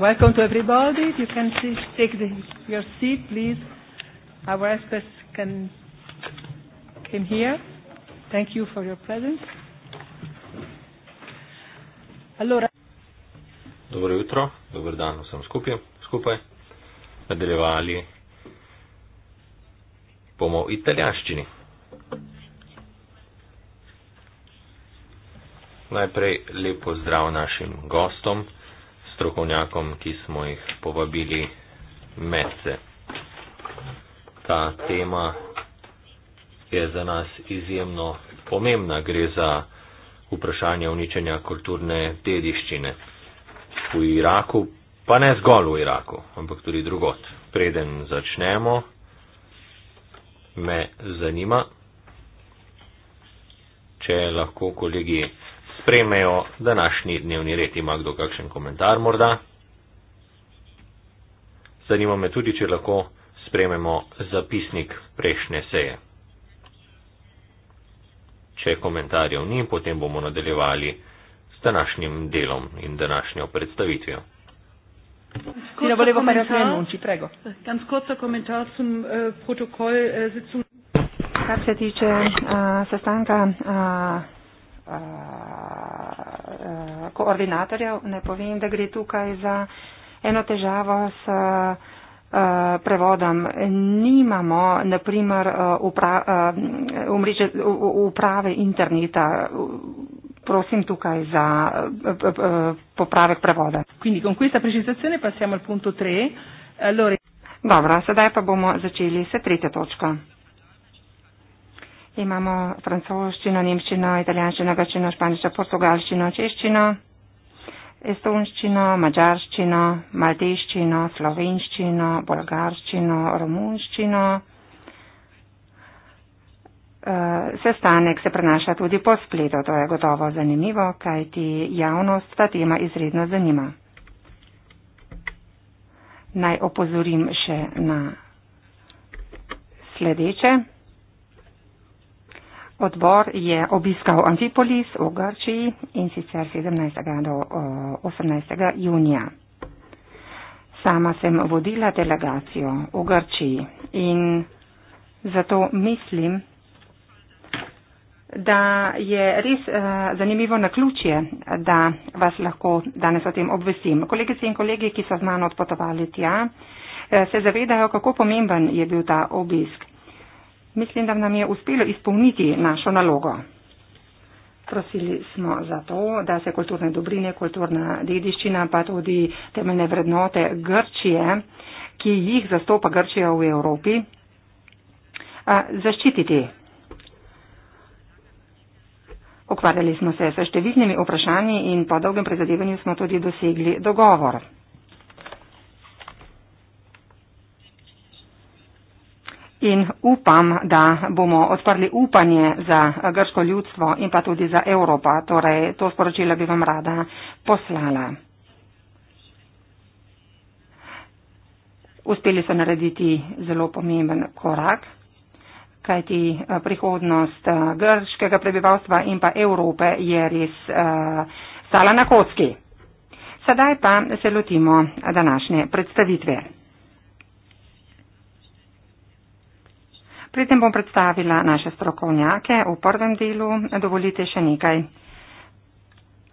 Welcome to everybody. If you can please take the, your seat, please. Our experts can come here. Thank you for your presence. Allora. Dobro jutro, dobro dan vsem skupim, skupaj. Nadaljevali bomo v italijanščini. Najprej lepo zdrav našim gostom strokovnjakom, ki smo jih povabili medse. Ta tema je za nas izjemno pomembna. Gre za vprašanje uničenja kulturne dediščine v Iraku, pa ne zgolj v Iraku, ampak tudi drugot. Preden začnemo, me zanima, če lahko kolegi spremejo današnji dnevni red. Ima kdo kakšen komentar morda? Zanima me tudi, če lahko sprememo zapisnik prejšnje seje. Če komentarjev ni, potem bomo nadaljevali s današnjim delom in današnjo predstavitvijo. Ja, eh, eh, Kar se tiče uh, sestanka uh, uh, Eh, koordinatorjev. Ne povem, da gre tukaj za eno težavo s eh, prevodom. Nimamo, na primer, eh, uprave interneta. Prosim tukaj za popravek prevoda. Dobro, sedaj pa bomo začeli s tretjo točko. Imamo francoščino, nemščino, italijanščino, grčino, španiščino, portugalščino, češčino, estonščino, mačarščino, maldeščino, slovenščino, bolgarščino, romunščino. Eh, sestanek se prenaša tudi po spletu, to je gotovo zanimivo, kajti javnost ta tema izredno zanima. Naj opozorim še na sledeče. Odbor je obiskal Antipolis v Grčiji in sicer 17. do 18. Eh, junija. Sama sem vodila delegacijo v Grčiji in zato mislim, da je res uh, zanimivo naključje, da vas lahko danes o tem obvestim. Kolegice in kolegi, ki so z mano odpotovali tja, eh, se zavedajo, kako pomemben je bil ta obisk. Mislim, da nam je uspelo izpolniti našo nalogo. Prosili smo za to, da se kulturne dobrine, kulturna dediščina, pa tudi temeljne vrednote Grčije, ki jih zastopa Grčija v Evropi, zaščititi. Ukvarjali smo se s številnimi vprašanji in po dolgem prizadevanju smo tudi dosegli dogovor. in upam, da bomo odprli upanje za grško ljudstvo in pa tudi za Evropa. Torej, to sporočilo bi vam rada poslala. Uspeli so narediti zelo pomemben korak, kajti eh, prihodnost eh, grškega prebivalstva in pa Evrope je res uh, stala na kocki. Sedaj pa se lotimo današnje predstavitve. Pri tem bom predstavila naše strokovnjake v prvem delu. Dovolite še nekaj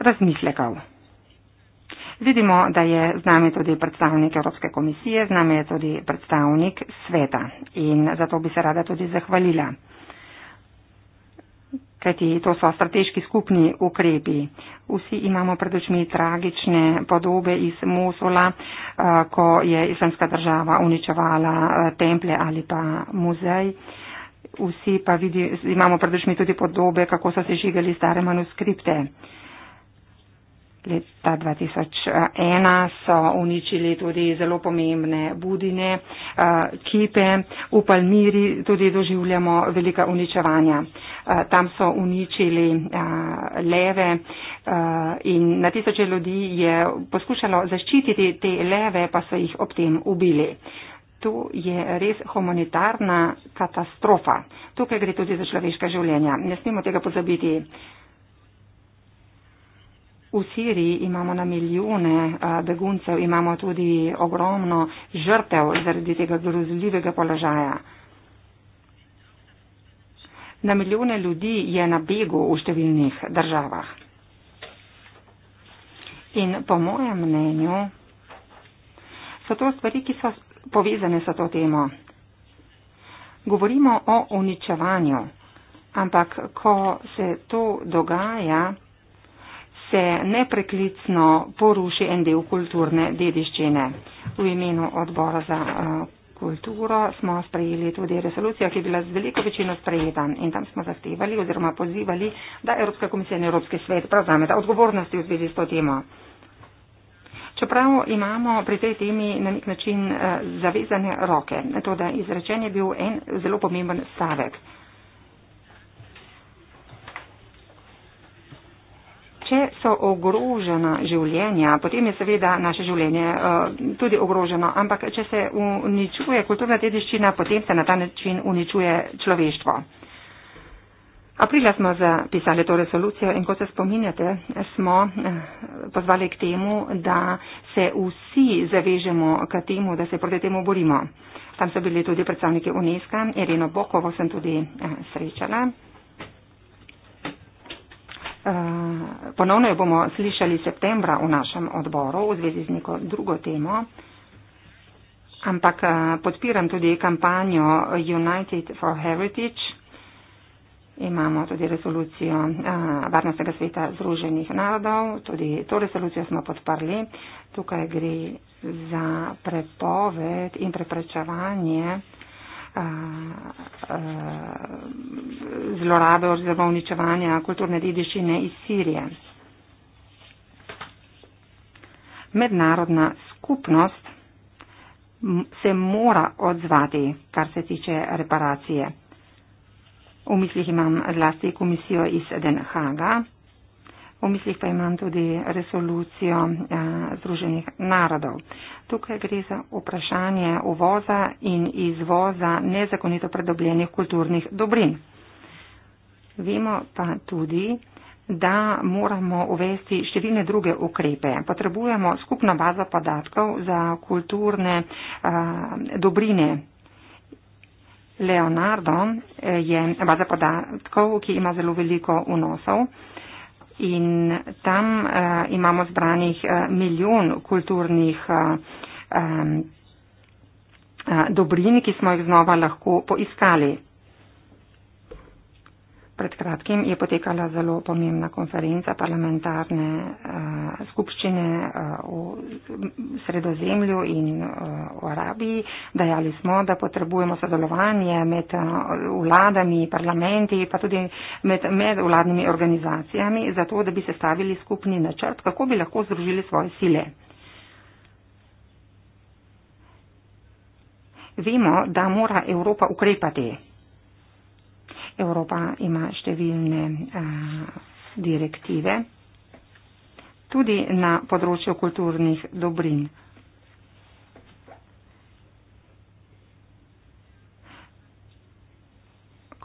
razmislekov. Vidimo, da je z nami tudi predstavnik Evropske komisije, z nami je tudi predstavnik sveta in zato bi se rada tudi zahvalila kajti to so strateški skupni ukrepi. Vsi imamo pred očmi tragične podobe iz Mosula, eh, ko je islamska država uničevala eh, temple ali pa muzej. Vsi pa vidi, imamo pred očmi tudi podobe, kako so se žigali stare manuskripte. Leta 2001 so uničili tudi zelo pomembne budine, eh, kipe. V Palmiri tudi doživljamo velika uničevanja. Eh, tam so uničili eh, leve in na tisoče ljudi je poskušalo zaščititi te leve, pa so jih ob tem ubili. To je res humanitarna katastrofa. Tukaj gre tudi za človeška življenja. Ne smemo tega pozabiti. V Siriji imamo na milijone beguncev, imamo tudi ogromno žrtev zaradi tega grozljivega položaja. Na milijone ljudi je na begu v številnih državah. In po mojem mnenju so to stvari, ki so povezane s to temo. Govorimo o uničevanju, ampak ko se to dogaja, se nepreklicno poruši en del kulturne dediščine. V imenu odbora za eh, kulturo smo sprejeli tudi resolucijo, ki je bila z veliko večino sprejeta in tam smo zahtevali oziroma pozivali, da Evropska komisija in Evropski svet prevzame ta odgovornosti v zvezi s to temo. Čeprav imamo pri tej temi na nek način eh, zavezane roke, to da izrečen je bil en zelo pomemben stavek. če so ogrožena življenja, potem je seveda naše življenje uh, tudi ogroženo, ampak če se uničuje kulturna dediščina, potem se na ta način uničuje človeštvo. Aprila smo zapisali to resolucijo in kot se spominjate, smo eh, pozvali k temu, da se vsi zavežemo k temu, da se proti temu borimo. Tam so bili tudi predstavniki UNESCO, Ireno Bokovo sem tudi eh, srečala. Eh, ponovno jo bomo slišali septembra v našem odboru v zvezi z neko drugo temo, ampak eh, podpiram tudi kampanjo United for Heritage. Imamo tudi resolucijo eh, Varnostnega sveta Združenih narodov, tudi to resolucijo smo podprli. Tukaj gre za prepoved in preprečevanje zlorabe oziroma uničevanja kulturne dediščine iz Sirije. Mednarodna skupnost se mora odzvati, kar se tiče reparacije. V mislih imam zlasti komisijo iz Den Haga, V mislih pa imam tudi resolucijo eh, Združenih narodov. Tukaj gre za vprašanje uvoza in izvoza nezakonito predobljenih kulturnih dobrin. Vemo pa tudi, da moramo uvesti številne druge ukrepe. Potrebujemo skupno bazo podatkov za kulturne a, eh, dobrine. Leonardo eh, je baza podatkov, ki ima zelo veliko vnosov in tam uh, imamo zbranih uh, milijon kulturnih uh, um, uh, dobrin, ki smo jih znova lahko poiskali pred kratkim je potekala zelo pomembna konferenca parlamentarne uh, skupščine uh, v sredozemlju in uh, v Arabiji. Dajali smo, da potrebujemo sodelovanje med uh, vladami, parlamenti, pa tudi med, med vladnimi organizacijami, zato da bi sestavili skupni načrt, kako bi lahko združili svoje sile. Vemo, da mora Evropa ukrepati. Evropa ima številne a, eh, direktive, tudi na področju kulturnih dobrin.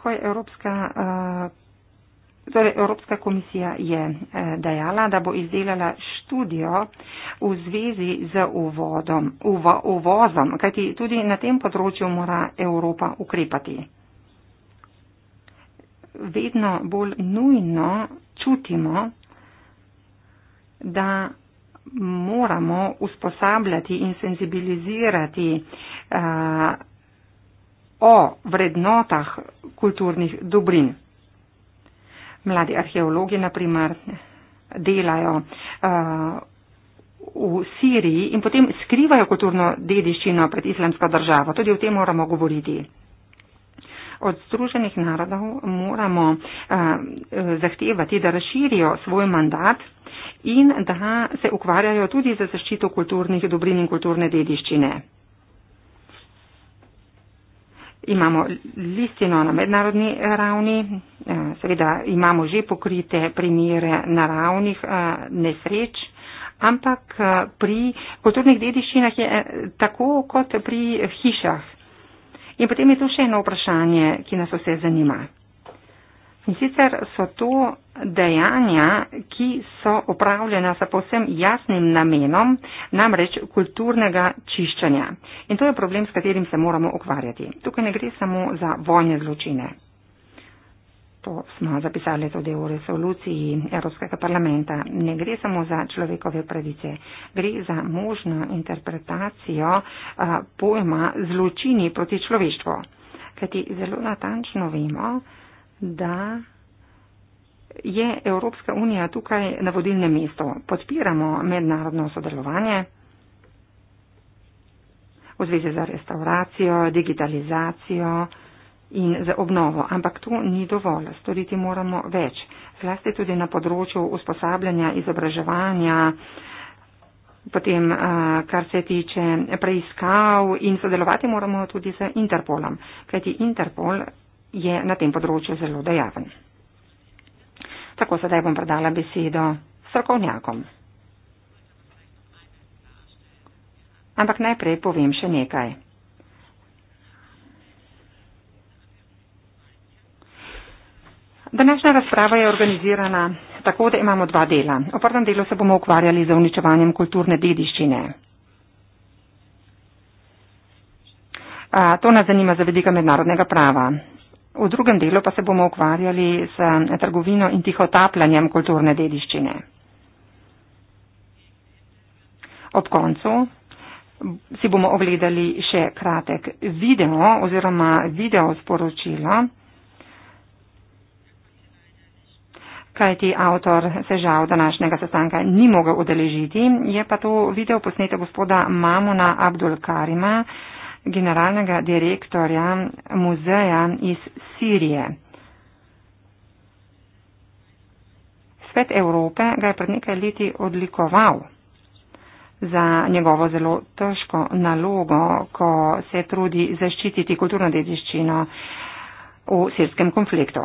Ko je Evropska, a, eh, torej Evropska komisija je a, eh, dejala, da bo izdelala študijo v zvezi z uvodom, uvo, uvozom, kajti tudi na tem področju mora Evropa ukrepati vedno bolj nujno čutimo, da moramo usposabljati in senzibilizirati uh, o vrednotah kulturnih dobrin. Mladi arheologi, na primer, delajo uh, v Siriji in potem skrivajo kulturno dediščino pred islamsko državo. Tudi o tem moramo govoriti od Združenih narodov moramo eh, zahtevati, da razširijo svoj mandat in da se ukvarjajo tudi za zaščito kulturnih dobrin in kulturne dediščine. Imamo listino na mednarodni eh, ravni, eh, seveda imamo že pokrite primere naravnih nesreč, ampak pri kulturnih dediščinah je tako kot pri hišah. In potem je tu še eno vprašanje, ki nas vse zanima. In sicer so to dejanja, ki so upravljena sa povsem jasnim namenom, namreč kulturnega čiščenja. In to je problem, s katerim se moramo ukvarjati. Tukaj ne gre samo za vojne zločine to smo zapisali tudi v resoluciji Evropskega parlamenta, ne gre samo za človekove pravice, gre za možno interpretacijo a, pojma zločini proti človeštvu. Kajti zelo natančno vemo, da je Evropska unija tukaj na vodilnem mestu. Podpiramo mednarodno sodelovanje v zvezi za restauracijo, digitalizacijo, in za obnovo, ampak to ni dovolj. Storiti moramo več, zlasti tudi na področju usposabljanja, izobraževanja, potem eh, kar se tiče preiskav in sodelovati moramo tudi z Interpolom, kajti Interpol je na tem področju zelo dejaven. Tako sedaj bom predala besedo strokovnjakom. Ampak najprej povem še nekaj. Današnja razprava je organizirana tako, da imamo dva dela. V prvem delu se bomo ukvarjali z uničevanjem kulturne dediščine. A, to nas zanima za vedika mednarodnega prava. V drugem delu pa se bomo ukvarjali s trgovino in tihotapljanjem kulturne dediščine. Ob koncu si bomo ogledali še kratek video oziroma video sporočilo. kajti avtor se žal današnjega sestanka ni mogel udeležiti, je pa to video posnete gospoda Mamuna Abdul Karima, generalnega direktorja muzeja iz Sirije. Svet Evrope ga je pred nekaj leti odlikoval za njegovo zelo težko nalogo, ko se trudi zaščititi kulturno dediščino v sirskem konfliktu.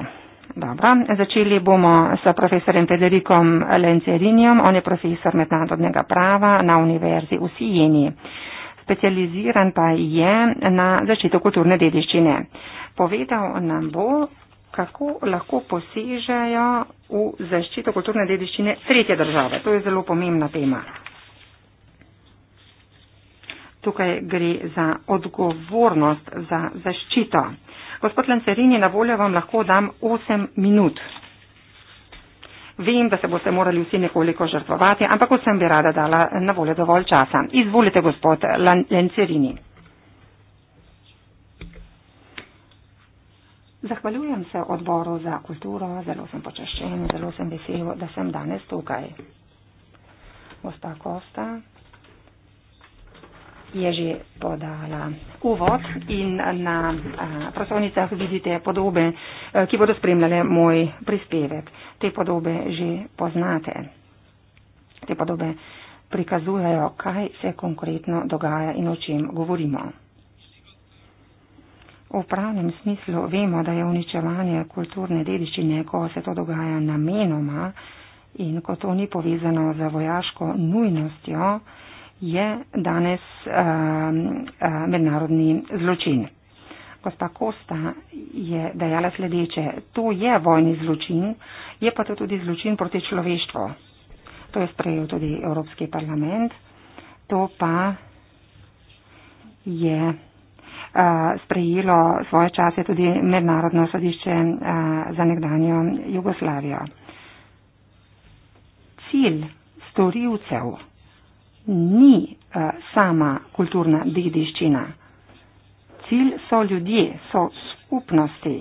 Dobro, začeli bomo s profesorjem Federikom Lencerinjem, on je profesor mednarodnega prava na Univerzi v Sijeni. Specializiran pa je na zaščito kulturne dediščine. Povedal nam bo, kako lahko posežejo v zaščito kulturne dediščine tretje države. To je zelo pomembna tema. Tukaj gre za odgovornost za zaščito. Gospod Lancerini, na voljo vam lahko dam 8 minut. Vem, da se boste morali vsi nekoliko žrtvovati, ampak vsem bi rada dala na voljo dovolj časa. Izvolite, gospod Lancerini. Zahvaljujem se odboru za kulturo, zelo sem počaščen, zelo sem vesel, da sem danes tukaj. Gospa Kosta je že podala uvod in na prosovnicah vidite podobe, e, ki bodo spremljale moj prispevek. Te podobe že poznate. Te podobe prikazujejo, kaj se konkretno dogaja in o čem govorimo. V pravnem smislu vemo, da je uničevanje kulturne dediščine, ko se to dogaja namenoma in ko to ni povezano z vojaško nujnostjo, je danes uh, uh, mednarodni zločin. Gospa Kosta je dejala sledeče, to je vojni zločin, je pa to tudi zločin proti človeštvu. To je sprejel tudi Evropski parlament, to pa je uh, sprejelo svoje čase tudi Mednarodno sodišče uh, za nekdanjo Jugoslavijo. Cilj storilcev ni eh, sama kulturna dediščina. Cilj so ljudje, so skupnosti,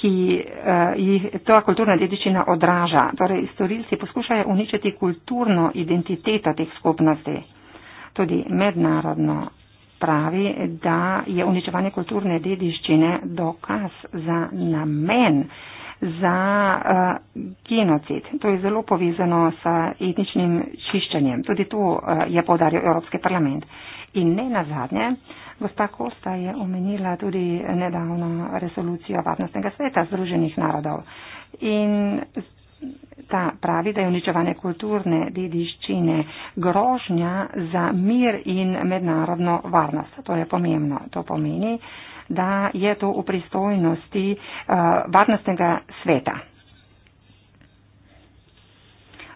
ki eh, jih ta kulturna dediščina odraža. Torej, storilci poskušajo uničiti kulturno identiteto teh skupnosti. Tudi mednarodno pravi, da je uničevanje kulturne dediščine dokaz za namen za uh, genocid. To je zelo povezano s etničnim čiščenjem. Tudi to uh, je podaril Evropski parlament. In ne nazadnje, gospa Kosta je omenila tudi nedavno resolucijo Varnostnega sveta Združenih narodov. In ta pravi, da je uničevanje kulturne dediščine grožnja za mir in mednarodno varnost. To je pomembno. To pomeni, uh, da je to v pristojnosti uh, varnostnega sveta.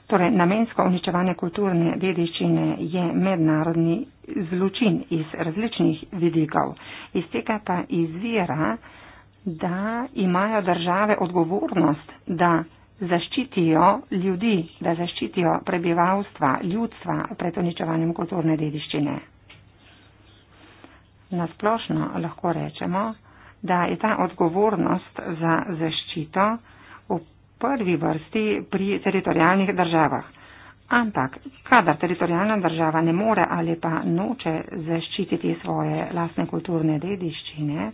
Torej, namensko uničevanje kulturne dediščine je mednarodni zločin iz različnih vidikov. Iz tega pa izvira, da imajo države odgovornost, da zaščitijo ljudi, da zaščitijo prebivalstva, ljudstva pred uničevanjem kulturne dediščine. Nasplošno lahko rečemo, da je ta odgovornost za zaščito v prvi vrsti pri teritorijalnih državah. Ampak, kadar teritorijalna država ne more ali pa noče zaščititi svoje lastne kulturne dediščine,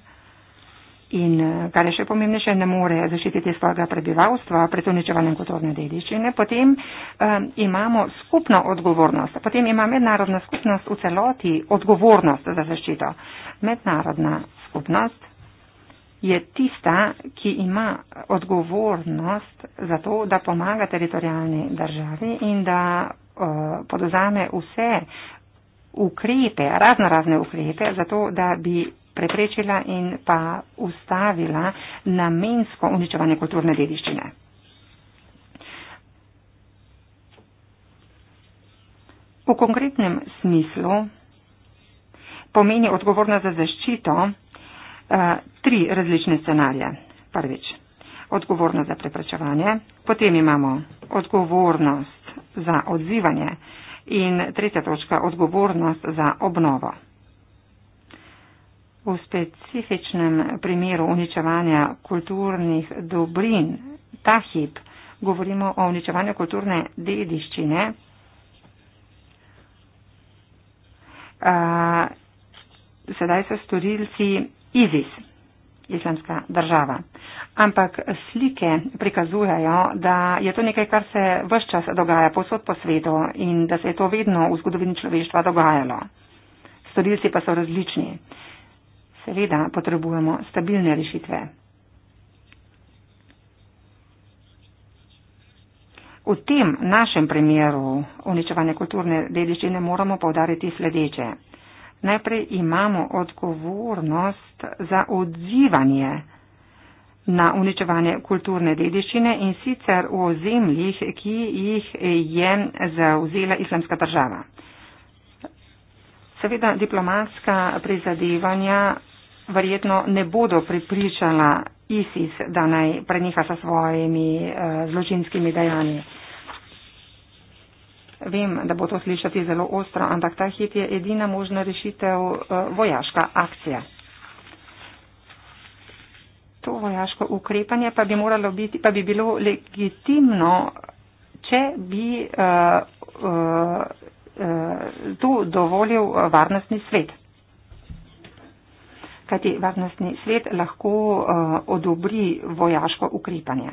In eh, kar je še pomembnejše, ne more zaščititi svojega prebivalstva pred uničevanjem kulturne dediščine. Potem um, imamo skupno odgovornost, potem ima mednarodna skupnost v celoti odgovornost za zaščito. Mednarodna skupnost je tista, ki ima odgovornost za to, da pomaga teritorijalni državi in da uh, podozame vse ukrepe, razno razne ukrepe, za to, da bi preprečila in pa ustavila namensko uničevanje kulturne dediščine. V konkretnem smislu pomeni odgovornost za zaščito uh, tri različne scenarije. Prvič, odgovornost za preprečevanje, potem imamo odgovornost za odzivanje in tretja točka, odgovornost za obnovo. V specifičnem primeru uničevanja kulturnih dobrin ta hip govorimo o uničevanju kulturne dediščine. Uh, sedaj so storilci ISIS, islamska država. Ampak slike prikazujejo, da je to nekaj, kar se vse čas dogaja posod po svetu in da se je to vedno v zgodovini človeštva dogajalo. Storilci pa so različni. Uh, Seveda potrebujemo stabilne rešitve. V tem našem primeru uničevanja kulturne dediščine moramo povdariti sledeče. Najprej imamo odgovornost za odzivanje na uničevanje kulturne dediščine in sicer v ozemljih, ki jih je zauzela islamska država. Seveda diplomatska prizadevanja verjetno ne bodo pripričala ISIS, da naj preniha sa svojimi uh, zločinskimi dejanji. Vem, da bo to slišati zelo ostro, ampak ta hit je edina možna rešitev uh, vojaška akcija. To vojaško ukrepanje pa bi, moralo biti, pa bi bilo legitimno, če bi uh, uh, uh, to dovolil varnostni svet kajti varnostni svet lahko eh, odobri vojaško ukrepanje.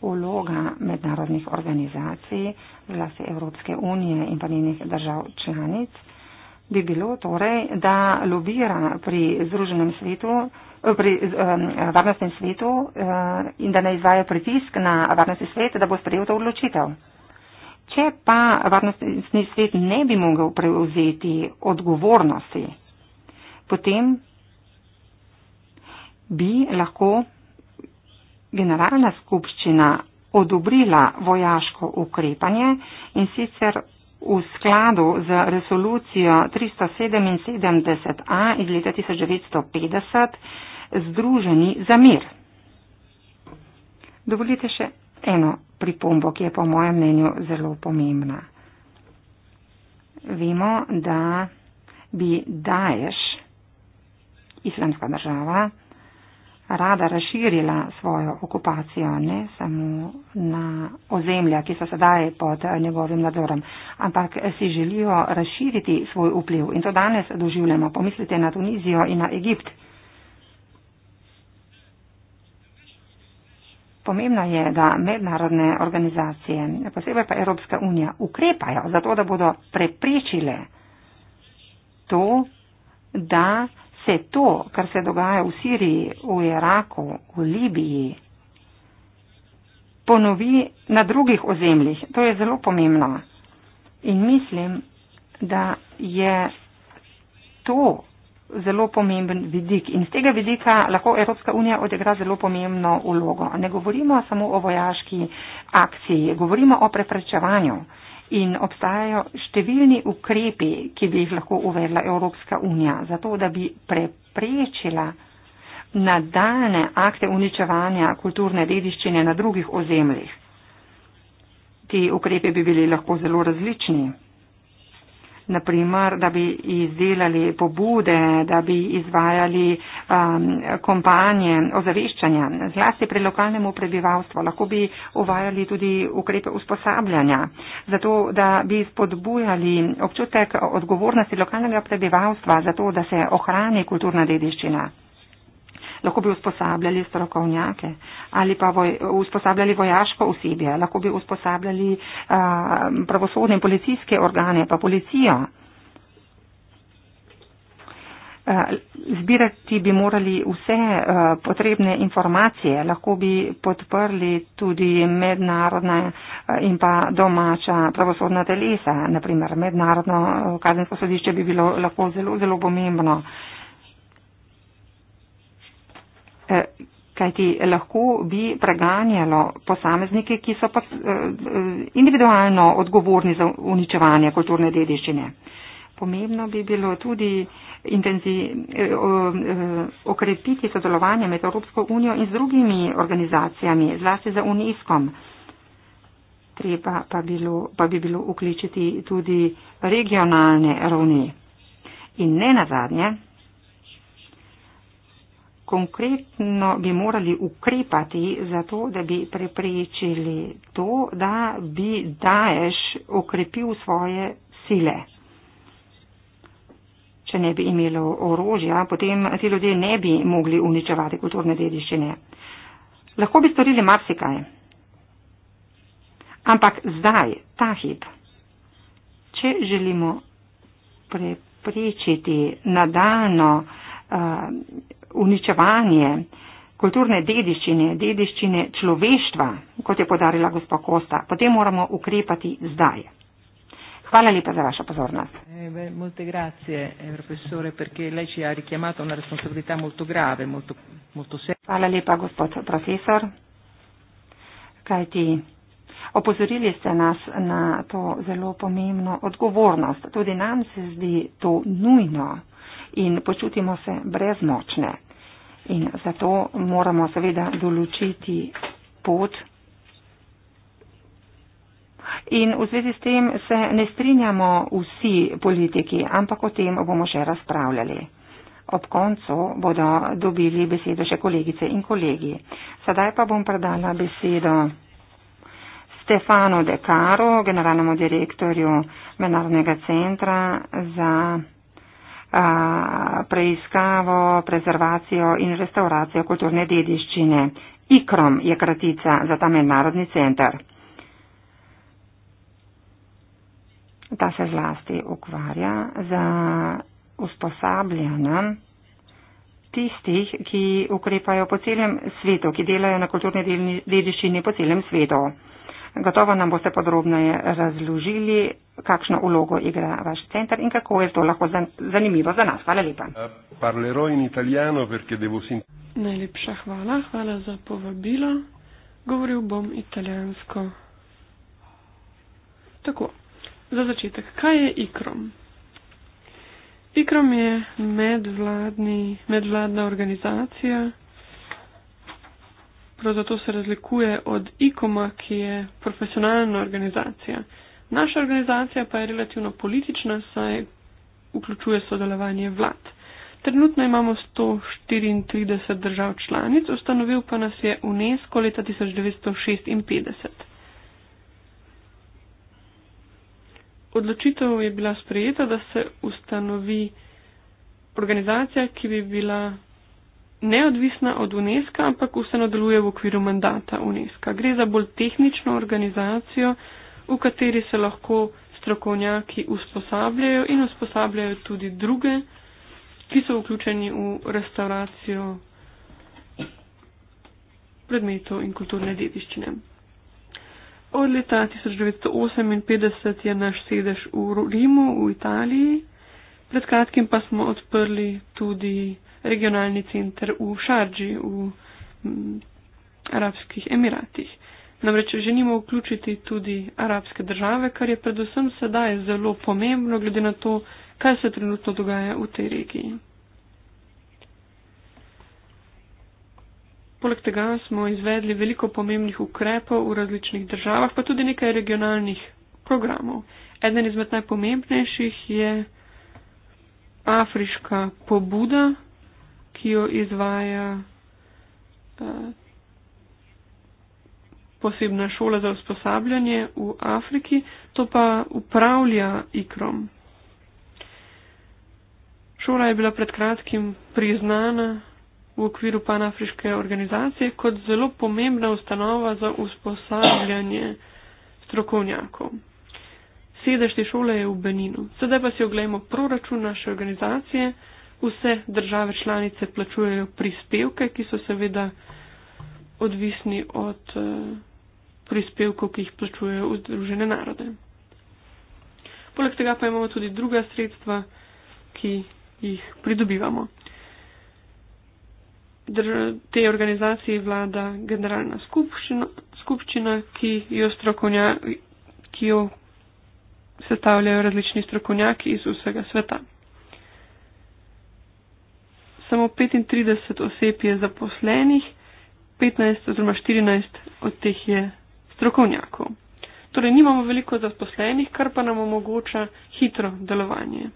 Uloga mednarodnih organizacij, zlasti Evropske unije in pa njenih držav članic, bi bilo torej, da lobira pri Združenem svetu, eh, pri eh, varnostnem svetu eh, in da ne izvaja pritisk na varnostni svet, da bo sprejel to odločitev. Če pa varnostni svet ne bi mogel prevzeti odgovornosti, potem bi lahko generalna skupščina odobrila vojaško ukrepanje in sicer v skladu z resolucijo 377a iz leta 1950 Združeni za mir. Dovolite še eno pripombo, ki je po mojem mnenju zelo pomembna. Vemo, da bi Daesh, islamska država, rada razširila svojo okupacijo, ne samo na ozemlja, ki so sedaj pod njegovim nadzorom, ampak si želijo razširiti svoj vpliv. In to danes doživljamo. Pomislite na Tunizijo in na Egipt. Pomembno je, da mednarodne organizacije, posebej pa Evropska unija, ukrepajo zato, da bodo preprečile to, da Vse to, kar se dogaja v Siriji, v Iraku, v Libiji, ponovi na drugih ozemljih. To je zelo pomembno. In mislim, da je to zelo pomemben vidik. In z tega vidika lahko Evropska unija odegra zelo pomembno vlogo. Ne govorimo samo o vojaški akciji, govorimo o preprečevanju in obstajajo številni ukrepi, ki bi jih lahko uvedla Evropska unija, zato da bi preprečila nadaljne akte uničevanja kulturne dediščine na drugih ozemljih. Ti ukrepi bi bili lahko zelo različni naprimer, da bi izdelali pobude, da bi izvajali um, kompanje ozaveščanja, zlasti pri lokalnemu prebivalstvu. Lahko bi uvajali tudi ukrepe usposabljanja, zato da bi spodbujali občutek odgovornosti lokalnega prebivalstva, zato da se ohrani kulturna dediščina lahko bi usposabljali strokovnjake ali pa voj, usposabljali vojaško osebje, lahko bi usposabljali uh, pravosodne in policijske organe, pa policijo. Zbirati bi morali vse potrebne informacije, lahko bi podprli tudi mednarodna in pa domača pravosodna telesa, naprimer mednarodno kazensko sodišče bi bilo lahko zelo, zelo pomembno. Eh, kajti lahko bi preganjalo posameznike, ki so pos, eh, individualno odgovorni za uničevanje kulturne dediščine. Pomembno bi bilo tudi intenzi, eh, okrepiti sodelovanje med Evropsko unijo in z drugimi organizacijami, zlasti za UNESCO. Treba pa, bilo, pa bi bilo vključiti tudi regionalne ravni. In ne nazadnje, konkretno bi morali ukrepati za to, da bi preprečili to, da bi Daesh okrepil svoje sile. Če ne bi imelo orožja, potem ti ljudje ne bi mogli uničevati kulturne dediščine. Lahko bi storili marsikaj. Ampak zdaj, ta hip, če želimo preprečiti nadaljno uh, uničevanje kulturne dediščine, dediščine človeštva, kot je podarila gospa Kosta, potem moramo ukrepati zdaj. Hvala lepa za vašo pozornost. Eh, eh, Hvala lepa, gospod profesor. Kaj ti? Opozorili ste nas na to zelo pomembno odgovornost. Tudi nam se zdi to nujno in počutimo se brezmočne. In zato moramo seveda določiti pot. In v zvezi s tem se ne strinjamo vsi politiki, ampak o tem bomo še razpravljali. Ob koncu bodo dobili besedo še kolegice in kolegi. Sedaj pa bom predala besedo. Stefano De Caro, generalnemu direktorju Mednarodnega centra za a, preiskavo, prezervacijo in restauracijo kulturne dediščine. IKROM je kratica za ta mednarodni center. Ta se zlasti ukvarja z usposabljanjem tistih, ki ukrepajo po celem svetu, ki delajo na kulturni dediščini po celem svetu. Gotovo nam boste podrobneje razložili, kakšno vlogo igra vaš center in kako je to lahko zanimivo za nas. Hvala lepa. Eh, Najlepša hvala, hvala za povabilo. Govoril bom italijansko. Tako, za začetek, kaj je IKROM? IKROM je medvladni, medvladna organizacija, prav zato se razlikuje od ICOM-a, ki je profesionalna organizacija. Naša organizacija pa je relativno politična, saj vključuje sodelovanje vlad. Trenutno imamo 134 držav članic, ustanovil pa nas je UNESCO leta 1956. Odločitev je bila sprejeta, da se ustanovi organizacija, ki bi bila neodvisna od UNESCO, ampak vseeno deluje v okviru mandata UNESCO. Gre za bolj tehnično organizacijo, v kateri se lahko strokovnjaki usposabljajo in usposabljajo tudi druge, ki so vključeni v restauracijo predmetov in kulturne dediščine. Od leta 1958 je naš sedež v Rimu, v Italiji. Pred kratkim pa smo odprli tudi regionalni center v Šarži v m, Arabskih Emiratih. Namreč želimo vključiti tudi arabske države, kar je predvsem sedaj zelo pomembno, glede na to, kaj se trenutno dogaja v tej regiji. Poleg tega smo izvedli veliko pomembnih ukrepov v različnih državah, pa tudi nekaj regionalnih programov. Eden izmed najpomembnejših je afriška pobuda, ki jo izvaja eh, posebna šola za usposabljanje v Afriki, to pa upravlja ikrom. Šola je bila pred kratkim priznana v okviru panafriške organizacije kot zelo pomembna ustanova za usposabljanje strokovnjakov. Sedež te šole je v Beninu. Sedaj pa si oglejmo proračun naše organizacije. Vse države članice plačujejo prispevke, ki so seveda odvisni od eh, prispevkov, ki jih plačujejo v Združene narode. Poleg tega pa imamo tudi druga sredstva, ki jih pridobivamo. Te organizacije vlada generalna skupščina, skupščina ki jo strokovnja, ki jo sestavljajo različni strokovnjaki iz vsega sveta. Samo 35 oseb je zaposlenih, 15 oziroma 14 od teh je strokovnjakov. Torej nimamo veliko zaposlenih, kar pa nam omogoča hitro delovanje.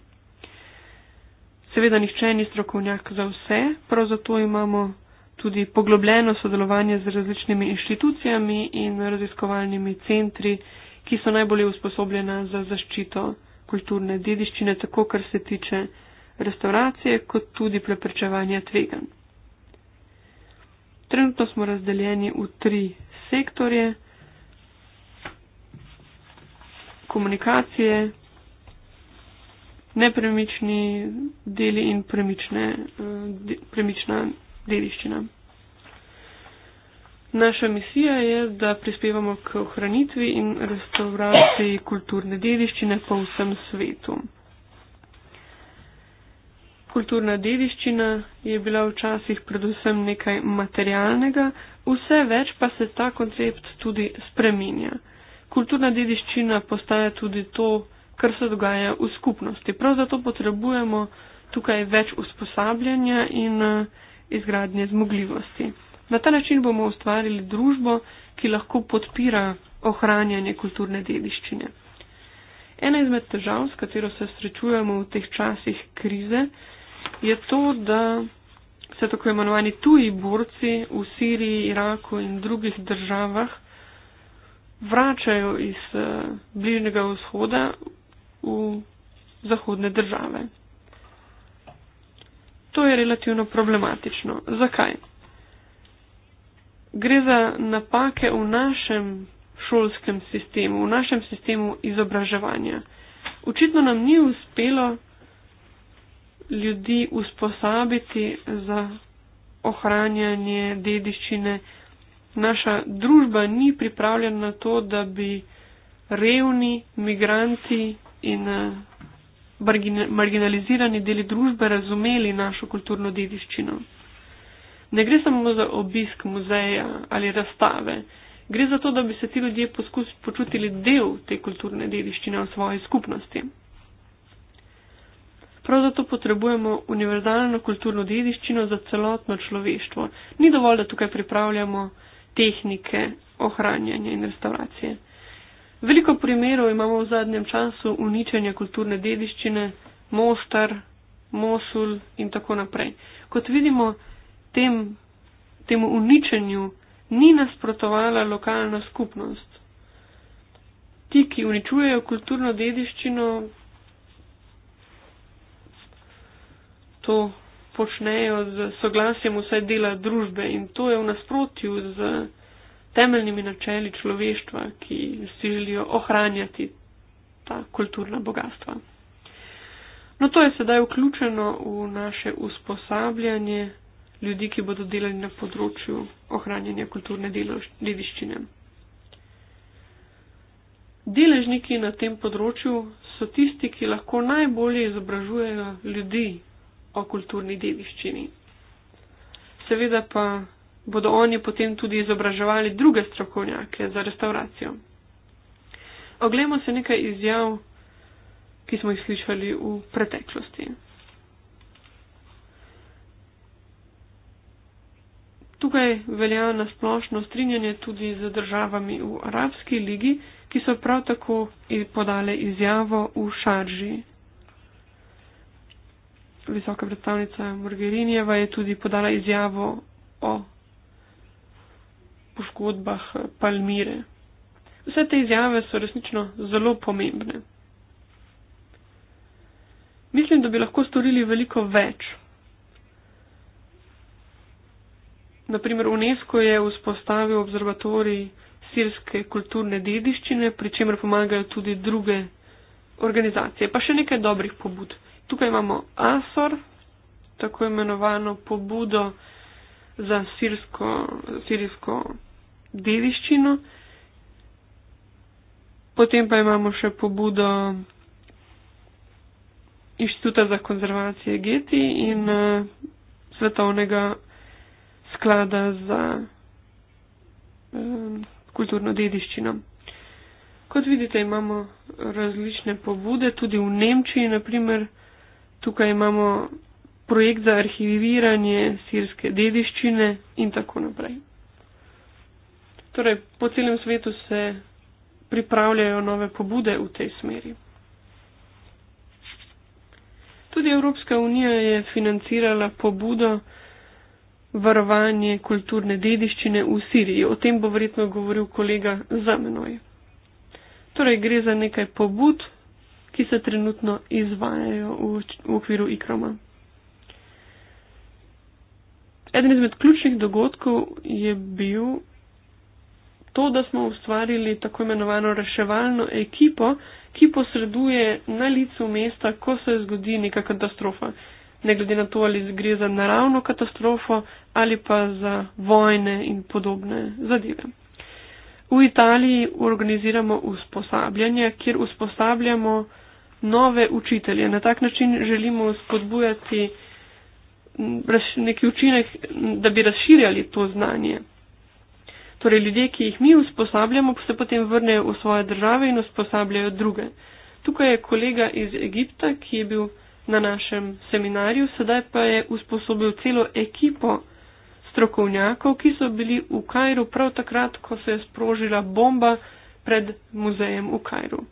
Seveda nihče ni strokovnjak za vse, prav zato imamo tudi poglobljeno sodelovanje z različnimi inštitucijami in raziskovalnimi centri ki so najbolje usposobljena za zaščito kulturne dediščine, tako kar se tiče restauracije, kot tudi preprečevanja tvegan. Trenutno smo razdeljeni v tri sektorje - komunikacije, nepremični deli in premične, eh, premična dediščina. Naša misija je, da prispevamo k ohranitvi in restauraciji kulturne dediščine po vsem svetu. Kulturna dediščina je bila včasih predvsem nekaj materialnega, vse več pa se ta koncept tudi spreminja. Kulturna dediščina postaja tudi to, kar se dogaja v skupnosti. Prav zato potrebujemo tukaj več usposabljanja in eh, izgradnje zmogljivosti. Na ta način bomo ustvarili družbo, ki lahko podpira ohranjanje kulturne dediščine. Ena izmed težav, s katero se srečujemo v teh časih krize, je to, da se tako imenovani tuji borci v Siriji, Iraku in drugih državah vračajo iz eh, bližnjega vzhoda v zahodne države. To je relativno problematično. Zakaj? gre za napake v našem šolskem sistemu, v našem sistemu izobraževanja. Očitno nam ni uspelo ljudi usposabiti za ohranjanje dediščine. Naša družba ni pripravljena na to, da bi revni, migranti in eh, margin marginalizirani deli družbe razumeli našo kulturno dediščino ne gre samo za obisk muzeja ali razstave, gre za to, da bi se ti ljudje poskusili počutiti del te kulturne dediščine v svoji skupnosti. Prav zato potrebujemo univerzalno kulturno dediščino za celotno človeštvo. Ni dovolj, da tukaj pripravljamo tehnike ohranjanja in restauracije. Veliko primerov imamo v zadnjem času uničenja kulturne dediščine, Mostar, Mosul in tako naprej. Kot vidimo, tem, temu uničenju ni nasprotovala lokalna skupnost. Ti, ki uničujejo kulturno dediščino, to počnejo z soglasjem vse dela družbe in to je v nasprotju z temeljnimi načeli človeštva, ki si želijo ohranjati ta kulturna bogatstva. No, to je sedaj vključeno v naše usposabljanje ljudi, ki bodo delali na področju ohranjanja kulturne dediščine. Deležniki na tem področju so tisti, ki lahko najbolje izobražujejo ljudi o kulturni dediščini. Seveda pa bodo oni potem tudi izobraževali druge strokovnjake za restauracijo. Oglejmo se nekaj izjav, ki smo jih slišali v preteklosti. Tukaj velja nasplošno strinjanje tudi z državami v Arabski ligi, ki so prav tako podale izjavo v Šarži. Visoka predstavnica Morgerinjeva je tudi podala izjavo o poškodbah Palmire. Vse te izjave so resnično zelo pomembne. Mislim, da bi lahko storili veliko več, Naprimer, UNESCO je vzpostavil observatorij sirske kulturne dediščine, pri čemer pomagajo tudi druge organizacije. Pa še nekaj dobrih pobud. Tukaj imamo ASOR, tako imenovano pobudo za sirsko, sirsko dediščino. Potem pa imamo še pobudo Inštituta za konzervacije Geti in uh, Svetovnega sklada za um, kulturno dediščino. Kot vidite, imamo različne pobude, tudi v Nemčiji, naprimer, tukaj imamo projekt za arhiviranje sirske dediščine in tako naprej. Torej, po celem svetu se pripravljajo nove pobude v tej smeri. Tudi Evropska unija je financirala pobudo, varovanje kulturne dediščine v Siriji. O tem bo verjetno govoril kolega za menoj. Torej gre za nekaj pobud, ki se trenutno izvajajo v, v okviru ikroma. Eden izmed ključnih dogodkov je bil to, da smo ustvarili tako imenovano reševalno ekipo, ki posreduje na licu mesta, ko se zgodi neka katastrofa ne glede na to, ali gre za naravno katastrofo ali pa za vojne in podobne zadeve. V Italiji organiziramo usposabljanje, kjer usposabljamo nove učitelje. Na tak način želimo spodbujati neki učinek, da bi razširjali to znanje. Torej, ljudje, ki jih mi usposabljamo, se potem vrnejo v svoje države in usposabljajo druge. Tukaj je kolega iz Egipta, ki je bil na našem seminarju, sedaj pa je usposobil celo ekipo strokovnjakov, ki so bili v Kajru prav takrat, ko se je sprožila bomba pred muzejem v Kajru.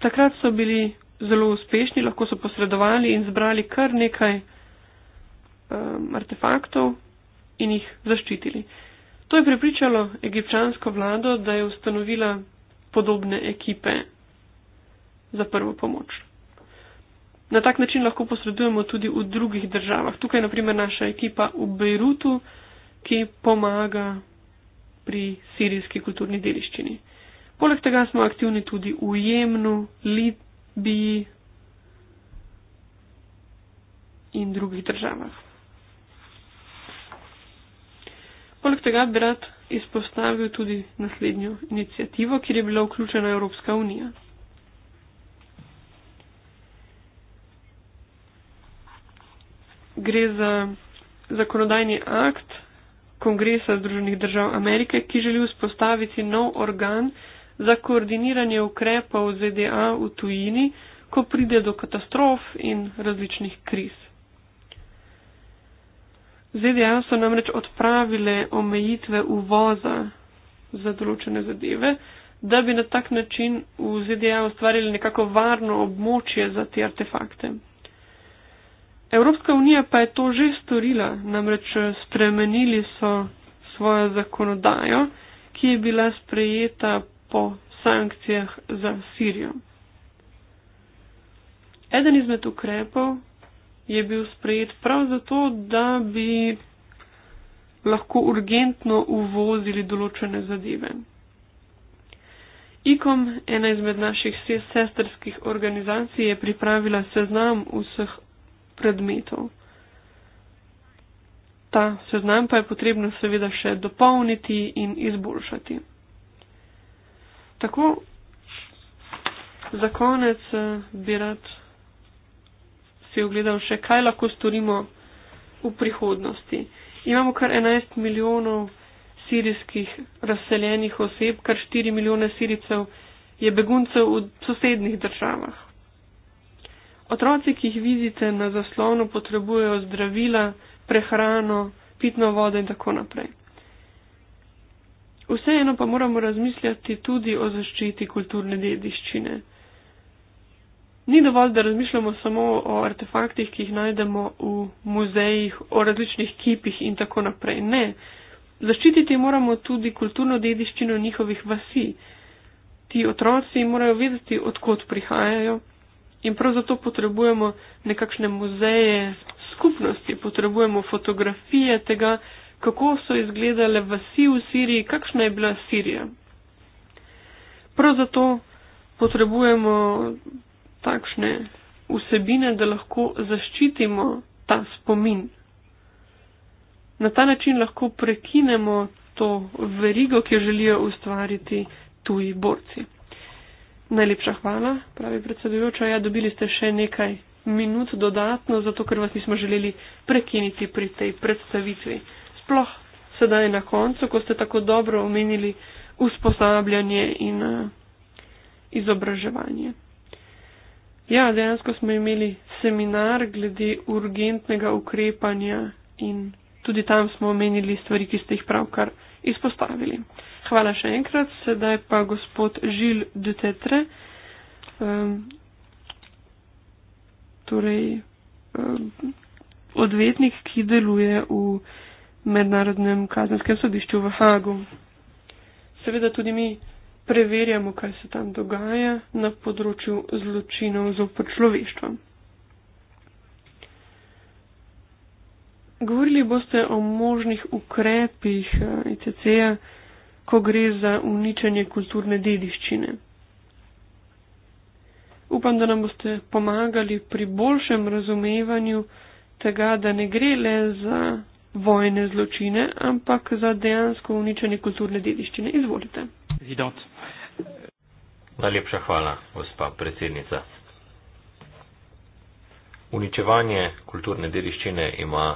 Takrat so bili zelo uspešni, lahko so posredovali in zbrali kar nekaj um, artefaktov in jih zaščitili. To je prepričalo egipčansko vlado, da je ustanovila podobne ekipe za prvo pomoč. Na tak način lahko posredujemo tudi v drugih državah. Tukaj je naprimer naša ekipa v Bejrutu, ki pomaga pri sirijski kulturni deliščini. Poleg tega smo aktivni tudi v Jemnu, Libiji in drugih državah. Poleg tega bi rad izpostavil tudi naslednjo inicijativo, kjer je bila vključena Evropska unija. gre za zakonodajni akt Kongresa Združenih držav Amerike, ki želi vzpostaviti nov organ za koordiniranje ukrepov ZDA v tujini, ko pride do katastrof in različnih kriz. ZDA so namreč odpravile omejitve uvoza za določene zadeve, da bi na tak način v ZDA ustvarili nekako varno območje za te artefakte. Evropska unija pa je to že storila, namreč spremenili so svojo zakonodajo, ki je bila sprejeta po sankcijah za Sirijo. Eden izmed ukrepov je bil sprejet prav zato, da bi lahko urgentno uvozili določene zadeve. IKOM, ena izmed naših sesterskih organizacij, je pripravila seznam vseh predmetov. Ta seznam pa je potrebno seveda še dopolniti in izboljšati. Tako, za konec eh, bi rad si ogledal še, kaj lahko storimo v prihodnosti. Imamo kar 11 milijonov sirijskih razseljenih oseb, kar 4 milijone siricev je beguncev v sosednjih državah. Otroci, ki jih vidite na zaslonu, potrebujejo zdravila, prehrano, pitno vodo in tako naprej. Vseeno pa moramo razmišljati tudi o zaščiti kulturne dediščine. Ni dovolj, da razmišljamo samo o artefaktih, ki jih najdemo v muzejih, o različnih kipih in tako naprej. Ne. Zaščititi moramo tudi kulturno dediščino njihovih vasi. Ti otroci morajo vedeti, odkot prihajajo. In prav zato potrebujemo nekakšne muzeje skupnosti, potrebujemo fotografije tega, kako so izgledale vasi v Siriji, kakšna je bila Sirija. Prav zato potrebujemo takšne vsebine, da lahko zaščitimo ta spomin. Na ta način lahko prekinemo to verigo, ki jo želijo ustvariti tuji borci. Najlepša hvala, pravi predsedujoča. Ja, dobili ste še nekaj minut dodatno, zato ker vas nismo želeli prekiniti pri tej predstavitvi. Sploh sedaj na koncu, ko ste tako dobro omenili usposabljanje in eh, izobraževanje. Ja, dejansko smo imeli seminar glede urgentnega ukrepanja in tudi tam smo omenili stvari, ki ste jih pravkar izpostavili. Hvala še enkrat, sedaj pa gospod Žil Dutetre. Um, torej, um, odvetnik, ki deluje v mednarodnem kazenskem sodišču v Hagu. Seveda tudi mi preverjamo, kaj se tam dogaja na področju zločinov zopr človeštvom. Govorili boste o možnih ukrepih eh, ICC-ja, ko gre za uničenje kulturne dediščine. Upam, da nam boste pomagali pri boljšem razumevanju tega, da ne gre le za vojne zločine, ampak za dejansko uničenje kulturne dediščine. Izvolite. Zidot. Najlepša hvala, gospa predsednica. Uničevanje kulturne dediščine ima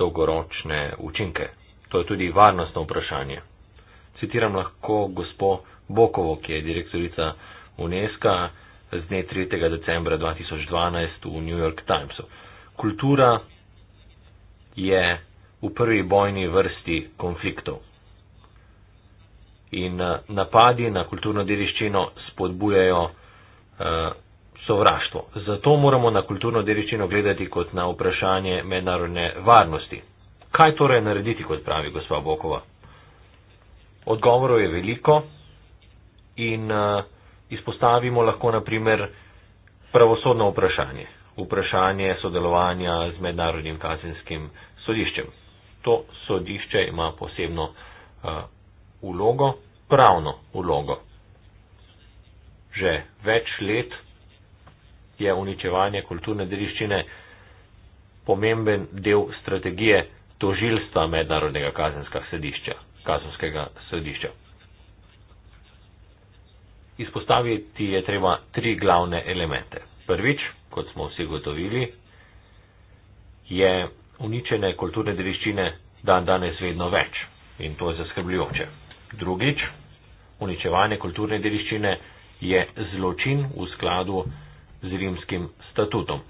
dolgoročne učinke. To je tudi varnostno vprašanje. Citiram lahko gospo Bokovo, ki je direktorica UNESCO z dne 3. decembra 2012 v New York Timesu. Kultura je v prvi bojni vrsti konfliktov. In eh, napadi na kulturno dediščino spodbujajo uh, sovraštvo. Zato moramo na kulturno dediščino gledati kot na vprašanje mednarodne varnosti. Kaj torej narediti, kot pravi gospa Bokova? Odgovorov je veliko in eh, izpostavimo lahko naprimer pravosodno vprašanje. Vprašanje sodelovanja z mednarodnim kazenskim sodiščem. To sodišče ima posebno uh, eh, ulogo, pravno ulogo. Že več let je uničevanje kulturne dediščine pomemben del strategije tožilstva mednarodnega sedišča, kazenskega sodišča. Izpostaviti je treba tri glavne elemente. Prvič, kot smo vsi gotovili, je uničene kulturne dediščine dan danes vedno več in to je zaskrbljujoče. Drugič, uničevanje kulturne dediščine je zločin v skladu z rimskim statutom.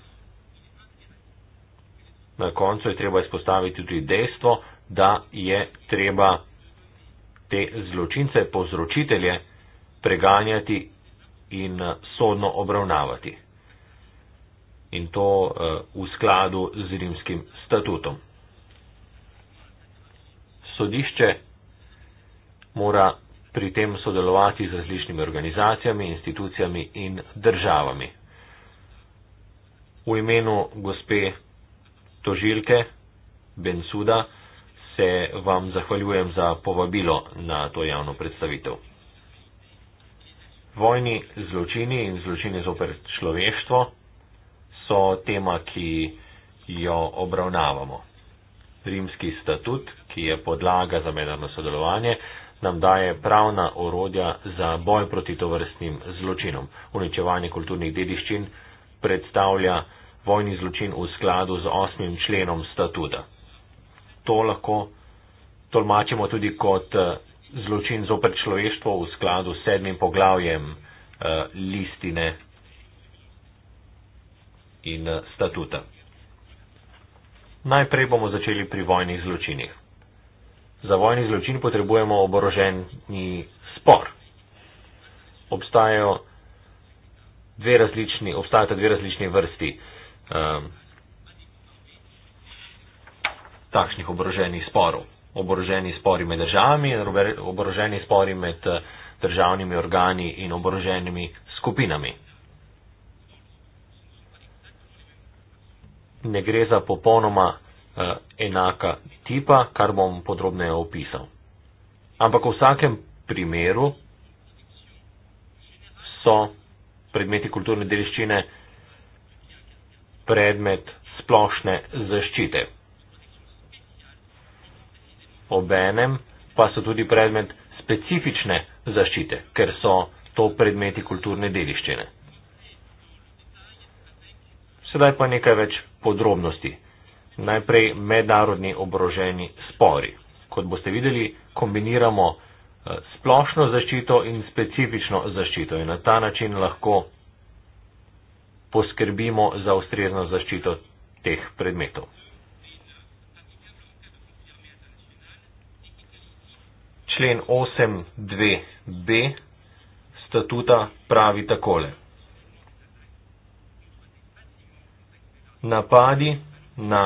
Na koncu je treba izpostaviti tudi dejstvo, da je treba te zločince, povzročitelje, preganjati in eh, sodno obravnavati. In to eh, v skladu z rimskim statutom. Sodišče mora pri tem sodelovati z različnimi organizacijami, institucijami in državami. V imenu gospe tožilke Bensuda se vam zahvaljujem za povabilo na to javno predstavitev. Vojni zločini in zločini zoper človeštvo so tema, ki jo obravnavamo. Rimski statut, ki je podlaga za mednarodno sodelovanje, nam daje pravna orodja za boj proti tovrstnim zločinom, uničevanje kulturnih dediščin, predstavlja vojni zločin v skladu z osmim členom statuta. To lahko tolmačimo tudi kot eh, zločin zopet človeštvo v skladu s sedmim poglavjem eh, listine in eh, statuta. Najprej bomo začeli pri vojnih zločinih. Za vojni zločin potrebujemo oborožen spor. Obstajajo dve različni, obstajata dve različni vrsti um, takšnih oboroženih sporov. Oboroženi spori med državami, oboroženi spori med eh, državnimi organi in oboroženimi skupinami. Ne gre za popolnoma uh, enaka tipa, kar bom podrobneje opisal. Ampak v vsakem primeru so predmeti kulturne deliščine predmet splošne zaščite. Obenem pa so tudi predmet specifične zaščite, ker so to predmeti kulturne deliščine. Sedaj pa nekaj več podrobnosti. Najprej mednarodni obroženi spori. Kot boste videli, kombiniramo Eh, splošno zaščito in specifično zaščito. In na ta način lahko poskrbimo za ustrezno zaščito teh predmetov. Člen 8.2.b statuta pravi takole. Napadi na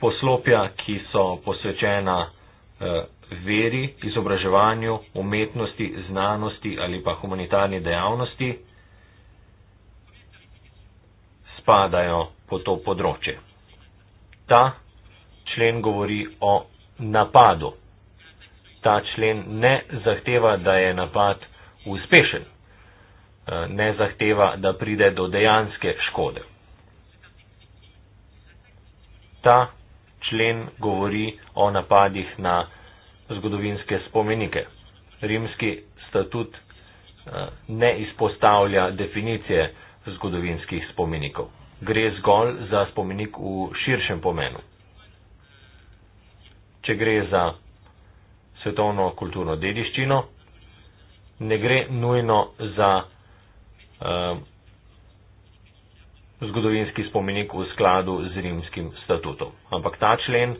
poslopja, ki so posvečena Eh, veri, izobraževanju, umetnosti, znanosti ali pa humanitarni dejavnosti spadajo po to področje. Ta člen govori o napadu. Ta člen ne zahteva, da je napad uspešen, eh, ne zahteva, da pride do dejanske škode. Ta člen govori o napadih na zgodovinske spomenike. Rimski statut eh, ne izpostavlja definicije zgodovinskih spomenikov. Gre zgolj za spomenik v širšem pomenu. Če gre za svetovno kulturno dediščino, ne gre nujno za. Uh, zgodovinski spomenik v skladu z rimskim statutom. Ampak ta člen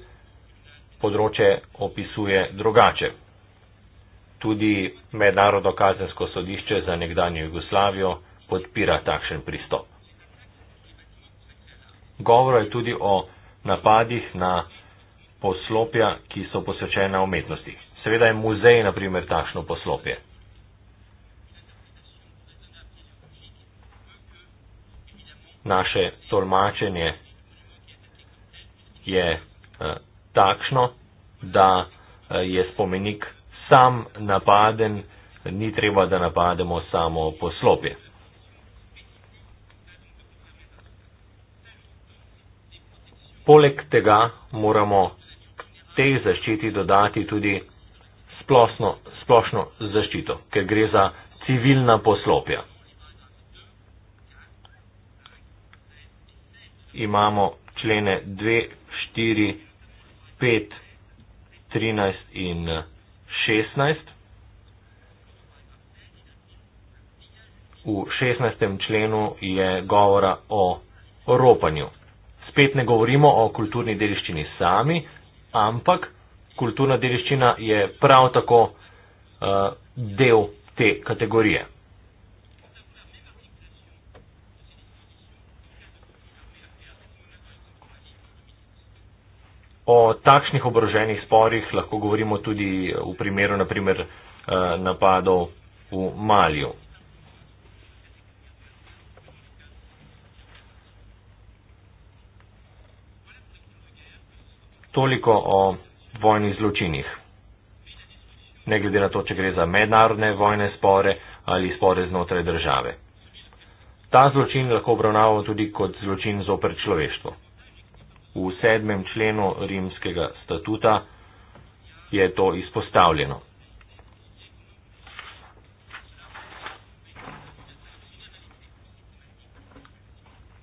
področje opisuje drugače. Tudi Mednarodno kazensko sodišče za nekdanjo Jugoslavijo podpira takšen pristop. Govoro je tudi o napadih na poslopja, ki so posvečena umetnosti. Seveda je muzej, na primer, takšno poslopje. naše tolmačenje je eh, takšno, da eh, je spomenik sam napaden, ni treba, da napademo samo poslopje. Poleg tega moramo k tej zaščiti dodati tudi splošno, splošno zaščito, ker gre za civilna poslopja. imamo člene 2, 4, 5, 13 in 16. Eh, v 16. členu je govora o ropanju. Spet ne govorimo o kulturni dediščini sami, ampak kulturna dediščina je prav tako uh, del te kategorije. O takšnih oboroženih sporih lahko govorimo tudi eh, v primeru naprimer eh, napadov v Malju. Toliko o vojnih zločinih. Ne glede na to, če gre za mednarodne vojne spore ali spore znotraj države. Ta zločin lahko obravnavamo tudi kot zločin zoper človeštvo. V sedmem členu rimskega statuta je to izpostavljeno.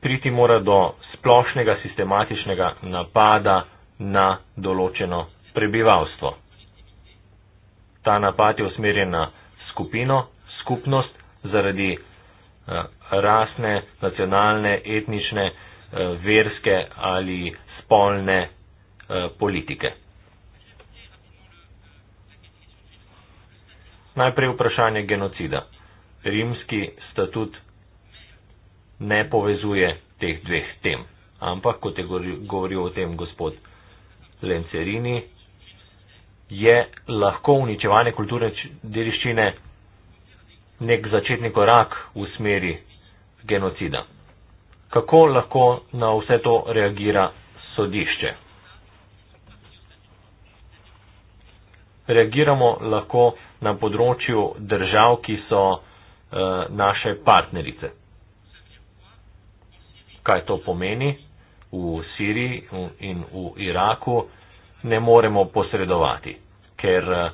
Priti mora do splošnega sistematičnega napada na določeno prebivalstvo. Ta napad je usmerjen na skupino, skupnost zaradi eh, rasne, nacionalne, etnične, Eh, verske ali spolne eh, politike. Najprej vprašanje genocida. Rimski statut ne povezuje teh dveh tem, ampak kot je govoril o tem gospod Lencerini, je lahko uničevanje kulturne deliščine nek začetni korak v smeri genocida kako lahko na vse to reagira sodišče. Reagiramo lahko na področju držav, ki so eh, naše partnerice. Kaj to pomeni? V Siriji in v Iraku ne moremo posredovati, ker eh,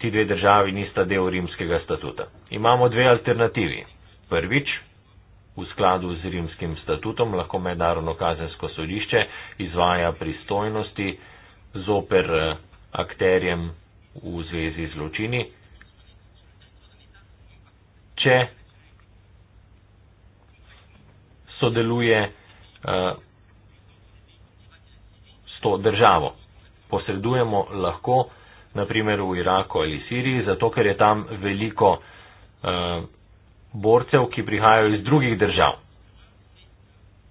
ti dve državi nista del rimskega statuta. Imamo dve alternativi. Prvič, V skladu z rimskim statutom lahko mednarodno kazensko sodišče izvaja pristojnosti zoper eh, akterjem v zvezi z zločini, če sodeluje eh, s to državo. Posredujemo lahko, naprimer v Iraku ali Siriji, zato ker je tam veliko eh, borcev, ki prihajajo iz drugih držav,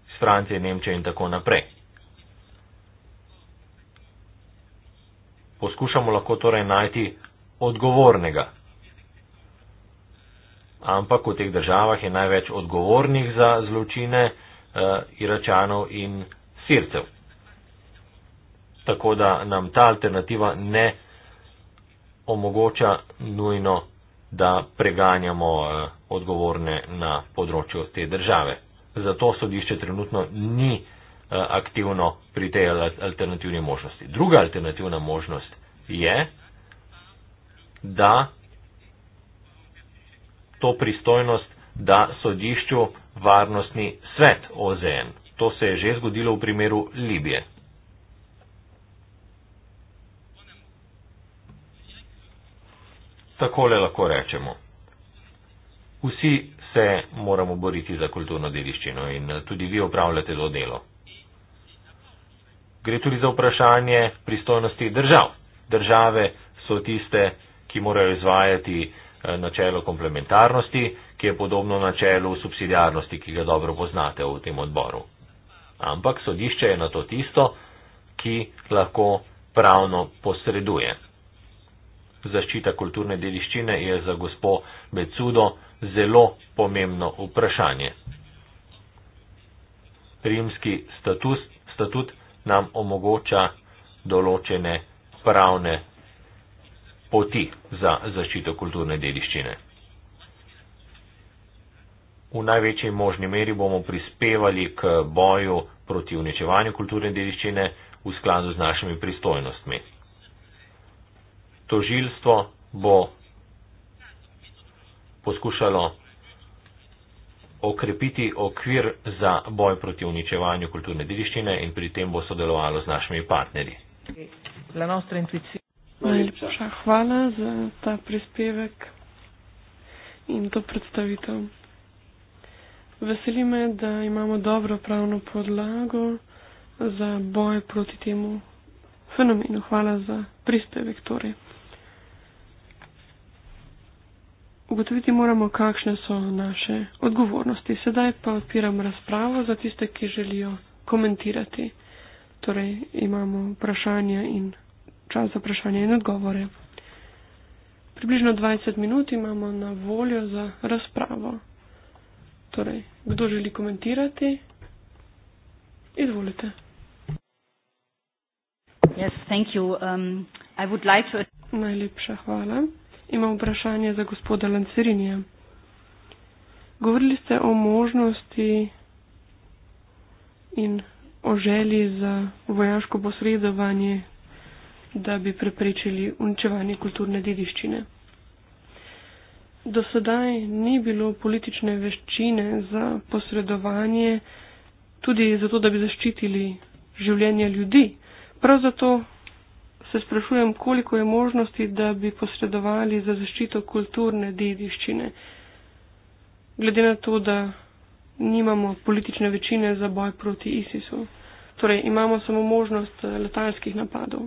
iz Francije, Nemčije in tako naprej. Poskušamo lahko torej najti odgovornega. Ampak v teh državah je največ odgovornih za zločine eh, Iračanov in Sircev. Tako da nam ta alternativa ne omogoča nujno da preganjamo eh, odgovorne na področju te države. Zato sodišče trenutno ni eh, aktivno pri tej alternativni možnosti. Druga alternativna možnost je, da to pristojnost da sodišču varnostni svet OZN. To se je že zgodilo v primeru Libije. Takole lahko rečemo. Vsi se moramo boriti za kulturno dediščino in eh, tudi vi upravljate to delo. Gre tudi za vprašanje pristojnosti držav. Države so tiste, ki morajo izvajati eh, načelo komplementarnosti, ki je podobno načelu subsidijarnosti, ki ga dobro poznate v tem odboru. Ampak sodišče je na to tisto, ki lahko pravno posreduje zaščita kulturne dediščine je za gospo Becudo zelo pomembno vprašanje. Rimski status, statut nam omogoča določene pravne poti za zaščito kulturne dediščine. V največji možni meri bomo prispevali k boju proti uničevanju kulturne dediščine v skladu z našimi pristojnostmi tožilstvo bo poskušalo okrepiti okvir za boj proti uničevanju kulturne dediščine in pri tem bo sodelovalo z našimi partnerji. Najlepša hvala za ta prispevek in to predstavitev. Veseli me, da imamo dobro pravno podlago za boj proti temu fenomenu. Hvala za prispevek. Torej. ugotoviti moramo, kakšne so naše odgovornosti. Sedaj pa odpiram razpravo za tiste, ki želijo komentirati. Torej imamo vprašanja in čas za vprašanje in odgovore. Približno 20 minut imamo na voljo za razpravo. Torej, kdo želi komentirati? Izvolite. Yes, thank you. Um, I would like to... Najlepša hvala imam vprašanje za gospoda Lancerinija. Govorili ste o možnosti in o želji za vojaško posredovanje, da bi preprečili uničevanje kulturne dediščine. Do sedaj ni bilo politične veščine za posredovanje, tudi zato, da bi zaščitili življenje ljudi. Prav zato se sprašujem, koliko je možnosti, da bi posredovali za zaščito kulturne dediščine. Glede na to, da nimamo politične večine za boj proti ISIS-u. Torej, imamo samo možnost eh, letalskih napadov.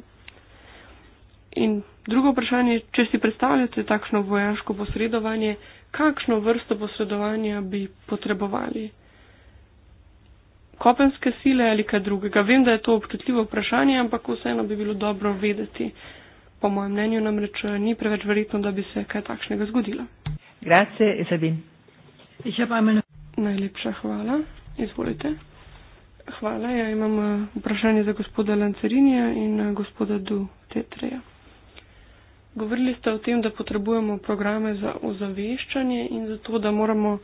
In drugo vprašanje, če si predstavljate takšno vojaško posredovanje, kakšno vrsto posredovanja bi potrebovali? kopenske sile ali kaj drugega. Vem, da je to občutljivo vprašanje, ampak vseeno bi bilo dobro vedeti. Po mojem mnenju namreč eh, ni preveč verjetno, da bi se kaj takšnega zgodilo. Grazie, Isabin. Najlepša hvala. Izvolite. Hvala. Ja, imam eh, vprašanje za gospoda Lancerinija in eh, gospoda Du Tetreja. Govorili ste o tem, da potrebujemo programe za ozaveščanje in zato, da moramo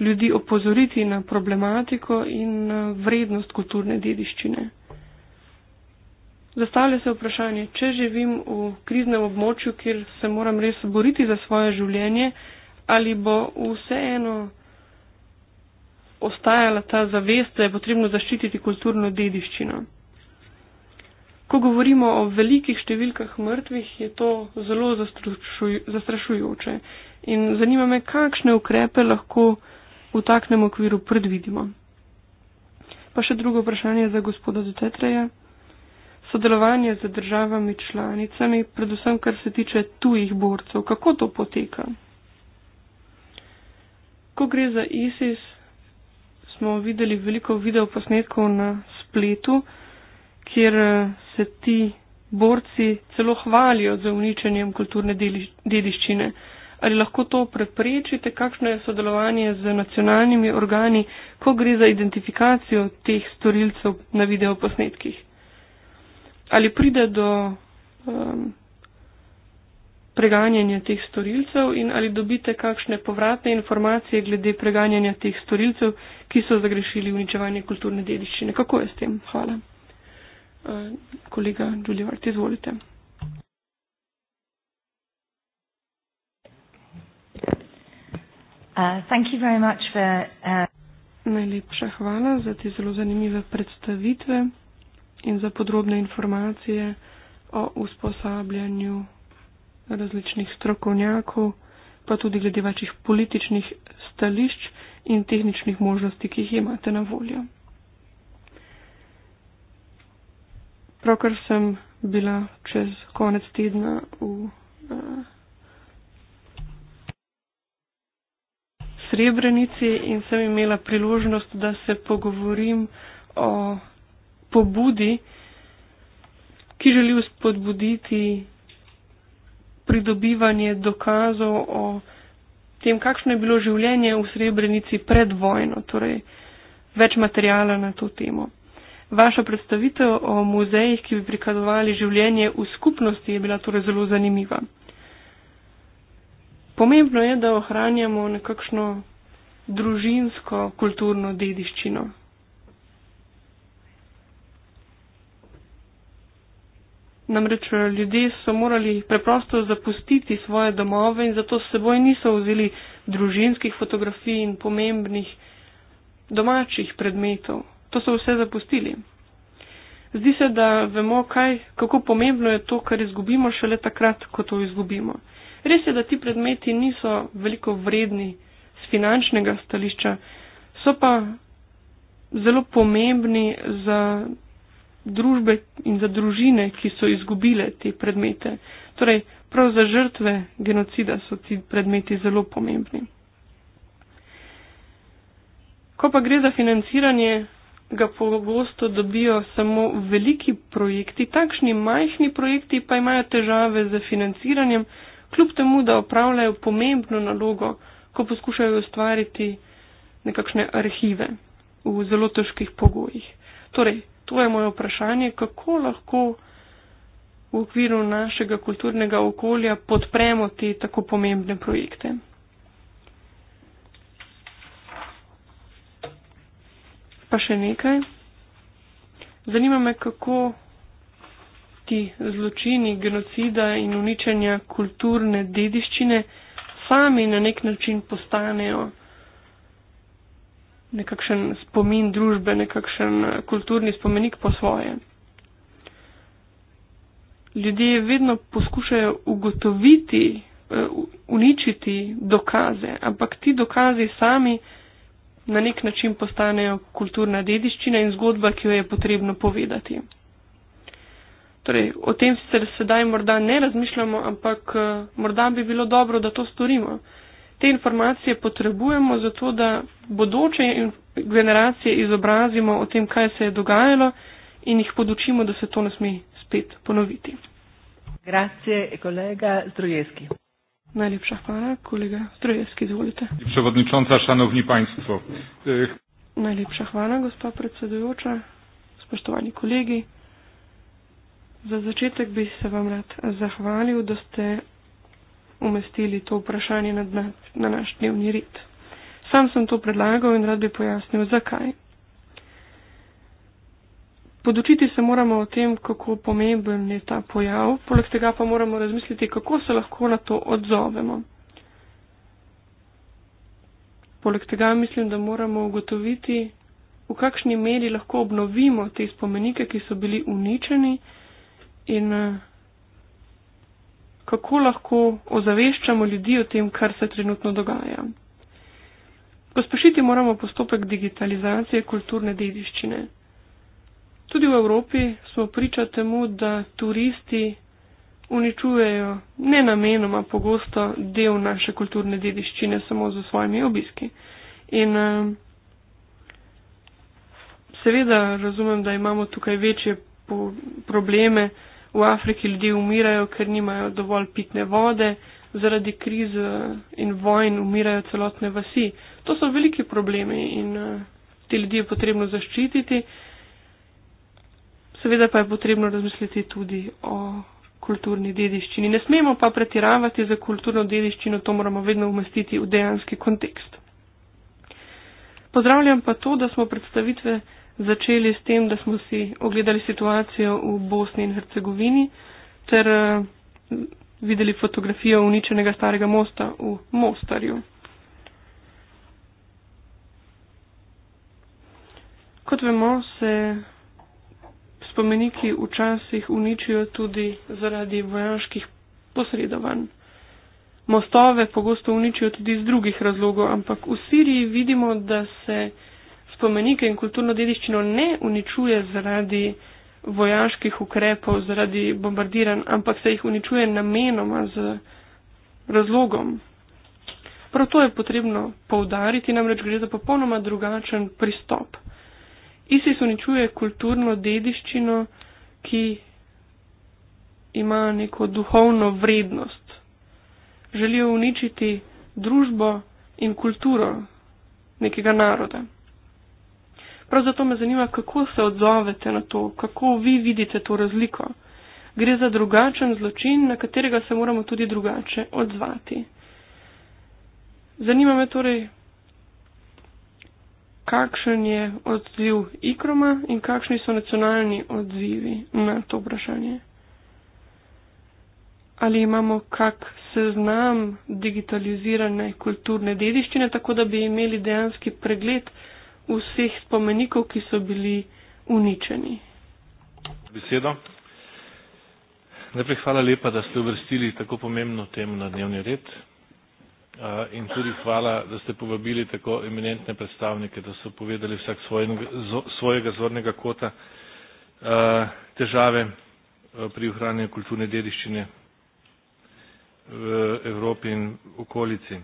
ljudi opozoriti na problematiko in na eh, vrednost kulturne dediščine. Zastavlja se vprašanje, če živim v kriznem območju, kjer se moram res boriti za svoje življenje, ali bo vseeno ostajala ta zavest, da je potrebno zaščititi kulturno dediščino. Ko govorimo o velikih številkah mrtvih, je to zelo zastrašujoče. In zanima me, kakšne ukrepe lahko v takšnem okviru predvidimo. Pa še drugo vprašanje za gospoda Dutetreja. Sodelovanje z državami članicami, predvsem kar se tiče tujih borcev, kako to poteka? Ko gre za ISIS, smo videli veliko videoposnetkov na spletu, kjer eh, se ti borci celo hvalijo za uničenjem kulturne dediščine. Deliš ali lahko to preprečite, kakšno je sodelovanje z nacionalnimi organi, ko gre za identifikacijo teh storilcev na videoposnetkih. Ali pride do um, preganjanja teh storilcev in ali dobite kakšne povratne informacije glede preganjanja teh storilcev, ki so zagrešili uničevanje kulturne dediščine. Kako je s tem? Hvala. Uh, kolega Đuljevart, izvolite. Uh, thank you very much for, uh... Najlepša hvala za te zelo zanimive predstavitve in za podrobne informacije o usposabljanju različnih strokovnjakov, pa tudi glede vaših političnih stališč in tehničnih možnosti, ki jih imate na voljo. Pravkar sem bila čez konec tedna v. Uh, Srebrenici in sem imela priložnost, da se pogovorim o pobudi, ki želi spodbuditi pridobivanje dokazov o tem, kakšno je bilo življenje v Srebrenici pred vojno, torej več materijala na to temo. Vaša predstavitev o muzejih, ki bi prikazovali življenje v skupnosti, je bila torej zelo zanimiva pomembno je, da ohranjamo nekakšno družinsko kulturno dediščino. Namreč eh, ljudje so morali preprosto zapustiti svoje domove in zato s seboj niso vzeli družinskih fotografij in pomembnih domačih predmetov. To so vse zapustili. Zdi se, da vemo, kaj, kako pomembno je to, kar izgubimo, šele takrat, ko to izgubimo. Res je, da ti predmeti niso veliko vredni z finančnega stališča, so pa zelo pomembni za družbe in za družine, ki so izgubile te predmete. Torej, prav za žrtve genocida so ti predmeti zelo pomembni. Ko pa gre za financiranje, ga pogosto dobijo samo veliki projekti, takšni majhni projekti pa imajo težave z financiranjem, kljub temu, da opravljajo pomembno nalogo, ko poskušajo ustvariti nekakšne arhive v zelo težkih pogojih. Torej, to je moje vprašanje, kako lahko v okviru našega kulturnega okolja podpremo te tako pomembne projekte. Pa še nekaj. Zanima me, kako ti zločini genocida in uničenja kulturne dediščine sami na nek način postanejo nekakšen spomin družbe, nekakšen kulturni spomenik po svoje. Ljudje vedno poskušajo ugotoviti, eh, uničiti dokaze, ampak ti dokazi sami na nek način postanejo kulturna dediščina in zgodba, ki jo je potrebno povedati. Torej, o tem sicer sedaj morda ne razmišljamo, ampak eh, morda bi bilo dobro, da to storimo. Te informacije potrebujemo zato, da bodoče generacije izobrazimo o tem, kaj se je dogajalo in jih podučimo, da se to ne sme spet ponoviti. Grazie, kolega Strojevski. Najlepša hvala, kolega Strojevski, izvolite. Predsedujoča, šanovni państvo. Najlepša hvala, gospod predsedujoča, spoštovani kolegi. Za začetek bi se vam rad zahvalil, da ste umestili to vprašanje na, dna, na naš dnevni rit. Sam sem to predlagal in rad bi pojasnil, zakaj. Podučiti se moramo o tem, kako pomemben je ta pojav, poleg tega pa moramo razmisliti, kako se lahko na to odzovemo. Poleg tega mislim, da moramo ugotoviti, v kakšni meri lahko obnovimo te spomenike, ki so bili uničeni in eh, kako lahko ozaveščamo ljudi o tem, kar se trenutno dogaja. Pospešiti moramo postopek digitalizacije kulturne dediščine. Tudi v Evropi smo priča temu, da turisti uničujejo nenamenoma pogosto del naše kulturne dediščine samo za svojimi obiski. In eh, seveda razumem, da imamo tukaj večje probleme, v Afriki ljudje umirajo, ker nimajo dovolj pitne vode, zaradi kriz eh, in vojn umirajo celotne vasi. To so veliki problemi in eh, te ljudi je potrebno zaščititi. Seveda pa je potrebno razmisliti tudi o kulturni dediščini. Ne smemo pa pretiravati za kulturno dediščino, to moramo vedno umestiti v dejanski kontekst. Pozdravljam pa to, da smo predstavitve začeli s tem, da smo si ogledali situacijo v Bosni in Hercegovini ter eh, videli fotografijo uničenega starega mosta v Mostarju. Kot vemo, se spomeniki včasih uničijo tudi zaradi vojaških posredovanj. Mostove pogosto uničijo tudi iz drugih razlogov, ampak v Siriji vidimo, da se spomenike in kulturno dediščino ne uničuje zaradi vojaških ukrepov, zaradi bombardiranj, ampak se jih uničuje namenoma z razlogom. Prav to je potrebno povdariti, namreč gre za popolnoma drugačen pristop. ISIS uničuje kulturno dediščino, ki ima neko duhovno vrednost. Želijo uničiti družbo in kulturo nekega naroda. Prav zato me zanima, kako se odzovete na to, kako vi vidite to razliko. Gre za drugačen zločin, na katerega se moramo tudi drugače odzvati. Zanima me torej, kakšen je odziv Ikroma in kakšni so nacionalni odzivi na to vprašanje. Ali imamo kak seznam digitalizirane kulturne dediščine, tako da bi imeli dejanski pregled, vseh spomenikov, ki so bili uničeni. Besedo. Najprej hvala lepa, da ste uvrstili tako pomembno temo na dnevni red in tudi hvala, da ste povabili tako eminentne predstavnike, da so povedali vsak svojega, svojega zornega kota težave pri ohranjanju kulturne dediščine v Evropi in okolici.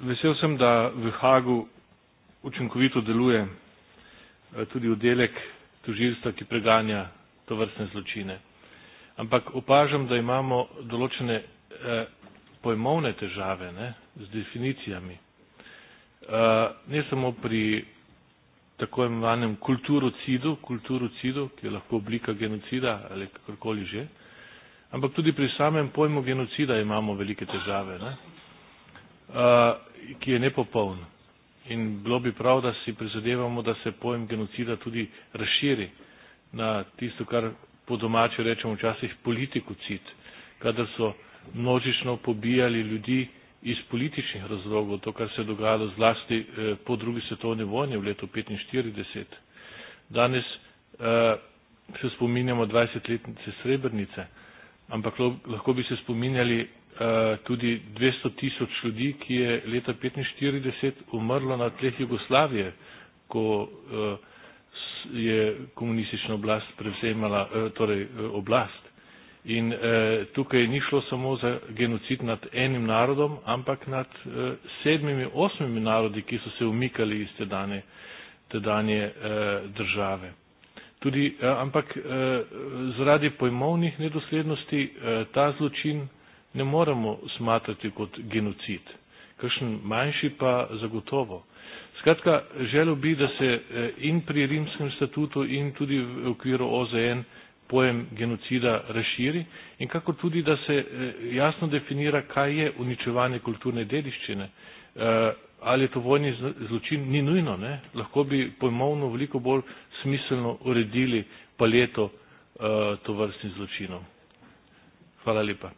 Vesel sem, da v Hagu učinkovito deluje eh, tudi oddelek tožilstva, ki preganja to vrstne zločine. Ampak opažam, da imamo določene eh, pojmovne težave ne, z definicijami. Eh, ne samo pri tako imenovanem kulturocidu, kulturocidu, ki je lahko oblika genocida ali kakorkoli že, ampak tudi pri samem pojmu genocida imamo velike težave, ne, ki je nepopolno in bilo bi prav, da si prizadevamo, da se pojem genocida tudi razširi na tisto, kar po domači rečemo včasih politiku cit, kadar so množično pobijali ljudi iz političnih razlogov, to, kar se je dogajalo zlasti eh, po drugi svetovni vojni v letu 1945. Danes eh, se spominjamo 20-letnice srebrnice, ampak lahko bi se spominjali Eh, tudi 200 tisoč ljudi, ki je leta 1945 umrlo na tleh Jugoslavije, ko eh, je komunistična oblast prevzemala eh, torej oblast. In tukaj ni šlo samo za genocid nad enim narodom, ampak nad sedmimi, osmimi narodi, ki so se umikali iz te dane, te dane države. Tudi, ampak zaradi pojmovnih nedoslednosti ta zločin ne moremo smatrati kot genocid. Kakšen manjši pa zagotovo. Skratka, želel bi, da se eh, in pri rimskem statutu in tudi v okviru OZN pojem genocida razširi in kako tudi, da se eh, jasno definira, kaj je uničevanje kulturne dediščine. Eh, ali je to vojni zločin? Ni nujno, ne? lahko bi pojmovno veliko bolj smiselno uredili paleto uh, to vrstnih zločinov. Hvala lepa.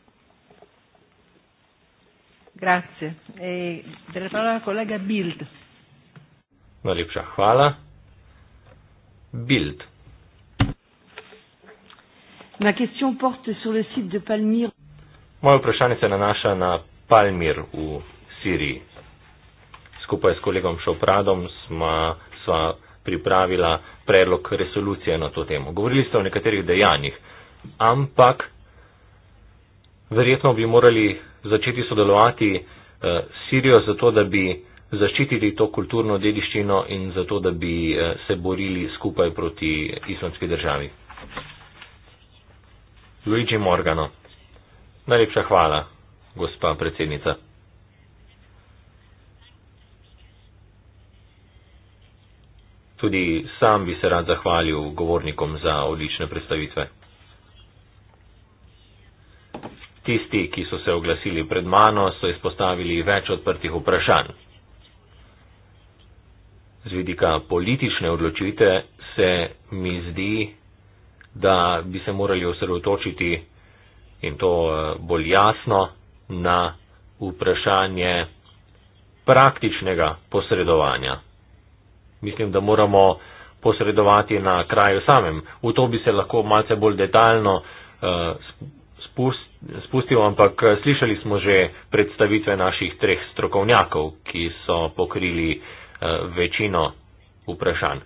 Grazie. E Delle parole alla collega Bild. Najlepša hvala. Bild. Ma question porte sur le site de Palmyre. Moje vprašanje se nanaša na Palmir v Siriji. Skupaj s kolegom Šopradom sva, sva pripravila predlog resolucije na to temo. Govorili ste o nekaterih dejanjih, ampak verjetno bi morali začeti sodelovati eh, s Sirijo, zato da bi zaščitili to kulturno dediščino in zato da bi eh, se borili skupaj proti islamski državi. Luigi Morgano. Najlepša hvala, gospa predsednica. Tudi sam bi se rad zahvalil govornikom za odlične predstavitve. Tisti, ki so se oglasili pred mano, so izpostavili več odprtih vprašanj. Z vidika politične odločitve se mi zdi, da bi se morali osredotočiti in to eh, bolj jasno na vprašanje praktičnega posredovanja. Mislim, da moramo posredovati na kraju samem. V to bi se lahko malce bolj detaljno uh, eh, spustili spustil, ampak eh, slišali smo že predstavitve naših treh strokovnjakov, ki so pokrili eh, večino vprašanj.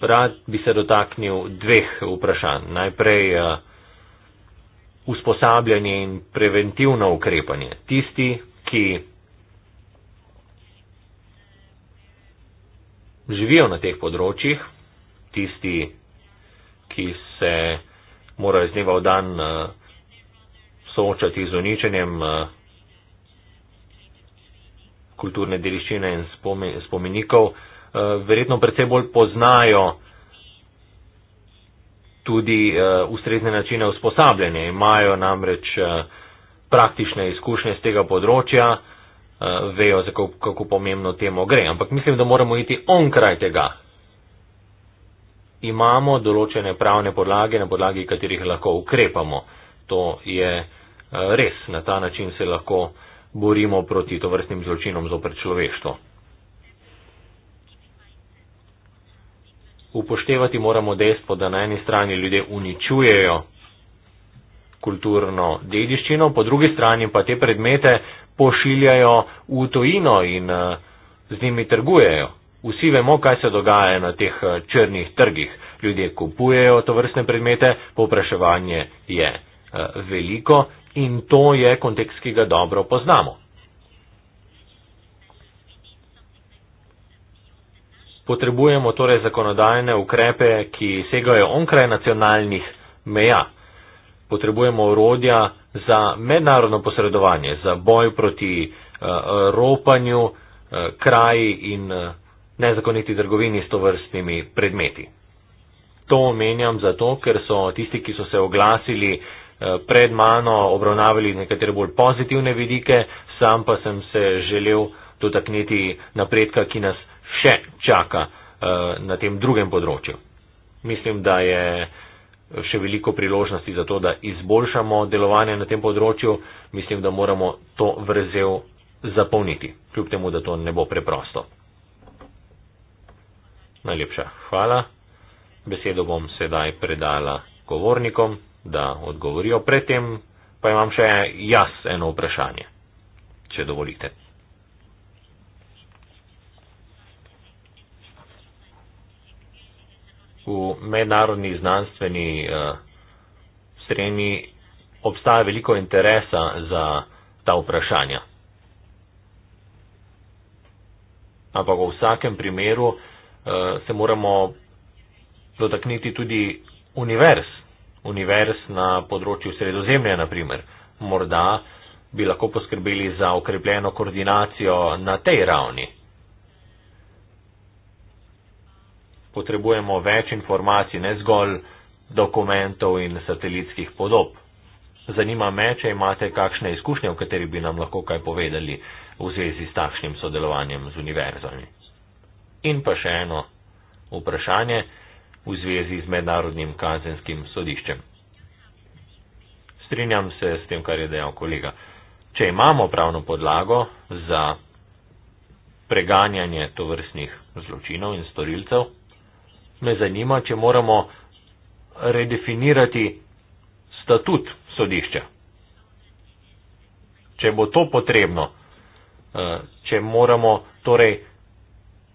Rad bi se dotaknil dveh vprašanj. Najprej eh, usposabljanje in preventivno ukrepanje. Tisti, ki živijo na teh področjih, tisti, ki se morajo z dneva v dan soočati z uničenjem eh, kulturne deliščine in spomenikov, eh, verjetno predvsej bolj poznajo tudi eh, ustrezne načine usposabljanja. Imajo namreč praktične izkušnje z tega področja, vejo, kako, kako pomembno temu gre. Ampak mislim, da moramo iti onkraj tega. Imamo določene pravne podlage, na podlagi katerih lahko ukrepamo. To je Eh, res na ta način se lahko borimo proti tovrstnim zločinom zopred človeštvo. Upoštevati moramo dejstvo, da na eni strani ljudje uničujejo kulturno dediščino, po drugi strani pa te predmete pošiljajo v tojino in eh, z njimi trgujejo. Vsi vemo, kaj se dogaja na teh eh, črnih trgih. Ljudje kupujejo to vrstne predmete, popraševanje je veliko In to je kontekst, ki ga dobro poznamo. Potrebujemo torej zakonodajne ukrepe, ki segajo onkraj nacionalnih meja. Potrebujemo orodja za mednarodno posredovanje, za boj proti uh, ropanju, uh, kraji in uh, nezakoniti trgovini s tovrstnimi predmeti. To omenjam zato, ker so tisti, ki so se oglasili uh, pred mano obravnavali nekatere bolj pozitivne vidike, sam pa sem se želel dotakniti napredka, ki nas še čaka eh, na tem drugem področju. Mislim, da je še veliko priložnosti za to, da izboljšamo delovanje na tem področju. Mislim, da moramo to vrzel zapolniti, kljub temu, da to ne bo preprosto. Najlepša hvala. Besedo bom sedaj predala govornikom da odgovorijo. Predtem pa imam še jaz eno vprašanje, če dovolite. V mednarodni znanstveni uh, eh, sredini obstaja veliko interesa za ta vprašanja. Ampak v vsakem primeru uh, se moramo dotakniti tudi univerz, univerz na področju sredozemlja, naprimer. Morda bi lahko poskrbeli za okrepljeno koordinacijo na tej ravni. Potrebujemo več informacij, ne zgolj dokumentov in satelitskih podob. Zanima me, če imate kakšne izkušnje, v kateri bi nam lahko kaj povedali v zvezi s takšnim sodelovanjem z univerzami. In pa še eno vprašanje v zvezi z mednarodnim kazenskim sodiščem. Strinjam se s tem, kar je dejal kolega. Če imamo pravno podlago za preganjanje tovrstnih zločinov in storilcev, me zanima, če moramo redefinirati statut sodišča. Če bo to potrebno, eh, če moramo torej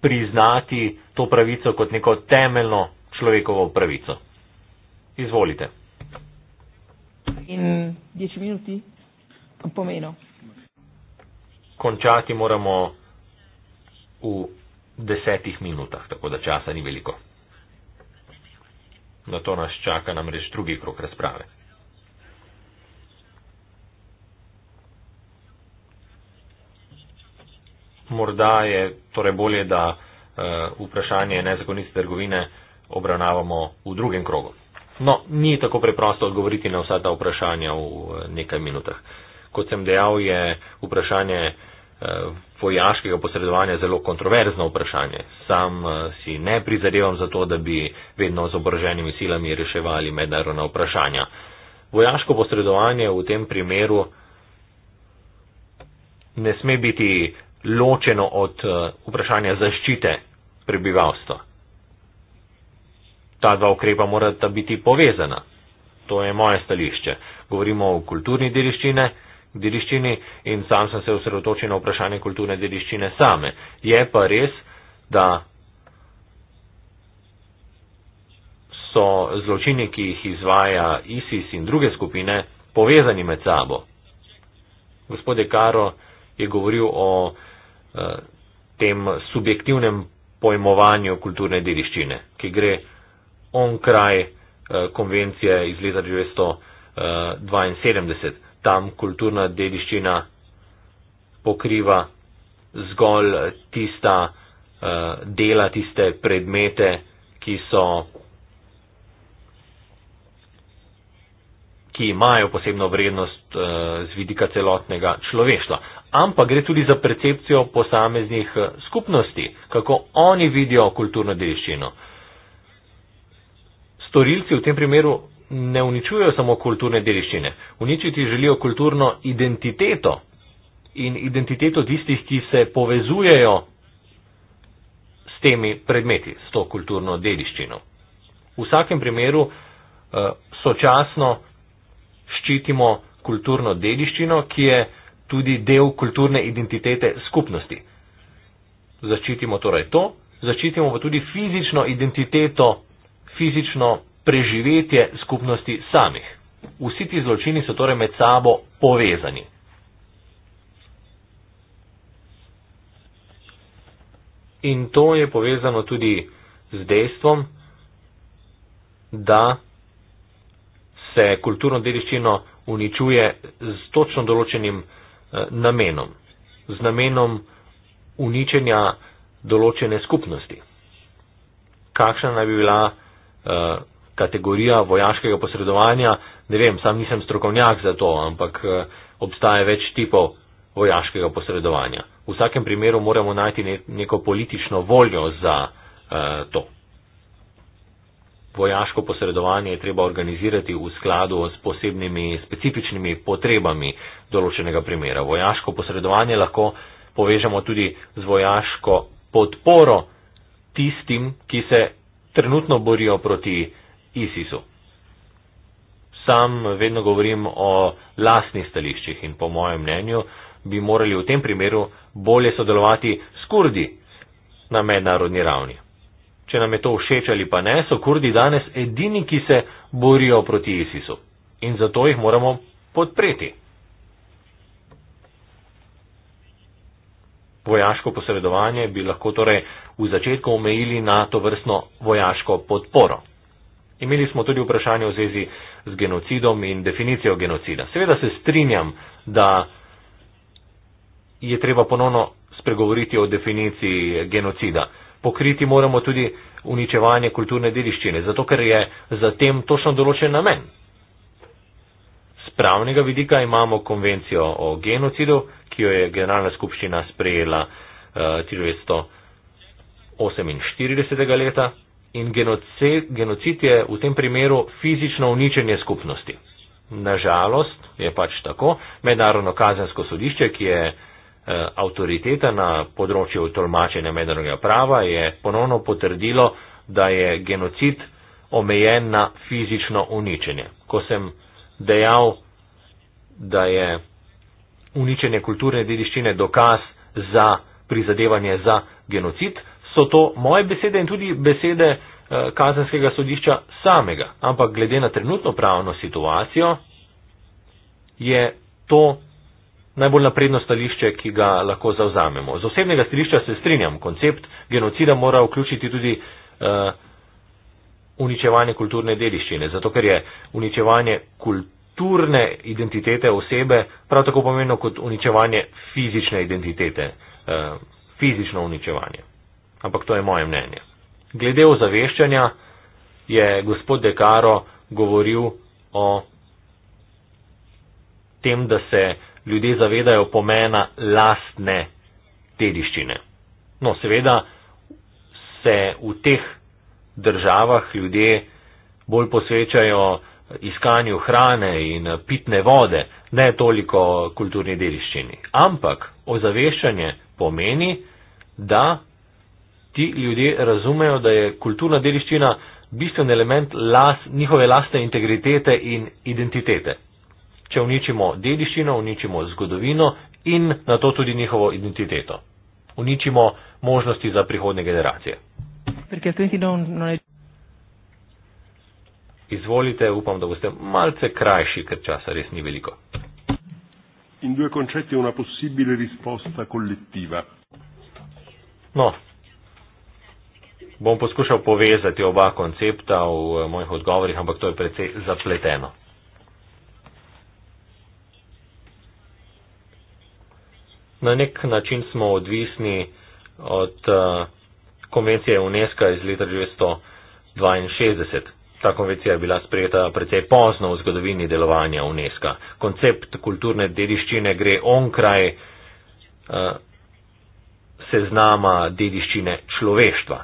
priznati to pravico kot neko temeljno človekovo pravico. Izvolite. In 10 minuti pomeno. Končati moramo v desetih minutah, tako da časa ni veliko. Na to nas čaka namreč drugi krok razprave. Morda je torej bolje, da uh, vprašanje nezakonite trgovine uh, obravnavamo v drugem krogu. No, ni tako preprosto odgovoriti na vsa ta vprašanja v eh, nekaj minutah. Kot sem dejal, je vprašanje eh, vojaškega posredovanja zelo kontroverzno vprašanje. Sam eh, si ne prizadevam za to, da bi vedno z oboroženimi silami reševali mednarodna vprašanja. Vojaško posredovanje v tem primeru ne sme biti ločeno od vprašanja zaščite prebivalstva ta dva ukrepa morata biti povezana. To je moje stališče. Govorimo o kulturni dediščine, dediščini in sam sem se osredotočil na vprašanje kulturne dediščine same. Je pa res, da so zločini, ki jih izvaja ISIS in druge skupine, povezani med sabo. Gospode Karo je govoril o eh, tem subjektivnem pojmovanju kulturne dediščine, ki gre on kraj eh, konvencije iz leta 1972. Eh, Tam kulturna dediščina pokriva zgolj tista eh, dela, tiste predmete, ki so, ki imajo posebno vrednost z vidika celotnega človeštva. Ampak gre tudi za percepcijo posameznih skupnosti, kako oni vidijo kulturno dediščino storilci v tem primeru ne uničujejo samo kulturne dediščine, uničiti želijo kulturno identiteto in identiteto tistih, ki se povezujejo s temi predmeti, s to kulturno dediščino. V vsakem primeru eh, sočasno ščitimo kulturno dediščino, ki je tudi del kulturne identitete skupnosti. Zaščitimo torej to, zaščitimo pa tudi fizično identiteto, fizično preživetje skupnosti samih. Vsi ti zločini so torej med sabo povezani. In to je povezano tudi z dejstvom, da se kulturno dediščino uničuje z točno določenim eh, namenom, z namenom uničenja določene skupnosti. Kakšna naj bi bila eh, kategorija vojaškega posredovanja. Ne vem, sam nisem strokovnjak za to, ampak eh, obstaja več tipov vojaškega posredovanja. V vsakem primeru moramo najti neko politično voljo za eh, to. Vojaško posredovanje je treba organizirati v skladu s posebnimi specifičnimi potrebami določenega primera. Vojaško posredovanje lahko povežemo tudi z vojaško podporo tistim, ki se trenutno borijo proti ISIS-u. Sam vedno govorim o lasnih stališčih in po mojem mnenju bi morali v tem primeru bolje sodelovati s kurdi na mednarodni ravni. Če nam je to všeč ali pa ne, so kurdi danes edini, ki se borijo proti ISIS-u in zato jih moramo podpreti. Vojaško posredovanje bi lahko torej v začetku omejili na to vrstno vojaško podporo. Imeli smo tudi vprašanje v zvezi z genocidom in definicijo genocida. Seveda se strinjam, da je treba ponovno spregovoriti o definiciji genocida. Pokriti moramo tudi uničevanje kulturne dediščine, zato ker je za tem točno določen namen. Z pravnega vidika imamo konvencijo o genocidu, ki jo je Generalna skupščina sprejela 1948. Uh, eh, in genocid je v tem primeru fizično uničenje skupnosti. Nažalost je pač tako, mednarodno kazensko sodišče, ki je eh, avtoriteta na področju tolmačenja mednarodnega prava, je ponovno potrdilo, da je genocid omejen na fizično uničenje. Ko sem dejal, da je uničenje kulturne dediščine dokaz za prizadevanje za genocid, so to moje besede in tudi besede eh, kazenskega sodišča samega. Ampak glede na trenutno pravno situacijo je to najbolj napredno stališče, ki ga lahko zauzamemo. Z osebnega stališča se strinjam, koncept genocida mora vključiti tudi uh, uničevanje kulturne dediščine, zato ker je uničevanje kulturne identitete osebe prav tako pomembno kot uničevanje fizične identitete, uh, fizično uničevanje ampak to je moje mnenje. Glede ozaveščanja je gospod Dekaro govoril o tem, da se ljudje zavedajo pomena lastne dediščine. No, seveda se v teh državah ljudje bolj posvečajo iskanju hrane in pitne vode, ne toliko kulturni dediščini. Ampak ozaveščanje pomeni, da ti ljudje razumejo, da je kulturna dediščina bistven element las, njihove lastne integritete in identitete. Če uničimo dediščino, uničimo zgodovino in na to tudi njihovo identiteto. Uničimo možnosti za prihodne generacije. Izvolite, upam, da boste malce krajši, ker časa res ni veliko. E no, Bom poskušal povezati oba koncepta v eh, mojih odgovorih, ampak to je precej zapleteno. Na nek način smo odvisni od eh, konvencije UNESCO iz leta 1962. Ta konvencija je bila sprejeta precej pozno v zgodovini delovanja UNESCO. Koncept kulturne dediščine gre onkraj uh, seznama dediščine človeštva.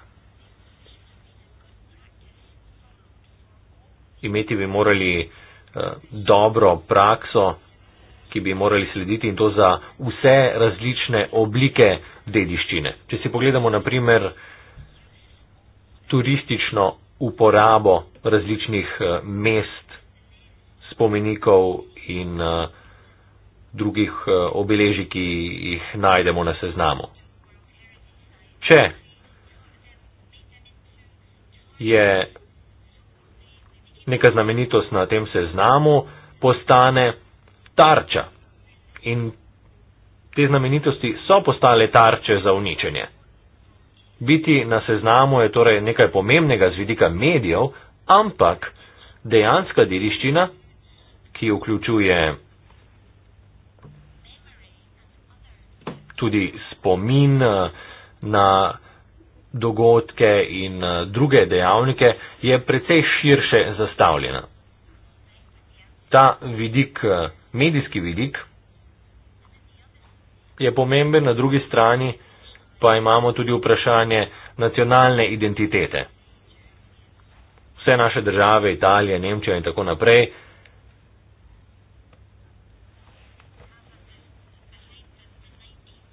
imeti bi morali eh, dobro prakso, ki bi morali slediti in to za vse različne oblike dediščine. Če si pogledamo naprimer turistično uporabo različnih eh, mest, spomenikov in eh, drugih obeležij, ki jih najdemo na seznamu. Če je neka znamenitost na tem seznamu postane tarča. In te znamenitosti so postale tarče za uničenje. Biti na seznamu je torej nekaj pomembnega z vidika medijev, ampak dejanska dediščina, ki vključuje tudi spomin eh, na dogodke in eh, druge dejavnike, je precej širše zastavljena. Ta vidik, eh, medijski vidik, je pomemben, na drugi strani pa imamo tudi vprašanje nacionalne identitete. Vse naše države, Italija, Nemčija in tako naprej,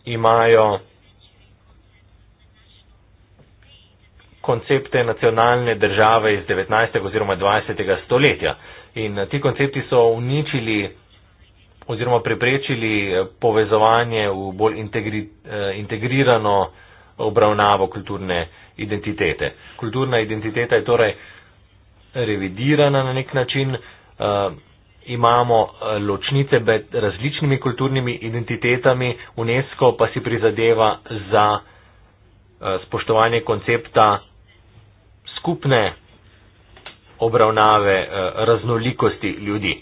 imajo koncepte nacionalne države iz 19. oziroma 20. stoletja. In eh, ti koncepti so uničili oziroma preprečili eh, povezovanje v bolj integri, eh, integrirano obravnavo kulturne identitete. Kulturna identiteta je torej revidirana na nek način, imamo ločnice med različnimi kulturnimi identitetami, UNESCO pa si prizadeva za spoštovanje koncepta skupne obravnave eh, raznolikosti ljudi.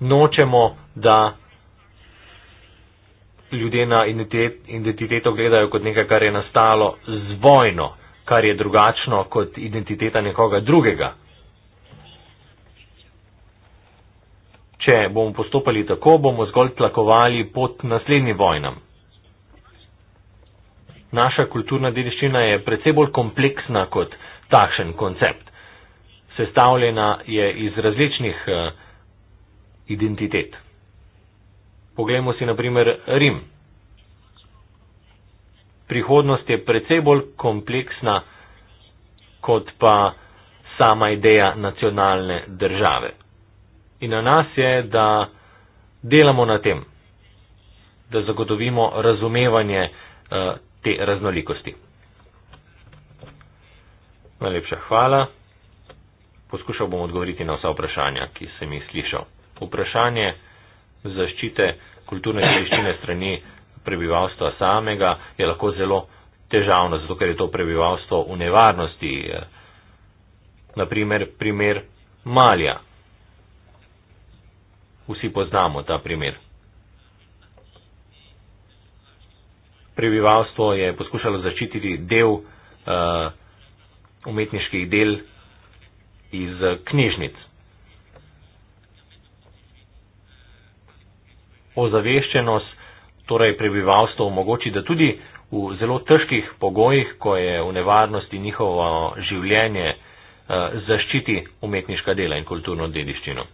Nočemo, da ljudje na identiteto gledajo kot nekaj, kar je nastalo z vojno, kar je drugačno kot identiteta nekoga drugega. Če bomo postopali tako, bomo zgolj tlakovali pot naslednjim vojnam. Naša kulturna dediščina je predvsej bolj kompleksna kot takšen koncept. Sestavljena je iz različnih uh, identitet. Poglejmo si naprimer Rim. Prihodnost je precej bolj kompleksna kot pa sama ideja nacionalne države. In na nas je, da delamo na tem, da zagotovimo razumevanje uh, te raznolikosti. Najlepša hvala. Poskušal bom odgovoriti na vsa vprašanja, ki sem jih slišal. Vprašanje zaščite kulturne dediščine strani prebivalstva samega je lahko zelo težavno, zato ker je to prebivalstvo v nevarnosti. Naprimer, primer Malja. Vsi poznamo ta primer. Prebivalstvo je poskušalo zaščititi del uh, umetniških del iz eh, knjižnic. Ozaveščenost torej prebivalstvo omogoči, da tudi v zelo težkih pogojih, ko je v nevarnosti njihovo življenje, eh, zaščiti umetniška dela in kulturno dediščino.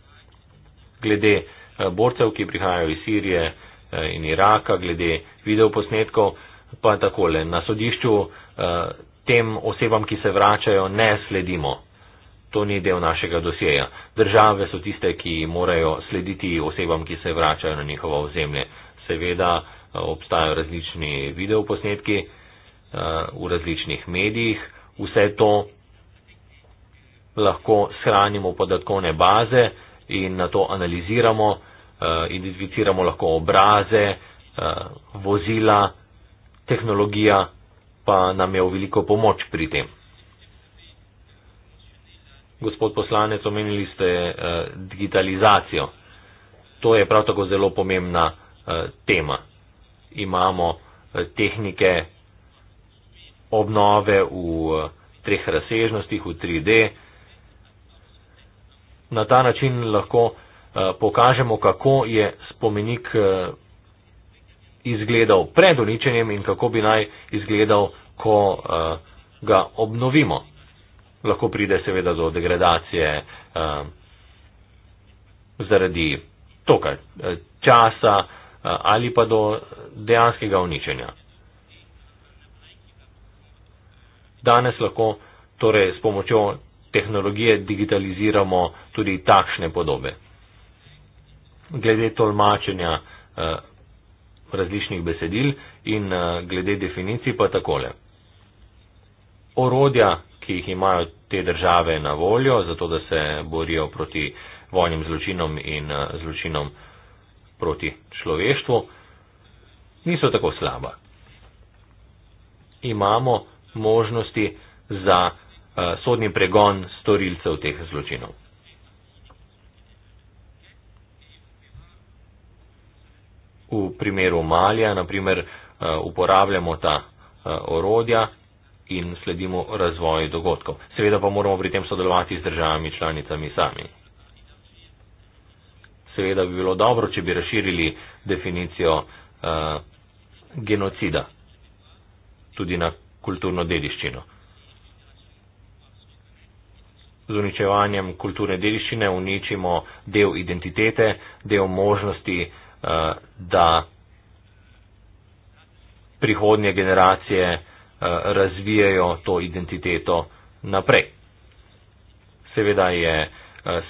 Glede eh, borcev, ki prihajajo iz Sirije in Iraka, glede videoposnetkov, pa takole. Na sodišču tem osebam, ki se vračajo, ne sledimo. To ni del našega dosjeja. Države so tiste, ki morajo slediti osebam, ki se vračajo na njihovo ozemlje. Seveda eh, obstajajo različni videoposnetki eh, v različnih medijih. Vse to lahko shranimo podatkovne baze in na to analiziramo, eh, identificiramo lahko obraze, vozila, tehnologija pa nam je v veliko pomoč pri tem. Gospod poslanec, omenili ste eh, digitalizacijo. To je prav tako zelo pomembna eh, tema. Imamo eh, tehnike obnove v treh razsežnostih, v 3D. Na ta način lahko pokažemo, kako je spomenik izgledal pred uničenjem in kako bi naj izgledal, ko eh, ga obnovimo. Lahko pride seveda do degradacije eh, zaradi toka eh, časa ali pa do dejanskega uničenja. Danes lahko torej s pomočjo tehnologije digitaliziramo tudi takšne podobe. Glede tolmačenja različnih besedil in eh, glede definicij pa takole. Orodja, ki jih imajo te države na voljo, zato da se borijo proti vojnim zločinom in eh, zločinom proti človeštvu, niso tako slaba. Imamo možnosti za eh, sodni pregon storilcev teh zločinov. v primeru malja, naprimer, eh, uporabljamo ta eh, orodja in sledimo razvoju dogodkov. Seveda pa moramo pri tem sodelovati z državami članicami sami. Seveda bi bilo dobro, če bi razširili definicijo eh, genocida tudi na kulturno dediščino. Z uničevanjem kulturne dediščine uničimo del identitete, del možnosti uh, Eh, da prihodnje generacije eh, razvijajo to identiteto naprej. Seveda je eh,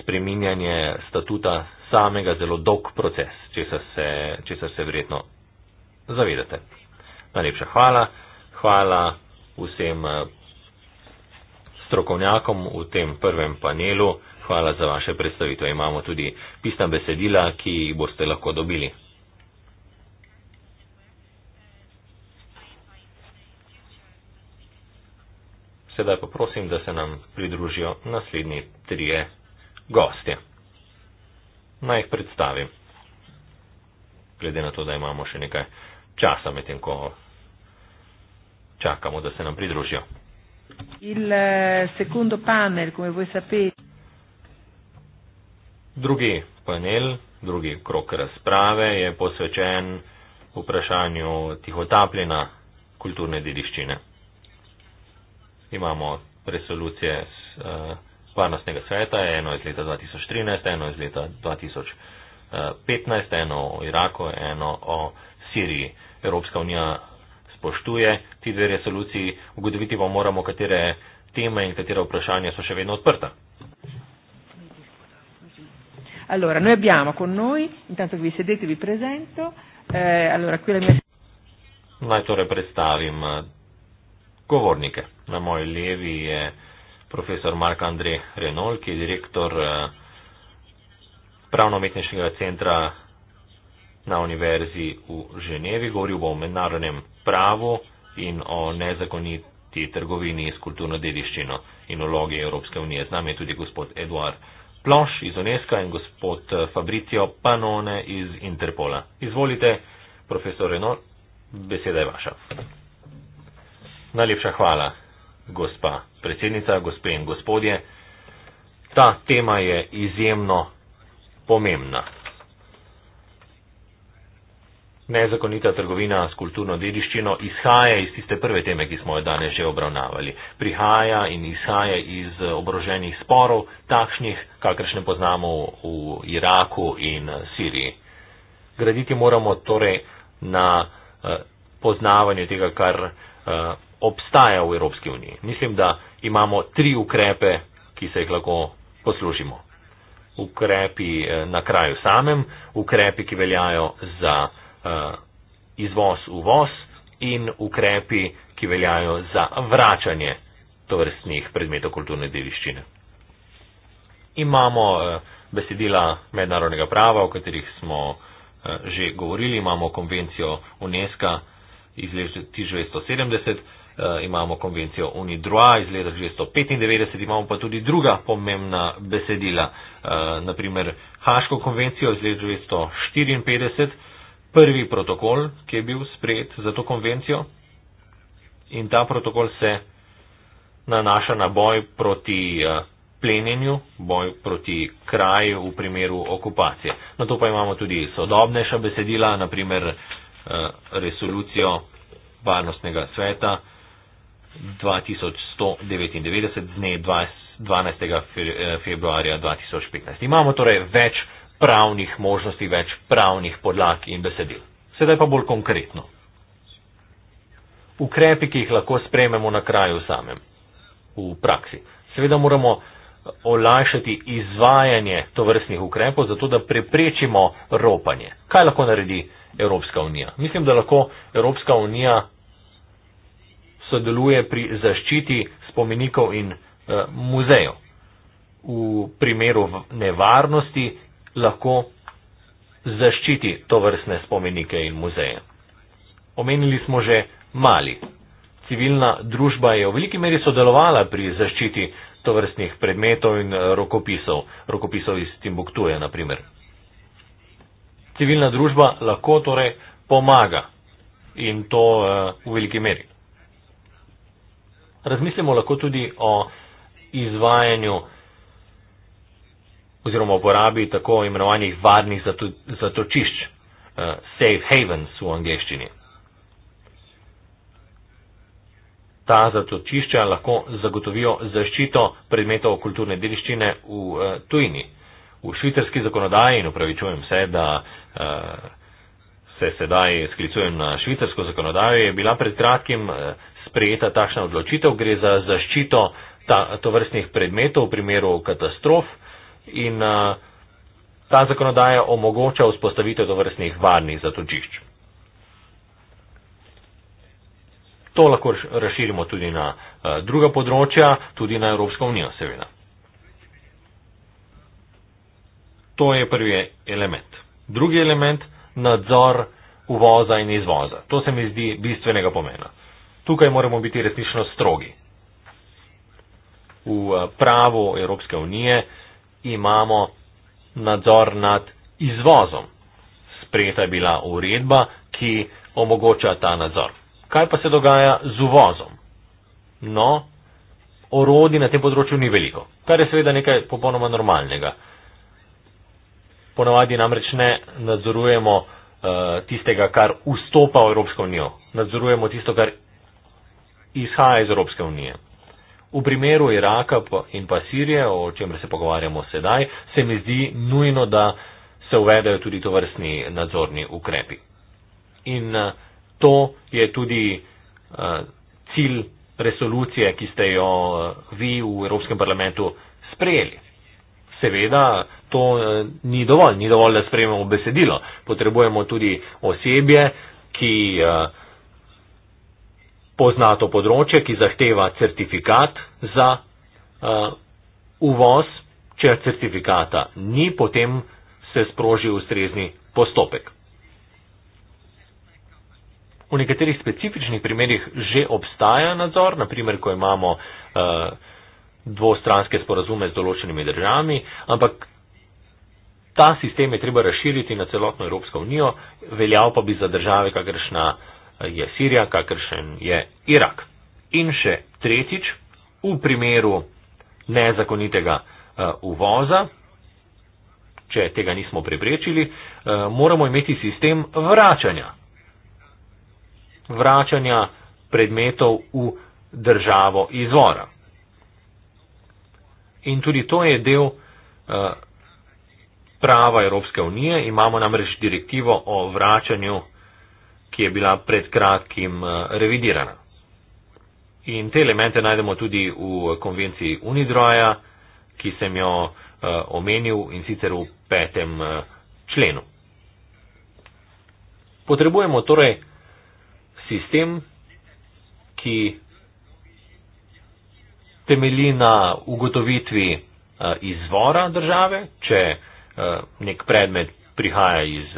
spreminjanje statuta samega zelo dolg proces, če se, če se verjetno zavedate. Najlepša hvala. Hvala vsem strokovnjakom v tem prvem panelu. Hvala za vaše predstavitve. Imamo tudi pisna besedila, ki jih boste lahko dobili. Sedaj pa prosim, da se nam pridružijo naslednji trije gostje. Naj jih predstavim, glede na to, da imamo še nekaj časa med tem, ko čakamo, da se nam pridružijo. Il eh, secondo panel, come voi sapete. Drugi panel, drugi krok razprave je posvečen vprašanju tihotapljena kulturne dediščine. Imamo resolucije z eh, varnostnega sveta, eno iz leta 2013, eno iz leta 2015, eh, eno o Iraku, eno o Siriji. Evropska unija spoštuje ti dve resoluciji, ugotoviti pa moramo, katere teme in katere vprašanja so še vedno odprta. Allora, noi abbiamo con noi, intanto che vi sedete vi presento, eh, allora qui la mia... Najtore predstavim govornike. Na moji levi je profesor Mark Andrej Renol, ki je direktor eh, pravno-umetniškega centra na Univerzi v Ženevi. Govoril bo o mednarodnem pravu in o nezakoniti trgovini s kulturno dediščino in vlogi Evropske unije. Z nami je tudi gospod Eduard Ploš iz UNESCO in gospod eh, Fabricio Panone iz Interpola. Izvolite, profesor Renault, beseda je vaša. Najlepša hvala, gospa predsednica, gospe in gospodje. Ta tema je izjemno pomembna. Nezakonita trgovina s kulturno dediščino izhaja iz tiste prve teme, ki smo jo danes že obravnavali. Prihaja in izhaja iz oboroženih sporov, takšnih, kakršne poznamo v Iraku in Siriji. Graditi moramo torej na eh, poznavanju tega, kar eh, obstaja v Evropski uniji. Mislim, da imamo tri ukrepe, ki se jih lahko poslužimo. Ukrepi eh, na kraju samem, ukrepi, ki veljajo za. Eh, izvoz, uvoz in ukrepi, ki veljajo za vračanje tovrstnih predmetov kulturne deliščine. Imamo eh, besedila mednarodnega prava, o katerih smo eh, že govorili, imamo konvencijo UNESCO iz leta 1970, imamo konvencijo UNIDROA iz leta 1995, imamo pa tudi druga pomembna besedila, naprimer Haško konvencijo iz leta 1954, prvi protokol, ki je bil sprejet za to konvencijo. In ta protokol se nanaša na boj proti eh, plenjenju, boj proti kraju v primeru okupacije. Na to pa imamo tudi sodobnejša besedila, naprimer eh, resolucijo varnostnega sveta 2199 dne 20, 12. februarja 2015. Imamo torej več pravnih možnosti, več pravnih podlag in besedil. Sedaj pa bolj konkretno. Ukrepi, ki jih lahko sprejmemo na kraju samem, v praksi. Seveda moramo eh, olajšati izvajanje tovrstnih ukrepov, zato da preprečimo ropanje. Kaj lahko naredi Evropska unija? Mislim, da lahko Evropska unija sodeluje pri zaščiti spomenikov in e, muzejev. V primeru nevarnosti lahko zaščiti to vrstne spomenike in muzeje. Omenili smo že mali. Civilna družba je v veliki meri sodelovala pri zaščiti to vrstnih predmetov in eh, rokopisov, rokopisov iz Timbuktuje naprimer. Civilna družba lahko torej pomaga in to eh, v veliki meri. Razmislimo lahko tudi o izvajanju oziroma uporabi tako imenovanih varnih zatočišč, eh, safe havens v angleščini. Ta zatočišča lahko zagotovijo zaščito predmetov kulturne dediščine v eh, tujini. V švicarski zakonodaji, in upravičujem se, da eh, se sedaj sklicujem na švicarsko zakonodajo, je bila pred kratkim sprejeta takšna odločitev, gre za zaščito to vrstnih predmetov v primeru katastrof, in uh, ta zakonodaja omogoča vzpostavitev dovrstnih varnih zatočišč. To lahko razširimo tudi na uh, druga področja, tudi na Evropsko unijo, seveda. To je prvi element. Drugi element, nadzor uvoza in izvoza. To se mi zdi bistvenega pomena. Tukaj moramo biti resnično strogi. V uh, pravu Evropske unije uh, imamo nadzor nad izvozom. Sprejeta je bila uredba, ki omogoča ta nadzor. Kaj pa se dogaja z uvozom? No, orodi na tem področju ni veliko, kar je seveda nekaj popolnoma normalnega. Ponavadi namreč ne nadzorujemo uh, tistega, kar vstopa v Evropsko unijo, nadzorujemo tisto, kar izhaja iz Evropske unije. V primeru Iraka in pa Sirije, o čemer se pogovarjamo sedaj, se mi zdi nujno, da se uvedajo tudi to vrstni nadzorni ukrepi. In eh, to je tudi eh, cilj resolucije, ki ste jo eh, vi v Evropskem parlamentu sprejeli. Seveda, to ni dovolj, ni dovolj, da sprejmemo besedilo. Potrebujemo tudi osebje, ki uh, pozna to področje, ki zahteva certifikat za uh, uvoz. Če certifikata ni, potem se sproži ustrezni postopek. V nekaterih specifičnih primerjih že obstaja nadzor, naprimer, ko imamo uh, dvostranske sporazume z določenimi državami, ampak. Ta sistem je treba razširiti na celotno Evropsko unijo, veljal pa bi za države, kakršna uh, je Sirija, kakršen je Irak. In še tretjič, v primeru nezakonitega eh, uvoza, če tega nismo preprečili, eh, moramo imeti sistem vračanja. Vračanja predmetov v državo izvora. In tudi to je del eh, prava Evropske unije. Imamo namreč direktivo o vračanju ki je bila pred kratkim eh, revidirana. In te elemente najdemo tudi v konvenciji Unidroja, ki sem jo eh, omenil in sicer v petem eh, členu. Potrebujemo torej sistem, ki temelji na ugotovitvi izvora države, če nek predmet prihaja iz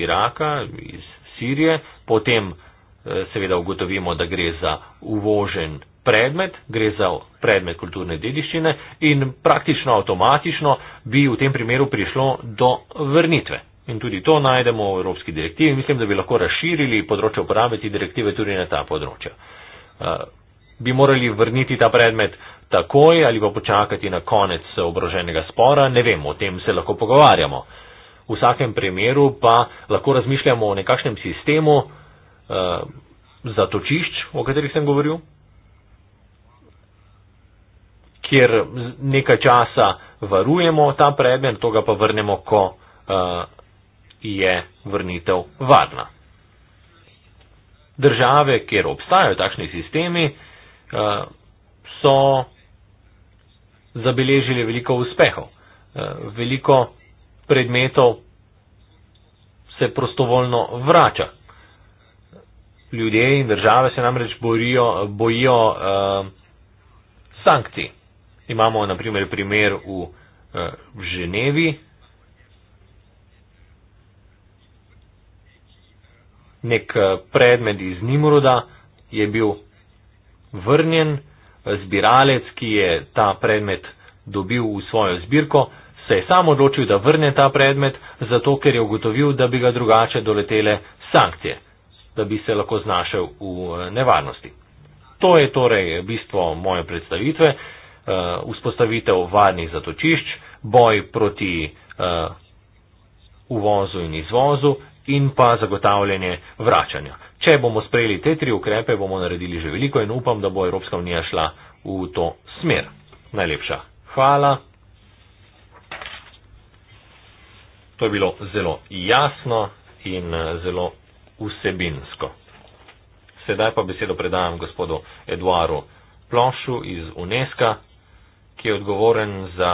Iraka, iz Sirije, potem eh, seveda ugotovimo, da gre za uvožen predmet, gre za predmet kulturne dediščine in praktično avtomatično bi v tem primeru prišlo do vrnitve. In tudi to najdemo v Evropski direktivi. Mislim, da bi lahko razširili področje uporabe te direktive tudi na ta področja. Eh, bi morali vrniti ta predmet takoj ali pa počakati na konec obroženega spora, ne vem, o tem se lahko pogovarjamo. V vsakem primeru pa lahko razmišljamo o nekakšnem sistemu uh, zatočišč, o katerih sem govoril, kjer nekaj časa varujemo ta predmet, to ga pa vrnemo, ko uh, je vrnitev varna. Države, kjer obstajajo takšni sistemi, uh, so zabeležili veliko uspehov. Uh, veliko predmetov se prostovoljno vrača. Ljudje in države se namreč borijo, bojijo eh, sankcij. Imamo naprimer primer v, eh, v Ženevi. Nek eh, predmet iz Nimruda je bil vrnjen, zbiralec, ki je ta predmet dobil v svojo zbirko, se je sam odločil, da vrne ta predmet, zato ker je ugotovil, da bi ga drugače doletele sankcije, da bi se lahko znašel v eh, nevarnosti. To je torej bistvo moje predstavitve, eh, vzpostavitev varnih zatočišč, boj proti eh, uvozu in izvozu in pa zagotavljanje vračanja. Če bomo sprejeli te tri ukrepe, bomo naredili že veliko in upam, da bo Evropska unija šla v to smer. Najlepša hvala. To je bilo zelo jasno in eh, zelo vsebinsko. Sedaj pa besedo predajam gospodu Eduaru Plošu iz UNESCO, ki je odgovoren za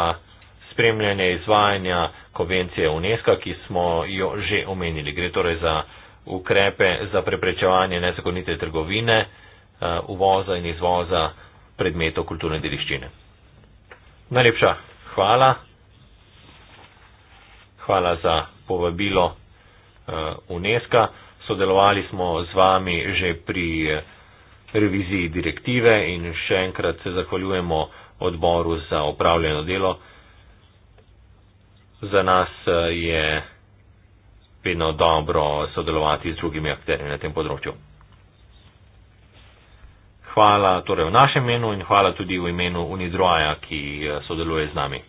spremljanje izvajanja konvencije UNESCO, ki smo jo že omenili. Gre torej za ukrepe za preprečevanje nezakonite trgovine, eh, uvoza in izvoza predmetov kulturne dediščine. Najlepša hvala hvala za povabilo eh, UNESCO. Sodelovali smo z vami že pri eh, reviziji direktive in še enkrat se zahvaljujemo odboru za upravljeno delo. Za nas eh, je vedno dobro sodelovati z drugimi akterji na tem področju. Hvala torej v našem imenu in hvala tudi v imenu Unidroja, ki sodeluje z nami.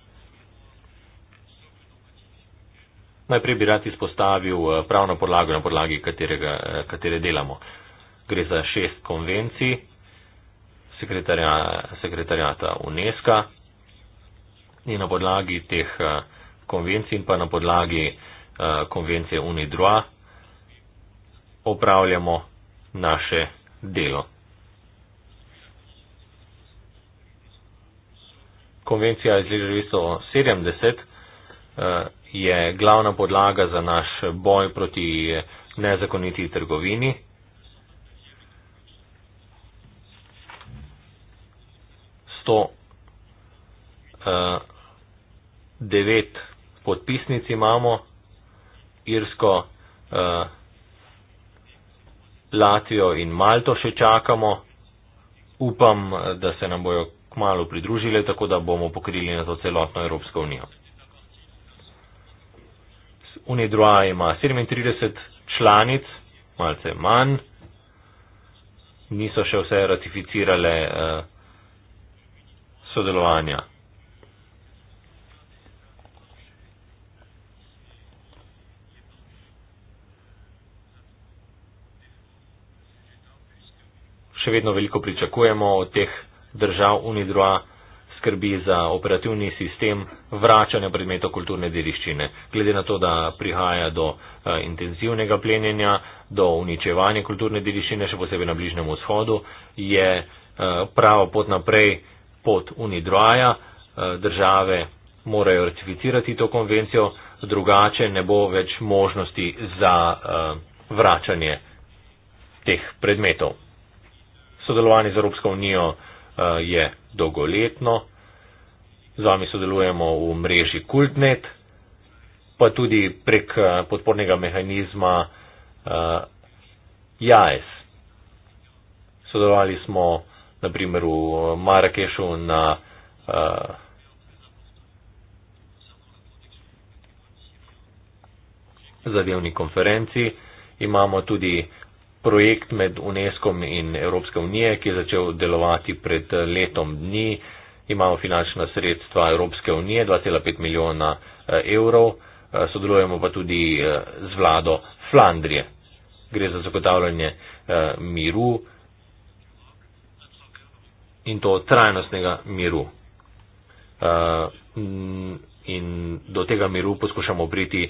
Najprej bi rad izpostavil eh, pravno podlago, na podlagi katerega, eh, katere delamo. Gre za šest konvencij sekretarja, sekretarjata UNESCO in na podlagi teh eh, konvencij in pa na podlagi konvencije UNIDROA opravljamo naše delo. Konvencija iz leta 1970 je glavna podlaga za naš boj proti nezakoniti trgovini. Sto eh, devet podpisnic imamo, Irsko, eh, Latvijo in Malto še čakamo. Upam, eh, da se nam bojo k malu pridružile, tako da bomo pokrili na to celotno Evropsko unijo. UNIDROA ima 37 članic, malce manj, niso še vse ratificirale uh, sodelovanja. Še vedno veliko pričakujemo od teh držav UNIDROA skrbi za operativni sistem vračanja predmetov kulturne dediščine. Glede na to, da prihaja do eh, intenzivnega plenjenja, do uničevanja kulturne dediščine, še posebej na Bližnjem vzhodu, je eh, pravo pot naprej pot Unidraja. Eh, države morajo ratificirati to konvencijo, drugače ne bo več možnosti za vračanje teh predmetov. Sodelovanje z Evropsko unijo je dolgoletno z vami sodelujemo v mreži Kultnet, pa tudi prek eh, podpornega mehanizma uh, JAES. Sodelovali smo naprimer v eh, Marrakešu na uh, zadevni konferenci. Imamo tudi projekt med UNESCO in Evropske unije, ki je začel delovati pred letom dni. Uh, imamo finančna sredstva Evropske unije 2,5 milijona eh, evrov, eh, sodelujemo pa tudi eh, z vlado Flandrije. Gre za zagotavljanje miru in to trajnostnega miru. In do tega miru poskušamo priti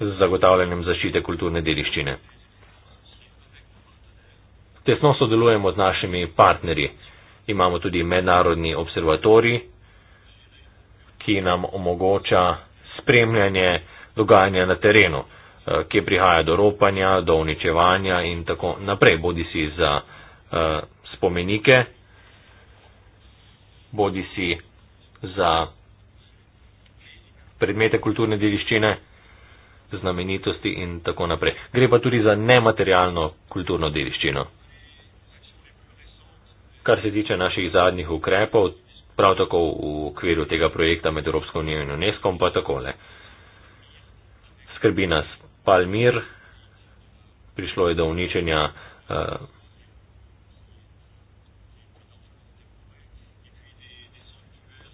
z zagotavljanjem zaščite kulturne dediščine. Tesno sodelujemo z našimi partnerji imamo tudi mednarodni observatorij, ki nam omogoča spremljanje dogajanja na terenu, eh, kje prihaja do ropanja, do uničevanja in tako naprej, bodi si za eh, spomenike, bodi si za predmete kulturne dediščine, znamenitosti in tako naprej. Gre pa tudi za nematerialno kulturno dediščino. Kar se tiče naših zadnjih ukrepov, prav tako v okviru tega projekta med Evropsko unijo in UNESCO, pa takole. Skrbi nas Palmir, prišlo je do uničenja uh,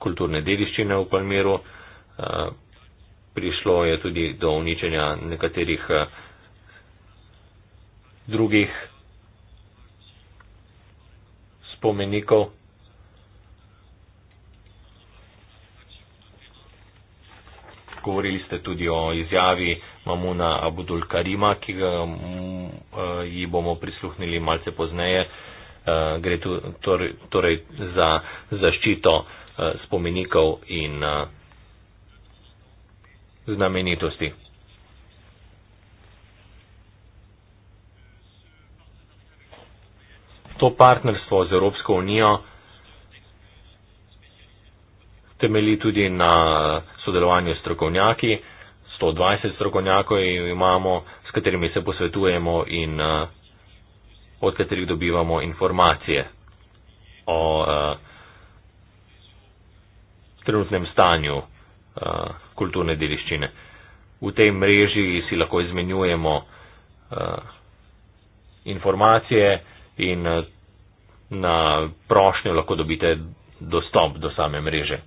kulturne dediščine v Palmiru, uh, prišlo je tudi do uničenja nekaterih uh, drugih spomenikov. Govorili ste tudi o izjavi Mamuna Abudul Karima, ki ga, uh, ji bomo prisluhnili malce pozneje. Uh, gre tu, torej, torej za zaščito uh, spomenikov in uh, znamenitosti. to partnerstvo z Evropsko unijo temeli tudi na sodelovanju s strokovnjaki. 120 strokovnjakov imamo, s katerimi se posvetujemo in uh, od katerih dobivamo informacije o uh, trenutnem stanju uh, kulturne deliščine. V tej mreži si lahko izmenjujemo uh, informacije, in eh, na prošnjo lahko dobite dostop do same mreže.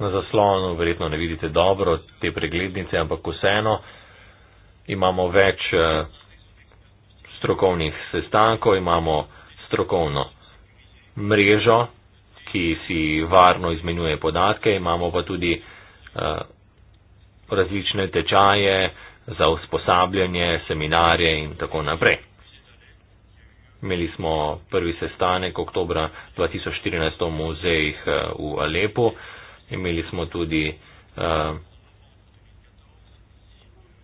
Na zaslonu verjetno ne vidite dobro te preglednice, ampak vseeno imamo več eh, strokovnih sestankov, imamo strokovno mrežo, ki si varno izmenjuje podatke, imamo pa tudi uh, različne tečaje, uh, za usposabljanje, seminarje in tako naprej. Imeli smo prvi sestanek oktobra 2014 v muzejih eh, v Alepu, imeli smo tudi eh,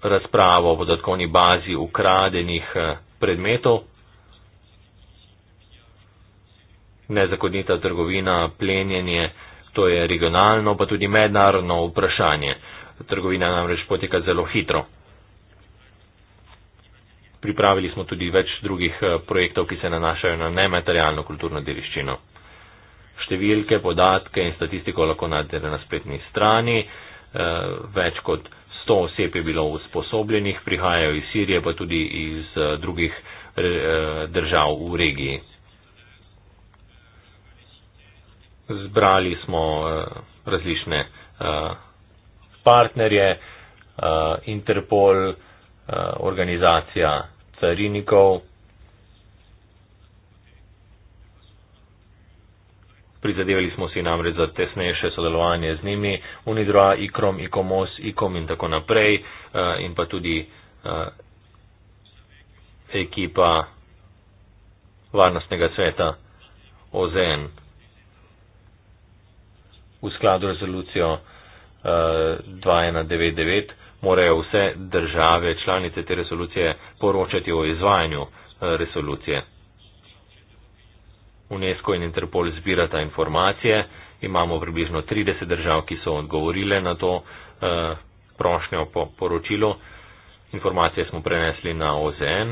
razpravo o podatkovni bazi ukradenih eh, predmetov, nezakonita trgovina, plenjenje, to je regionalno, pa tudi mednarodno vprašanje. Trgovina namreč poteka zelo hitro pripravili smo tudi več drugih eh, projektov, ki se nanašajo na nematerialno kulturno deliščino. Številke, podatke in statistiko lahko najdete na spletni strani. Eh, več kot 100 oseb je bilo usposobljenih, prihajajo iz Sirije, pa tudi iz eh, drugih držav v regiji. Zbrali smo različne partnerje, Interpol, organizacija carinikov, Prizadevali smo si namreč za tesnejše sodelovanje z njimi, Unidra, IKROM, IKOMOS, IKOM in tako naprej eh, in pa tudi eh, ekipa varnostnega sveta OZN v skladu rezolucijo 2199. Eh, morajo vse države članice te resolucije poročati o izvajanju eh, resolucije. UNESCO in Interpol zbirata informacije, imamo približno 30 držav, ki so odgovorile na to eh, prošnjo po poročilu. Informacije smo prenesli na OZN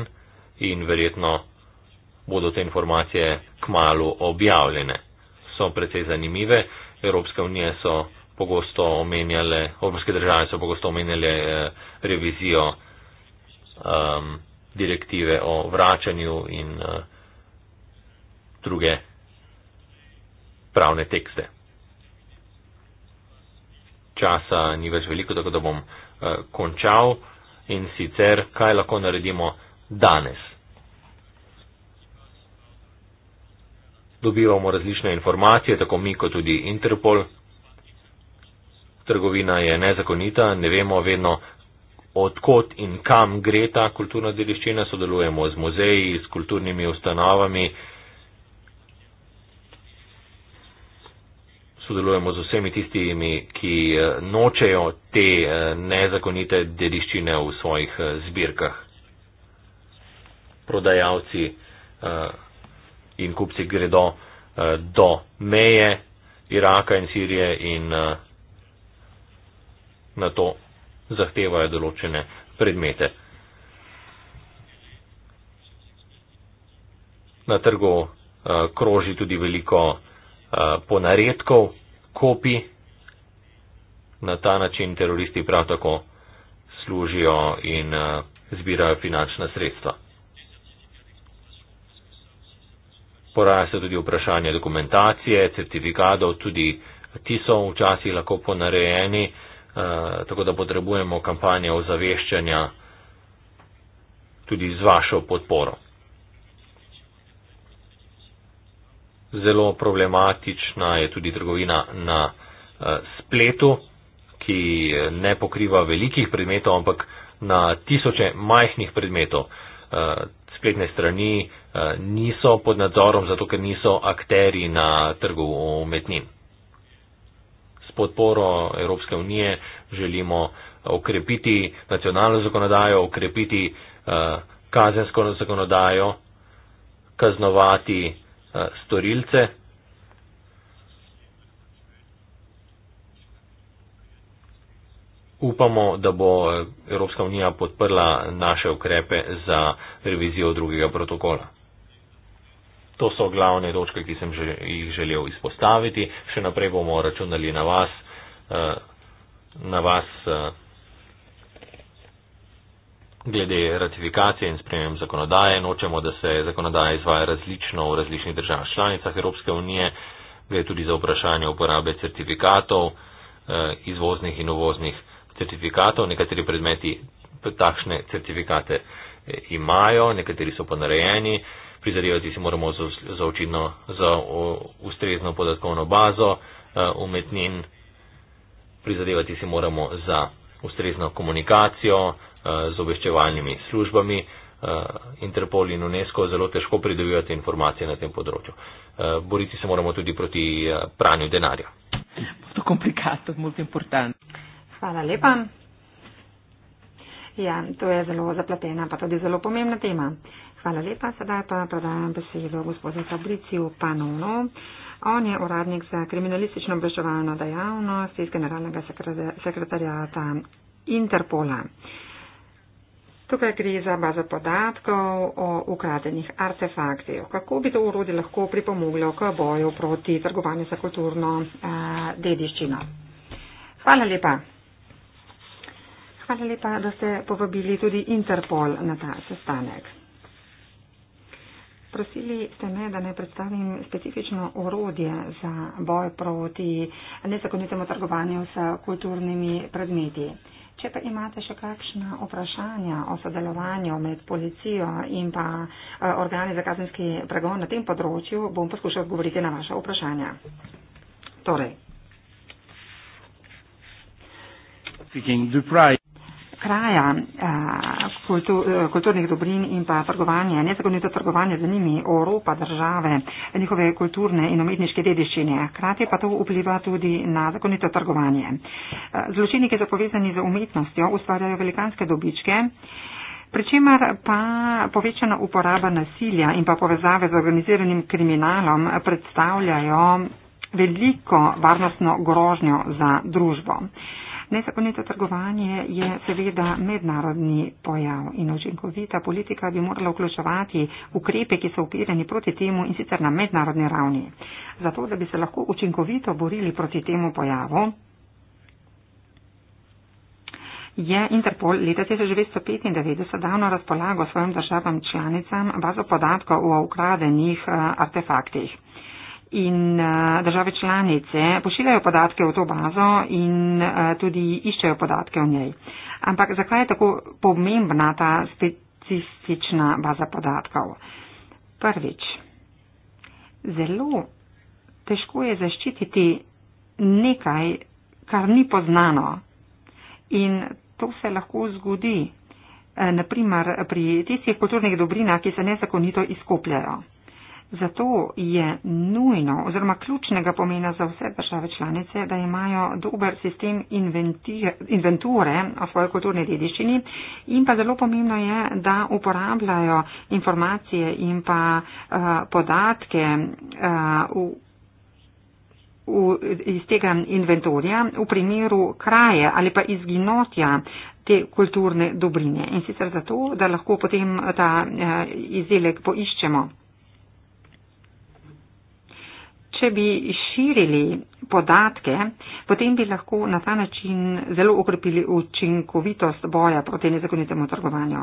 in verjetno bodo te informacije kmalo objavljene. So precej zanimive. Evropska unija so pogosto omenjale, evropske države so pogosto omenjale eh, revizijo um, direktive o vračanju in uh, druge pravne tekste. Časa ni več veliko, tako da bom uh, končal in sicer, kaj lahko naredimo danes. Dobivamo različne informacije, tako mi kot tudi Interpol, trgovina je nezakonita, ne vemo vedno, odkot in kam gre ta kulturna dediščina, sodelujemo z muzeji, s kulturnimi ustanovami, sodelujemo z vsemi tistimi, ki eh, nočejo te eh, nezakonite dediščine v svojih eh, zbirkah. Prodajalci in kupci gredo do meje Iraka in Sirije in na to zahtevajo določene predmete. Na trgu uh, kroži tudi veliko uh, ponaredkov, kopij. Na ta način teroristi prav tako služijo in uh, zbirajo finančna sredstva. Poraja se tudi vprašanje dokumentacije, certifikatov, tudi ti so včasih lahko ponarejeni. Uh, Eh, tako da potrebujemo kampanje ozaveščanja tudi z vašo podporo. Zelo problematična je tudi trgovina na eh, spletu, ki eh, ne pokriva velikih predmetov, ampak na tisoče majhnih predmetov. Spletne strani niso pod nadzorom, zato ker niso akteri na trgu umetnin podporo Evropske unije želimo okrepiti nacionalno zakonodajo, okrepiti uh, kazensko zakonodajo, kaznovati uh, storilce. Upamo, da bo Evropska unija podprla naše ukrepe za revizijo drugega protokola. To so glavne točke, ki sem že, jih želel izpostaviti. Še naprej bomo računali na vas, eh, na vas eh, glede ratifikacije in sprememb zakonodaje. Nočemo, da se zakonodaja izvaja različno v različnih državah članicah Evropske unije. Gre tudi za vprašanje uporabe certifikatov, eh, izvoznih in uvoznih certifikatov. Nekateri predmeti takšne certifikate imajo, nekateri so ponarejeni prizadevati si moramo za, za očitno, za o, ustrezno podatkovno bazo uh, umetnin, prizadevati si moramo za ustrezno komunikacijo uh, z obveščevalnimi službami. Uh, Interpol in UNESCO zelo težko pridobivati informacije na tem področju. Uh, boriti se moramo tudi proti uh, pranju denarja. Molto komplikato, molto importante. Hvala lepa. Ja, to je zelo zapletena, pa tudi zelo pomembna tema. Uh, Hvala lepa. Sedaj pa predajam besedo gospodu Fabriciju Panonu. On je uradnik za kriminalistično obveščevalno dejavnost iz generalnega sekretarjata Interpola. Tukaj gre za bazo podatkov o ukradenih artefaktih. Kako bi to urodje lahko pripomoglo k boju proti trgovanju za kulturno eh, dediščino? Hvala lepa. Hvala lepa, da ste povabili tudi Interpol na ta sestanek. Prosili ste me, da ne predstavim specifično orodje za boj proti nezakonitemu trgovanju s kulturnimi predmeti. Če pa imate še kakšna vprašanja o sodelovanju med policijo in pa eh, organi za kazenski pregon na tem področju, bom poskušal odgovoriti na vaše vprašanja. Torej. Speaking, kraja eh, eh, kulturnih dobrin in pa trgovanje, nezakonito trgovanje z njimi, Evropa, države, njihove kulturne in umetniške dediščine. Hkrati pa to vpliva tudi na zakonito trgovanje. Eh, zločini, ki so povezani z umetnostjo, ustvarjajo velikanske dobičke. Pričemer pa povečana uporaba nasilja in pa povezave z organiziranim kriminalom predstavljajo veliko varnostno grožnjo za družbo. Uh, Nezakonito trgovanje je seveda mednarodni pojav in očinkovita politika bi morala vključevati ukrepe, ki so upireni proti temu in sicer na mednarodni ravni. Zato, da bi se lahko učinkovito borili proti temu pojavu, je Interpol leta 1995 dal na razpolago svojim državam članicam bazo podatkov o ukradenih eh, artefaktih in eh, države članice pošiljajo podatke v to bazo in eh, tudi iščejo podatke o njej. Ampak zakaj je tako pomembna ta statistična baza podatkov? Prvič, zelo težko je zaščititi nekaj, kar ni poznano in to se lahko zgodi, eh, naprimer pri tistih kulturnih dobrinah, ki se nezakonito izkopljajo. Zato je nujno oziroma ključnega pomena za vse države članice, da imajo dober sistem inventure o svoji kulturni dediščini in pa zelo pomembno je, da uporabljajo informacije in pa uh, podatke uh, v, v, iz tega inventorja v primeru kraje ali pa izginotja te kulturne dobrine. In sicer zato, da lahko potem ta uh, izdelek poiščemo če bi širili podatke, potem bi lahko na ta način zelo okrepili učinkovitost boja proti nezakonitemu trgovanju.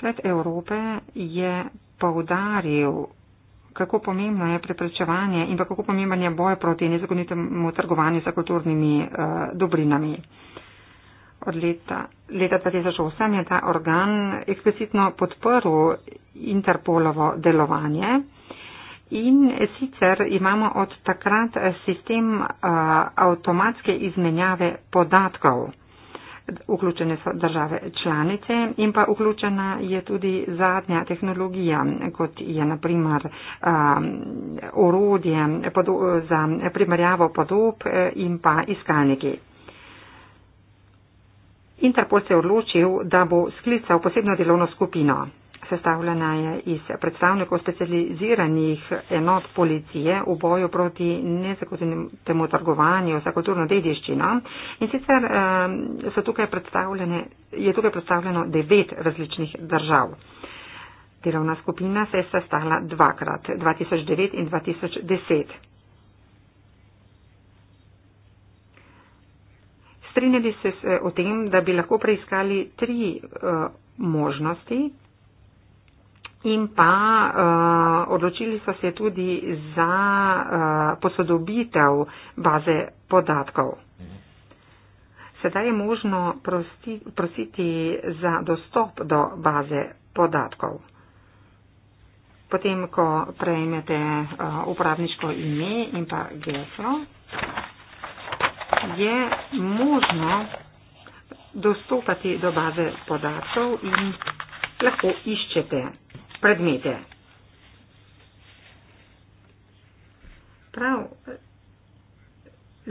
Svet Evrope je povdaril, kako pomembno je preprečevanje in pa kako pomemben je boj proti nezakonitemu trgovanju za kulturnimi uh, dobrinami. Od leta, leta 2008 je ta organ eksplicitno podprl Interpolovo delovanje. In sicer imamo od takrat sistem avtomatske izmenjave podatkov. Vključene so države članice in pa vključena je tudi zadnja tehnologija, kot je naprimer orodje za primerjavo podob e, in pa iskalniki. Interpol se je odločil, da bo sklical posebno delovno skupino sestavljena je iz predstavnikov specializiranih enot policije v boju proti nezakonitemu trgovanju za kulturno dediščino. In sicer tukaj je tukaj predstavljeno devet različnih držav. Delovna skupina se je sestala dvakrat, 2009 in 2010. Strinjali se eh, o tem, da bi lahko preiskali tri uh, možnosti, In pa uh, odločili so se tudi za uh, posodobitev baze podatkov. Sedaj je možno prosti, prositi za dostop do baze podatkov. Potem, ko prejmete uh, eh, upravniško ime in pa geslo, je možno dostopati do baze podatkov in lahko iščete predmete. Prav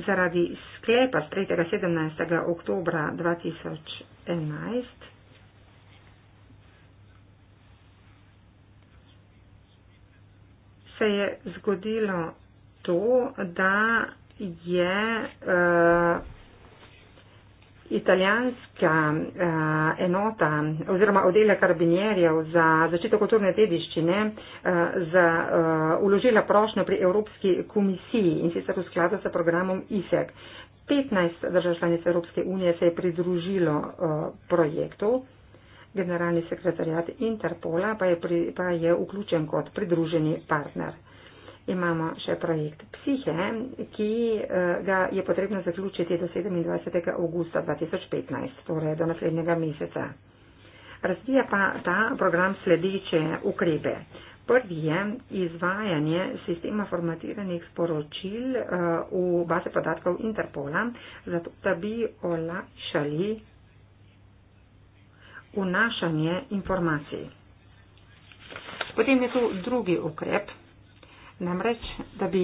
zaradi sklepa 3. 17. oktobra 2011 se je zgodilo to, da je uh, italijanska uh, enota oziroma oddelek karabinjerjev za zaščito kulturne dediščine uh, eh, z, uh, eh, uložila prošnjo pri Evropski komisiji in sicer v skladu s programom ISEC. 15 držav članic Evropske unije se je pridružilo uh, projektu. Generalni sekretarjat Interpola pa je, pri, pa je vključen kot pridruženi partner imamo še projekt Psihe, ki eh, ga je potrebno zaključiti do 27. augusta 2015, torej do naslednjega meseca. Razvija pa ta program sledeče ukrepe. Prvi je izvajanje sistema formatiranih sporočil eh, v baze podatkov Interpola, zato da bi olajšali unašanje informacij. Potem je tu drugi ukrep. Namreč, da bi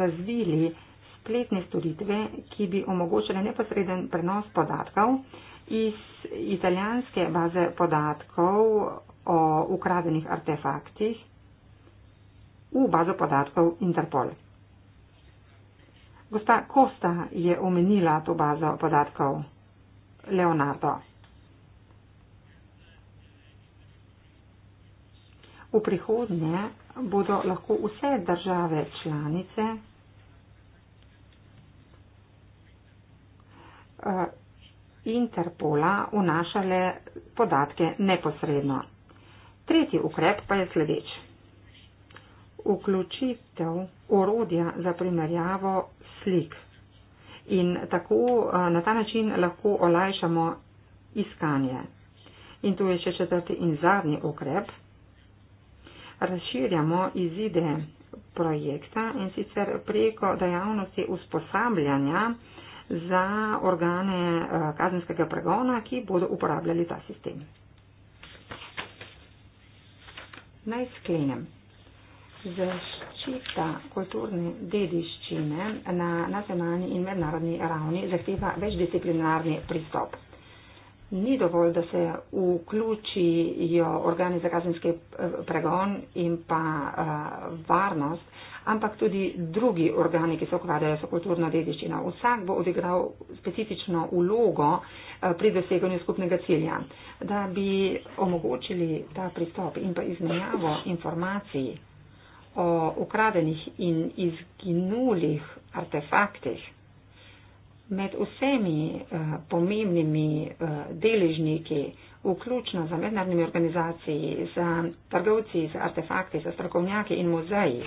razvili spletne storitve, ki bi omogočile neposreden prenos podatkov iz italijanske baze podatkov o ukradenih artefaktih v bazo podatkov Interpol. Gosta Kosta je omenila to bazo podatkov Leonardo. V prihodnje bodo lahko vse države članice eh, Interpola vnašale podatke neposredno. Tretji ukrep pa je sledeč. Vključitev orodja za primerjavo slik. In tako eh, na ta način lahko olajšamo iskanje. In tu je še četrti in zadnji ukrep razširjamo izide projekta in sicer preko dejavnosti usposabljanja za organe eh, kazenskega pregona, ki bodo uporabljali ta sistem. Naj sklenem. Zaščita kulturne dediščine na nacionalni in mednarodni ravni zahteva večdisciplinarni pristop ni dovolj, da se vključijo organi za kazenski eh, pregon in pa uh, varnost, ampak tudi drugi organi, ki se ukvarjajo s kulturno dediščino. Vsak bo odigral specifično ulogo uh, eh, pri doseganju skupnega cilja, da bi omogočili ta pristop in pa izmenjavo informacij o ukradenih in izginulih artefaktih med vsemi eh, pomembnimi eh, deležniki, vključno za mednarodnimi organizaciji, za trgovci, za artefakti, za strokovnjaki in muzeji,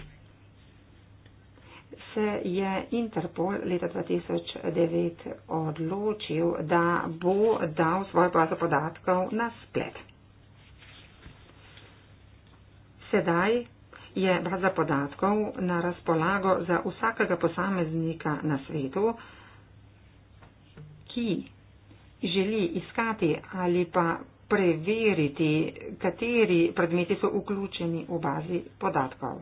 se je Interpol leta 2009 odločil, da bo dal svojo bazo podatkov na splet. Sedaj je baza podatkov na razpolago za vsakega posameznika na svetu, ki želi iskati ali pa preveriti, kateri predmeti so vključeni v bazi podatkov.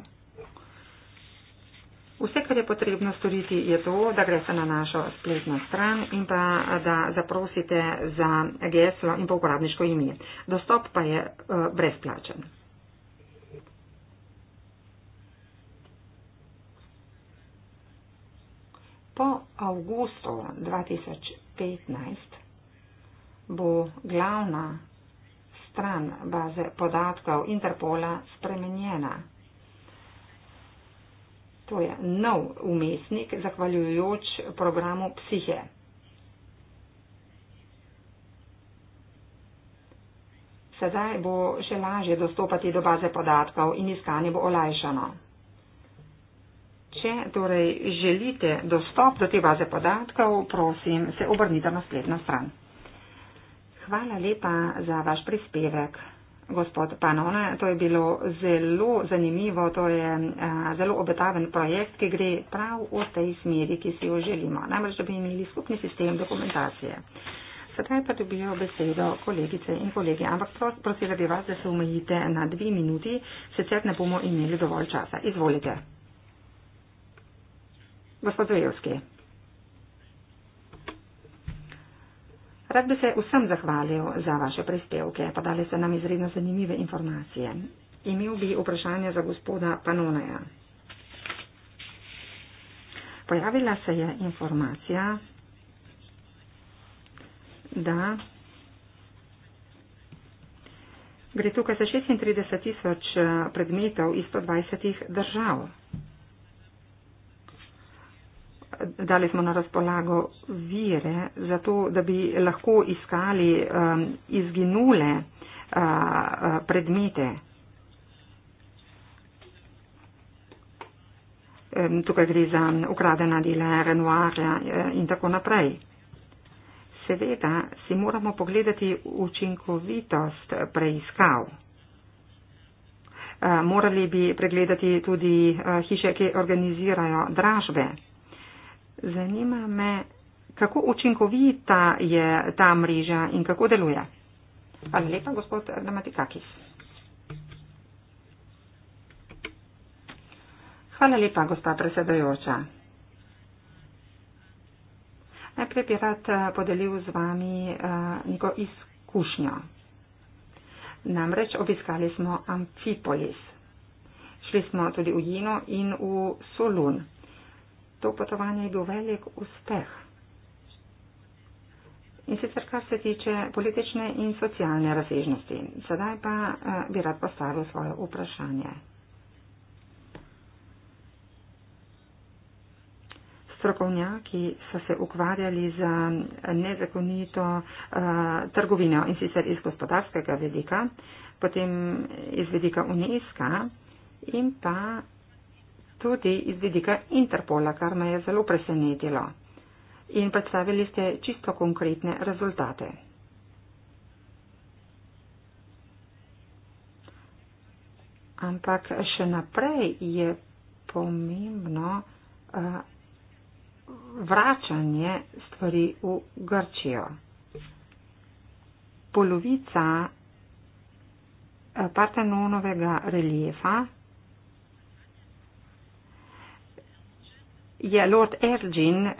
Vse, kar je potrebno storiti, je to, da greste na našo spletno stran in pa da zaprosite za geslo in pa uporabniško ime. Dostop pa je uh, brezplačen. Po avgustu 2015 15 bo glavna stran baze podatkov Interpola spremenjena. To je nov umestnik, zahvaljujoč programu Psihe. Sedaj bo še lažje dostopati do baze podatkov in iskanje bo olajšano. Če torej želite dostop do te baze podatkov, prosim, se obrnite na spletno stran. Hvala lepa za vaš prispevek, gospod Panone. To je bilo zelo zanimivo, to je a, zelo obetaven projekt, ki gre prav v tej smeri, ki si jo želimo. Namreč, da bi imeli skupni sistem dokumentacije. Sedaj pa dobijo besedo kolegice in kolegi, ampak pros, prosila bi vas, da se omejite na dve minuti, sicer ne bomo imeli dovolj časa. Izvolite. Gospod Zajevski. Rad bi se vsem zahvalil za vaše prispevke, podali ste nam izredno zanimive informacije. Imel bi vprašanje za gospoda Panoneja. Pojavila se je informacija, da gre tukaj za 36 tisoč eh, predmetov iz 120 držav dali smo na razpolago vire, zato da bi lahko iskali um, izginule uh, uh predmete. Um, tukaj gre za ukradena dela Renoirja uh, in tako naprej. Seveda si moramo pogledati učinkovitost preiskav. Uh, morali bi pregledati tudi hiše, ki organizirajo dražbe zanima me, kako učinkovita je ta mreža in kako deluje. Hvala lepa, gospod Dramatikakis. Hvala lepa, gospa predsedajoča. Najprej bi rad eh, podelil z vami eh, neko izkušnjo. Namreč obiskali smo Amfipolis. Šli smo tudi v Jino in v Solun to potovanje je bil velik uspeh. In sicer kar se tiče politične in socialne razsežnosti. Sedaj pa eh, bi rad postavil svoje vprašanje. Strokovnjaki so se ukvarjali z nezakonito uh, trgovino in sicer iz gospodarskega vedika, potem iz vedika UNESCO in pa tudi iz vidika Interpola, kar me je zelo presenetilo. In predstavili ste čisto konkretne rezultate. Ampak še naprej je pomembno uh, vračanje stvari v Grčijo. Polovica eh, Partenonovega reliefa je Lord Ergin uh,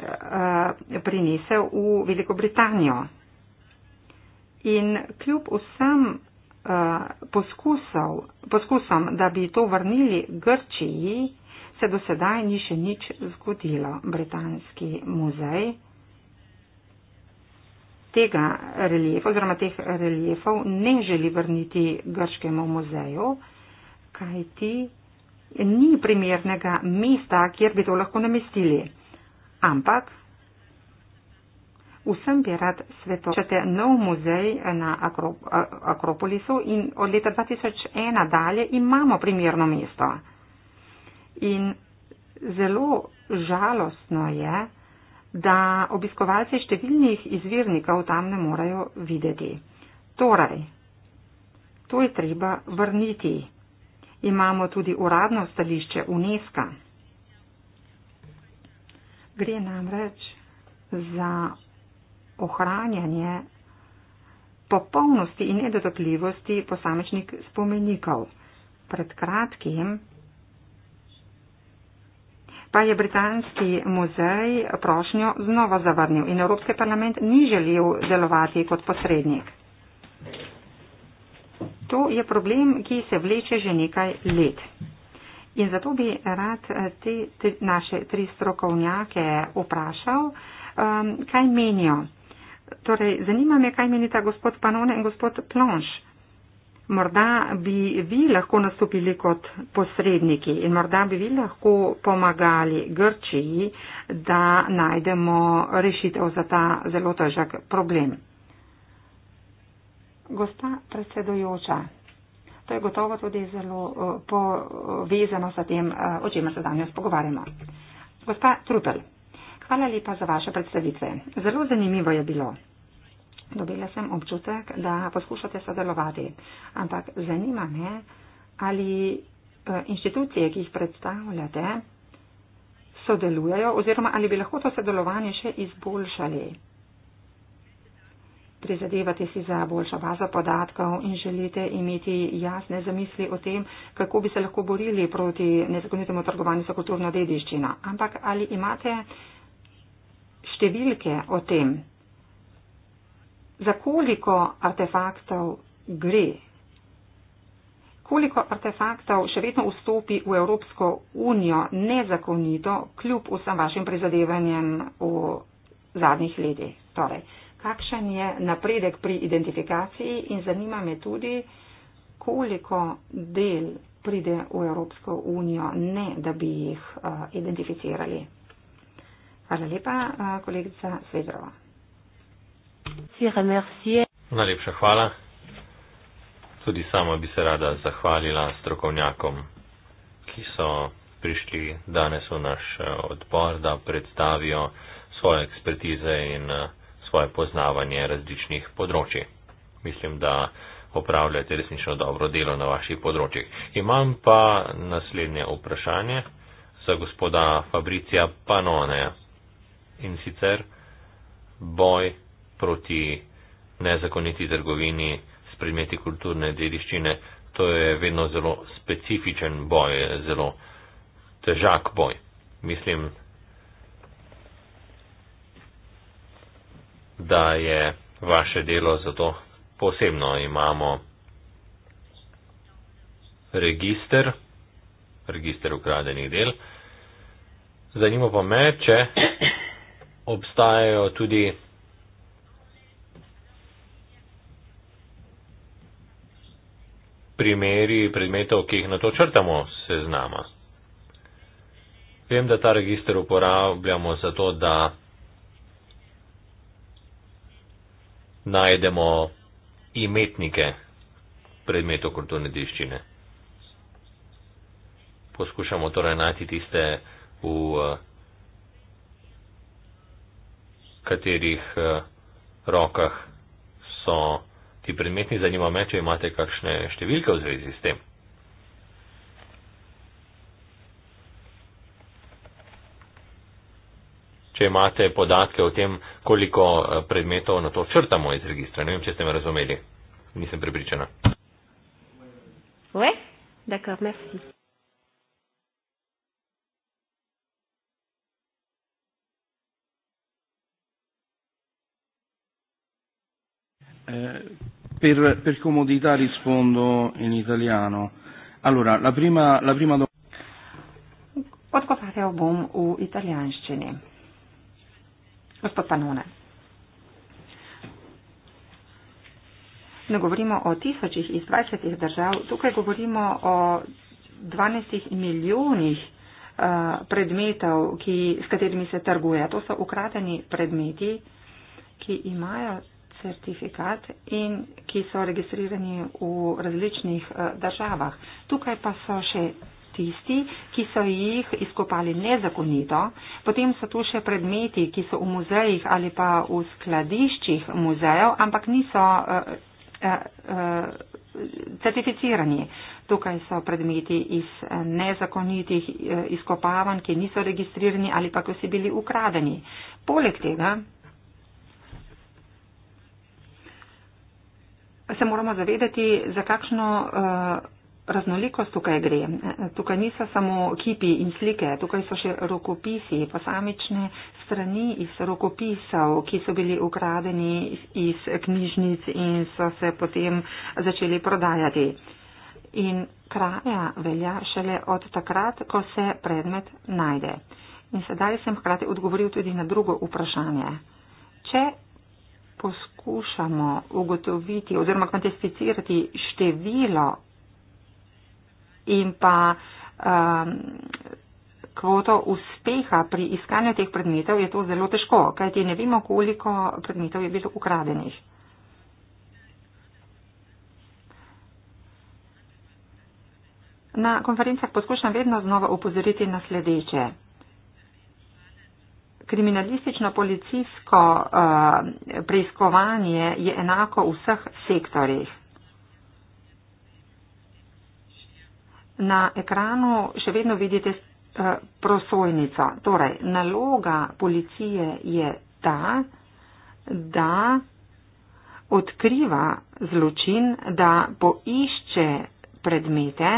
prinesel v Veliko Britanijo. In kljub vsem uh, poskusov, poskusom, da bi to vrnili Grčiji, se do sedaj ni še nič zgodilo. Britanski muzej tega reliefa oziroma teh reliefov ne želi vrniti Grškemu muzeju, kajti ni primernega mesta, kjer bi to lahko namestili. Ampak vsem bi rad svetoval nov muzej na Akropolisu in od leta 2001 dalje imamo primerno mesto. In zelo žalostno je, da obiskovalci številnih izvirnikov tam ne morejo videti. Torej, to je treba vrniti imamo tudi uradno stališče UNESCO. Gre namreč za ohranjanje popolnosti in nedotakljivosti posamečnih spomenikov. Pred kratkim pa je Britanski muzej prošnjo znova zavrnil in Evropski parlament ni želel delovati kot posrednik to je problem, ki se vleče že nekaj let. In zato bi rad eh, te, te naše tri strokovnjake vprašal, um, kaj menijo. Torej, zanima me, kaj menita gospod Panone in gospod Plonš. Morda bi vi lahko nastopili kot posredniki in morda bi vi lahko pomagali Grčiji, da najdemo rešitev za ta zelo težak problem. Gospa predsedujoča, to je gotovo tudi zelo eh, povezano sa tem, eh, o čemer se danes pogovarjamo. Gospa Trupel, hvala lepa za vaše predstavitve. Zelo zanimivo je bilo. Dobila sem občutek, da poskušate sodelovati, ampak zanima me, ali eh, inštitucije, ki jih predstavljate, sodelujejo oziroma ali bi lahko to sodelovanje še izboljšali prizadevate si za boljšo bazo podatkov in želite imeti jasne zamisli o tem, kako bi se lahko borili proti nezakonitemu trgovanju s kulturno dediščino. Ampak ali imate številke o tem, za koliko artefaktov gre? Koliko artefaktov še vedno vstopi v Evropsko unijo nezakonito, kljub vsem vašim prizadevanjem v zadnjih letih? Torej, kakšen je napredek pri identifikaciji in zanima me tudi, koliko del pride v Evropsko unijo, ne da bi jih uh, identificirali. Hvala lepa, uh, kolegica Svedrova. Najlepša hvala. Tudi sama bi se rada zahvalila strokovnjakom, ki so prišli danes v naš eh, odbor, da predstavijo svoje ekspertize in uh, svoje poznavanje različnih področji. Mislim, da opravljate resnično dobro delo na vaših področjih. Imam pa naslednje vprašanje za gospoda Fabricija Panoneja in sicer boj proti nezakoniti trgovini s predmeti kulturne dediščine. To je vedno zelo specifičen boj, zelo težak boj. Mislim, da je vaše delo zato posebno. Imamo register, register ukradenih del. Zanima pa me, če obstajajo tudi primeri predmetov, ki jih na to črtamo seznama. Vem, da ta register uporabljamo zato, da najdemo imetnike predmetov kulturne diščine. Poskušamo torej najti tiste, v eh, katerih eh, rokah so ti predmetni, zanima me, če imate kakšne številke v zvezi s tem. če imate podatke o tem, koliko eh, predmetov na to črtamo iz registra. Ne vem, če ste me razumeli. Nisem prepričana. Oui? Eh, per, per comodità rispondo in italiano. Allora, la prima, la prima domanda. Odgovarjal bom v italijanščini. Gospod Panone. Ne govorimo o tisočih iz 20 držav, tukaj govorimo o 12 milijonih eh, predmetov, ki, s katerimi se trguje. To so ukradeni predmeti, ki imajo certifikat in ki so registrirani v različnih eh, državah. Tukaj pa so še tisti, ki so jih izkopali nezakonito, potem so tu še predmeti, ki so v muzejih ali pa v skladiščih muzejev, ampak niso eh, eh, eh, certificirani. Tukaj so predmeti iz nezakonitih izkopavanj, ki niso registrirani ali pa ki so bili ukradeni. Poleg tega se moramo zavedati, za kakšno uh, raznolikost tukaj gre. E, e, tukaj niso samo kipi in slike, tukaj so še rokopisi, posamične strani iz rokopisov, ki so bili ukradeni iz knjižnic in so se potem začeli prodajati. In kraja velja šele od takrat, ko se predmet najde. In sedaj sem hkrati odgovoril tudi na drugo vprašanje. Če poskušamo ugotoviti oziroma kvantificirati število in pa um, kvoto uspeha pri iskanju teh predmetov, je to zelo težko, kajti ne vemo, koliko predmetov je bilo ukradenih. Na konferencah poskušam vedno znova upozoriti na sledeče. Kriminalistično-policijsko uh, preiskovanje je enako v vseh sektorjih. Na ekranu še vedno vidite eh, prosojnico. Torej, naloga policije je ta, da odkriva zločin, da poišče predmete,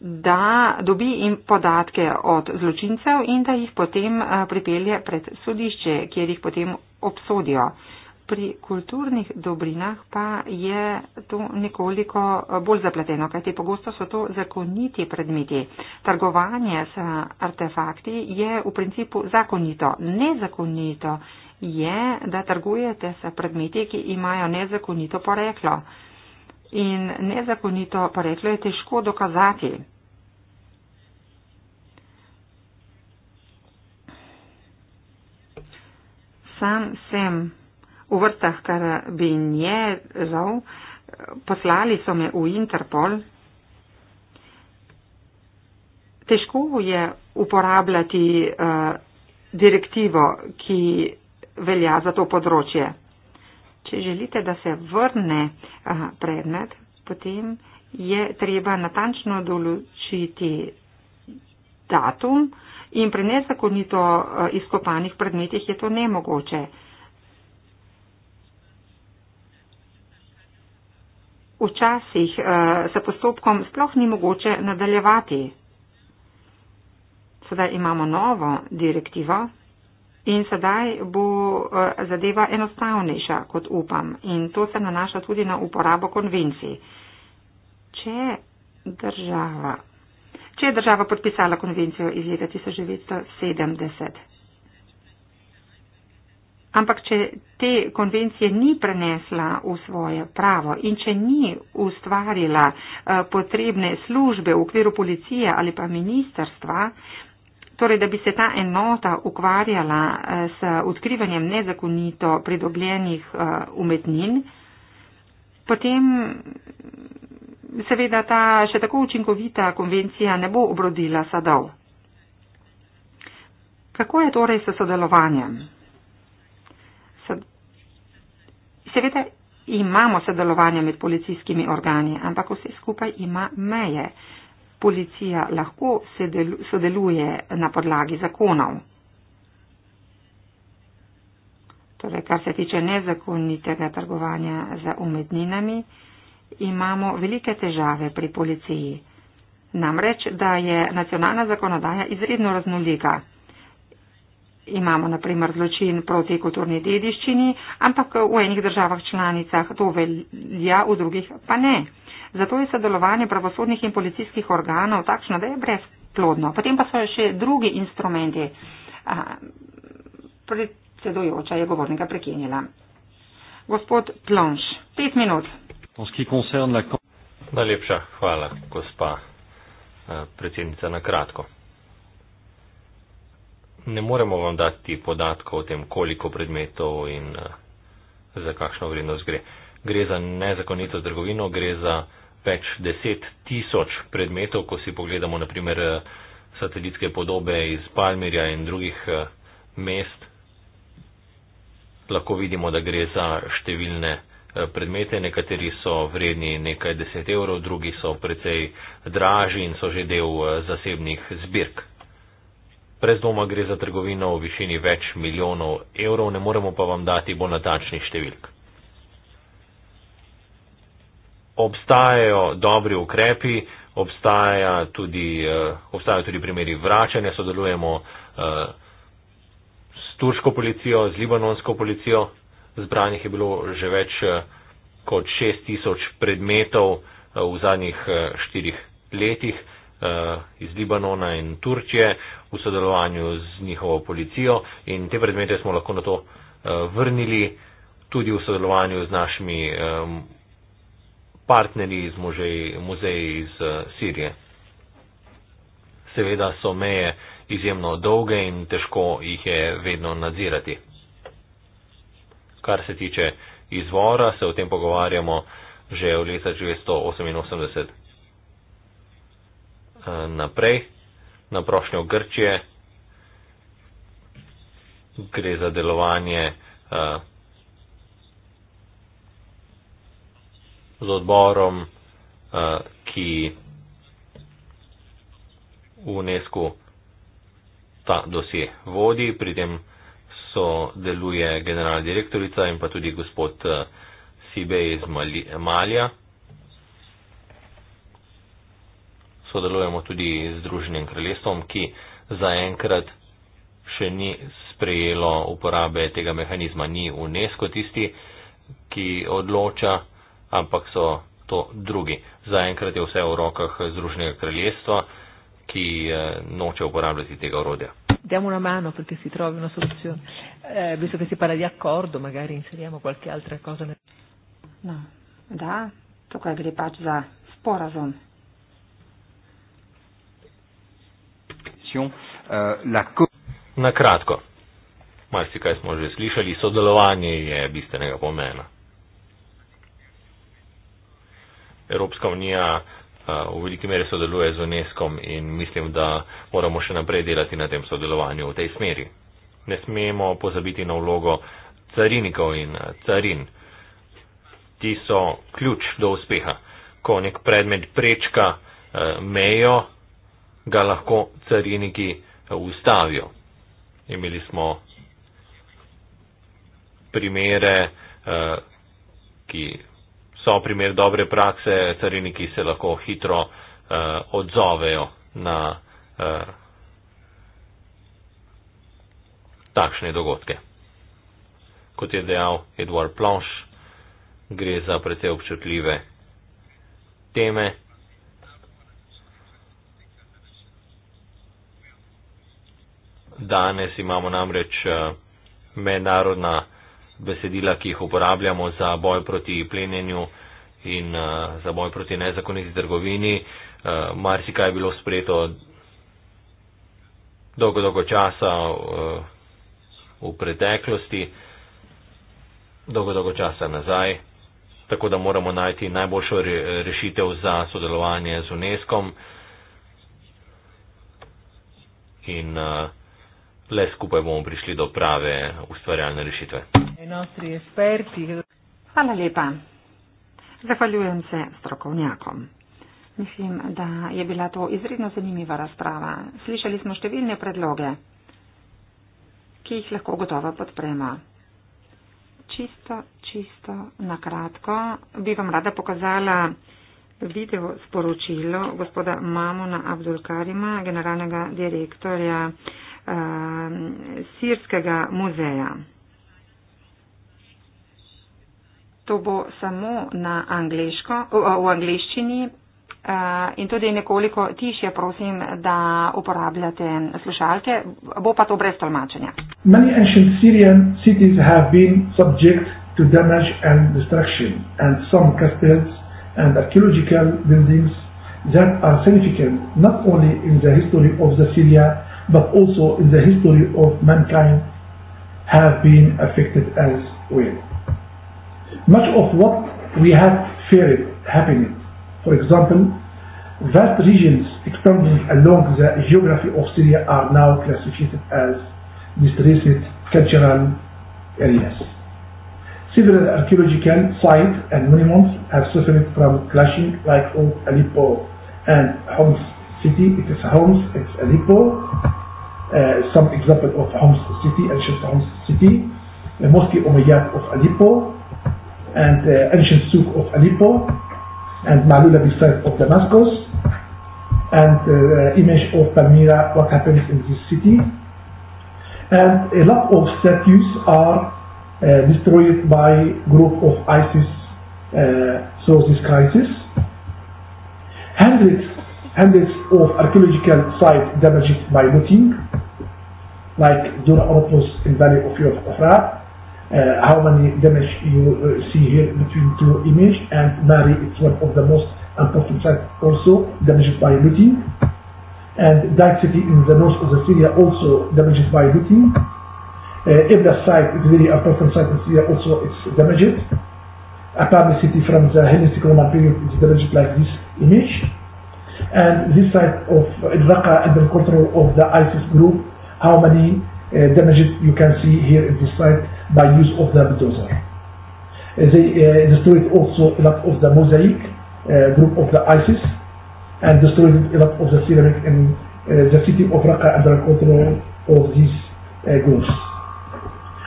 da dobi in podatke od zločincev in da jih potem eh, pripelje pred sodišče, kjer jih potem obsodijo pri kulturnih dobrinah pa je to nekoliko eh, bolj zapleteno, kajti pogosto so to zakoniti predmeti. Trgovanje s artefakti je v principu zakonito, nezakonito je, da trgujete s predmeti, ki imajo nezakonito poreklo. In nezakonito poreklo je težko dokazati. Sam sem v vrtah karabinjerov, poslali so me v Interpol. Težko je uporabljati uh, direktivo, ki velja za to področje. Če želite, da se vrne uh, predmet, potem je treba natančno določiti datum in pri nezakonito uh, izkopanih predmetih je to nemogoče. včasih uh, s postopkom sploh ni mogoče nadaljevati. Sedaj imamo novo direktivo in sedaj bo uh, zadeva enostavnejša, kot upam. In to se nanaša tudi na uporabo konvencij. Če država, če je država podpisala konvencijo iz leta 1970. Ampak če te konvencije ni prenesla v svoje pravo in če ni ustvarila eh, potrebne službe v okviru policije ali pa ministerstva, torej da bi se ta enota ukvarjala eh, s odkrivanjem nezakonito pridobljenih eh, umetnin, potem seveda ta še tako učinkovita konvencija ne bo obrodila sadov. Kako je torej s sodelovanjem? Seveda imamo sodelovanje med policijskimi organi, ampak vse skupaj ima meje. Policija lahko sodeluje na podlagi zakonov. Torej, kar se tiče nezakonitega trgovanja za umetninami, imamo velike težave pri policiji. Namreč, da je nacionalna zakonodaja izredno raznolika imamo na primer zločin proti kulturni dediščini, ampak v enih državah članicah to velja, v drugih pa ne. Zato je sodelovanje pravosodnih in policijskih organov takšno, da je brezplodno. Potem pa so še drugi instrumenti. Predsedujoča je govornika prekinila. Gospod Plonš, pet minut. Najlepša hvala, gospa eh, predsednica, na kratko ne moremo vam dati podatkov o tem, koliko predmetov in eh, za kakšno vrednost gre. Gre za nezakonito trgovino, gre za več deset tisoč predmetov, ko si pogledamo naprimer eh, satelitske podobe iz Palmirja in drugih eh, mest, lahko vidimo, da gre za številne predmete, nekateri so vredni nekaj deset evrov, drugi so precej draži in so že del zasebnih zbirk. Brez doma gre za trgovino v višini več milijonov evrov, ne moremo pa vam dati bolj natačnih številk. Obstajajo dobri ukrepi, obstaja tudi, eh, obstajajo tudi primeri vračanja, sodelujemo eh, s turško policijo, z libanonsko policijo. Zbranih je bilo že več eh, kot 6000 predmetov v zadnjih štirih letih. Eh, iz Libanona in Turčije v sodelovanju z njihovo policijo in te predmete smo lahko na to eh, vrnili tudi v sodelovanju z našimi partnerji iz muzeji, muzeji iz eh, Sirije. Seveda so meje izjemno dolge in težko jih je vedno nadzirati. Kar se tiče izvora, se o tem pogovarjamo že v leta 1988. Eh, naprej na prošnjo Grčije. Gre za delovanje eh, z odborom, eh, ki v UNESCO ta dosje vodi, pri tem so deluje generalna direktorica in pa tudi gospod Sibej iz Malija. sodelujemo tudi z Združenim kraljestvom, ki zaenkrat še ni sprejelo uporabe tega mehanizma. Ni UNESCO tisti, ki odloča, ampak so to drugi. Zaenkrat je vse v rokah Združenega kraljestva, ki eh, noče uporabljati tega orodja. Diamo una mano perché si trovi una soluzione, eh, visto che si parla di accordo, magari inseriamo qualche altra cosa. Nel... No, da, tocca gripaccia, sporazon. dimension euh, la co Na kratko, marsikaj smo že slišali, sodelovanje je bistvenega pomena. Evropska unija eh, v veliki meri sodeluje z UNESCO in mislim, da moramo še naprej delati na tem sodelovanju v tej smeri. Ne smemo pozabiti na vlogo carinikov in eh, carin. Ti so ključ do uspeha. Ko nek predmet prečka eh, mejo, ga lahko cariniki ustavijo. Imeli smo primere, eh, ki so primer dobre prakse, cariniki se lahko hitro eh, odzovejo na eh, takšne dogodke. Kot je dejal Edward Plonš, gre za precej občutljive teme. Danes imamo namreč eh, mednarodna besedila, ki jih uporabljamo za boj proti plenjenju in eh, za boj proti nezakoniti trgovini. Eh, marsikaj je bilo spreto dolgo, dolgo časa v preteklosti, dolgo, dolgo časa nazaj, tako da moramo najti najboljšo rešitev za sodelovanje z UNESCO. In uh, le skupaj bomo prišli do prave ustvarjalne rešitve. Hvala lepa. Zahvaljujem se strokovnjakom. Mislim, da je bila to izredno zanimiva razprava. Slišali smo številne predloge, ki jih lahko gotovo podpremo. Čisto, čisto na kratko bi vam rada pokazala video sporočilo gospoda Mamuna Abdulkarima, generalnega direktorja Um, sirskega muzeja. To bo samo na angliško, v angliščini uh, in tudi nekoliko tišje, prosim, da uporabljate slušalke, bo pa to brez tolmačenja. Many ancient Syrian cities have been subject to damage and destruction, and some castles and archaeological buildings that are significant not only in the history of the Syria but also in the history of mankind have been affected as well. Much of what we have feared happening, for example, vast regions extending along the geography of Syria are now classified as distressed cultural areas. Several archaeological sites and monuments have suffered from clashing like Aleppo and Homs city, it is Homs, it's Aleppo. Uh, some example of Homs city, ancient Homs city, the mosque Umayyad of Aleppo, and the uh, ancient souk of Aleppo, and Malula beside of Damascus, and the uh, uh, image of Palmyra, what happens in this city. And a lot of statues are uh, destroyed by group of ISIS uh, sources crisis. Hundreds hundreds of archaeological sites damaged by looting, like Duraopos in the valley of Yofra. Uh, how many damage you uh, see here between two images, and Mari, it's one of the most important sites also damaged by looting. And Dyke City in the north of the Syria also damaged by looting. Uh, Ibla site is a very important site in Syria also it's damaged. Apparently city from the Hellenistic Roman period is damaged like this image and this site of uh, Raqqa and the control of the ISIS group, how many uh, damages you can see here in this site by use of the bulldozer. Uh, they uh, destroyed also a lot of the mosaic uh, group of the ISIS and destroyed a lot of the ceramic in uh, the city of Raqqa under control of these uh, groups.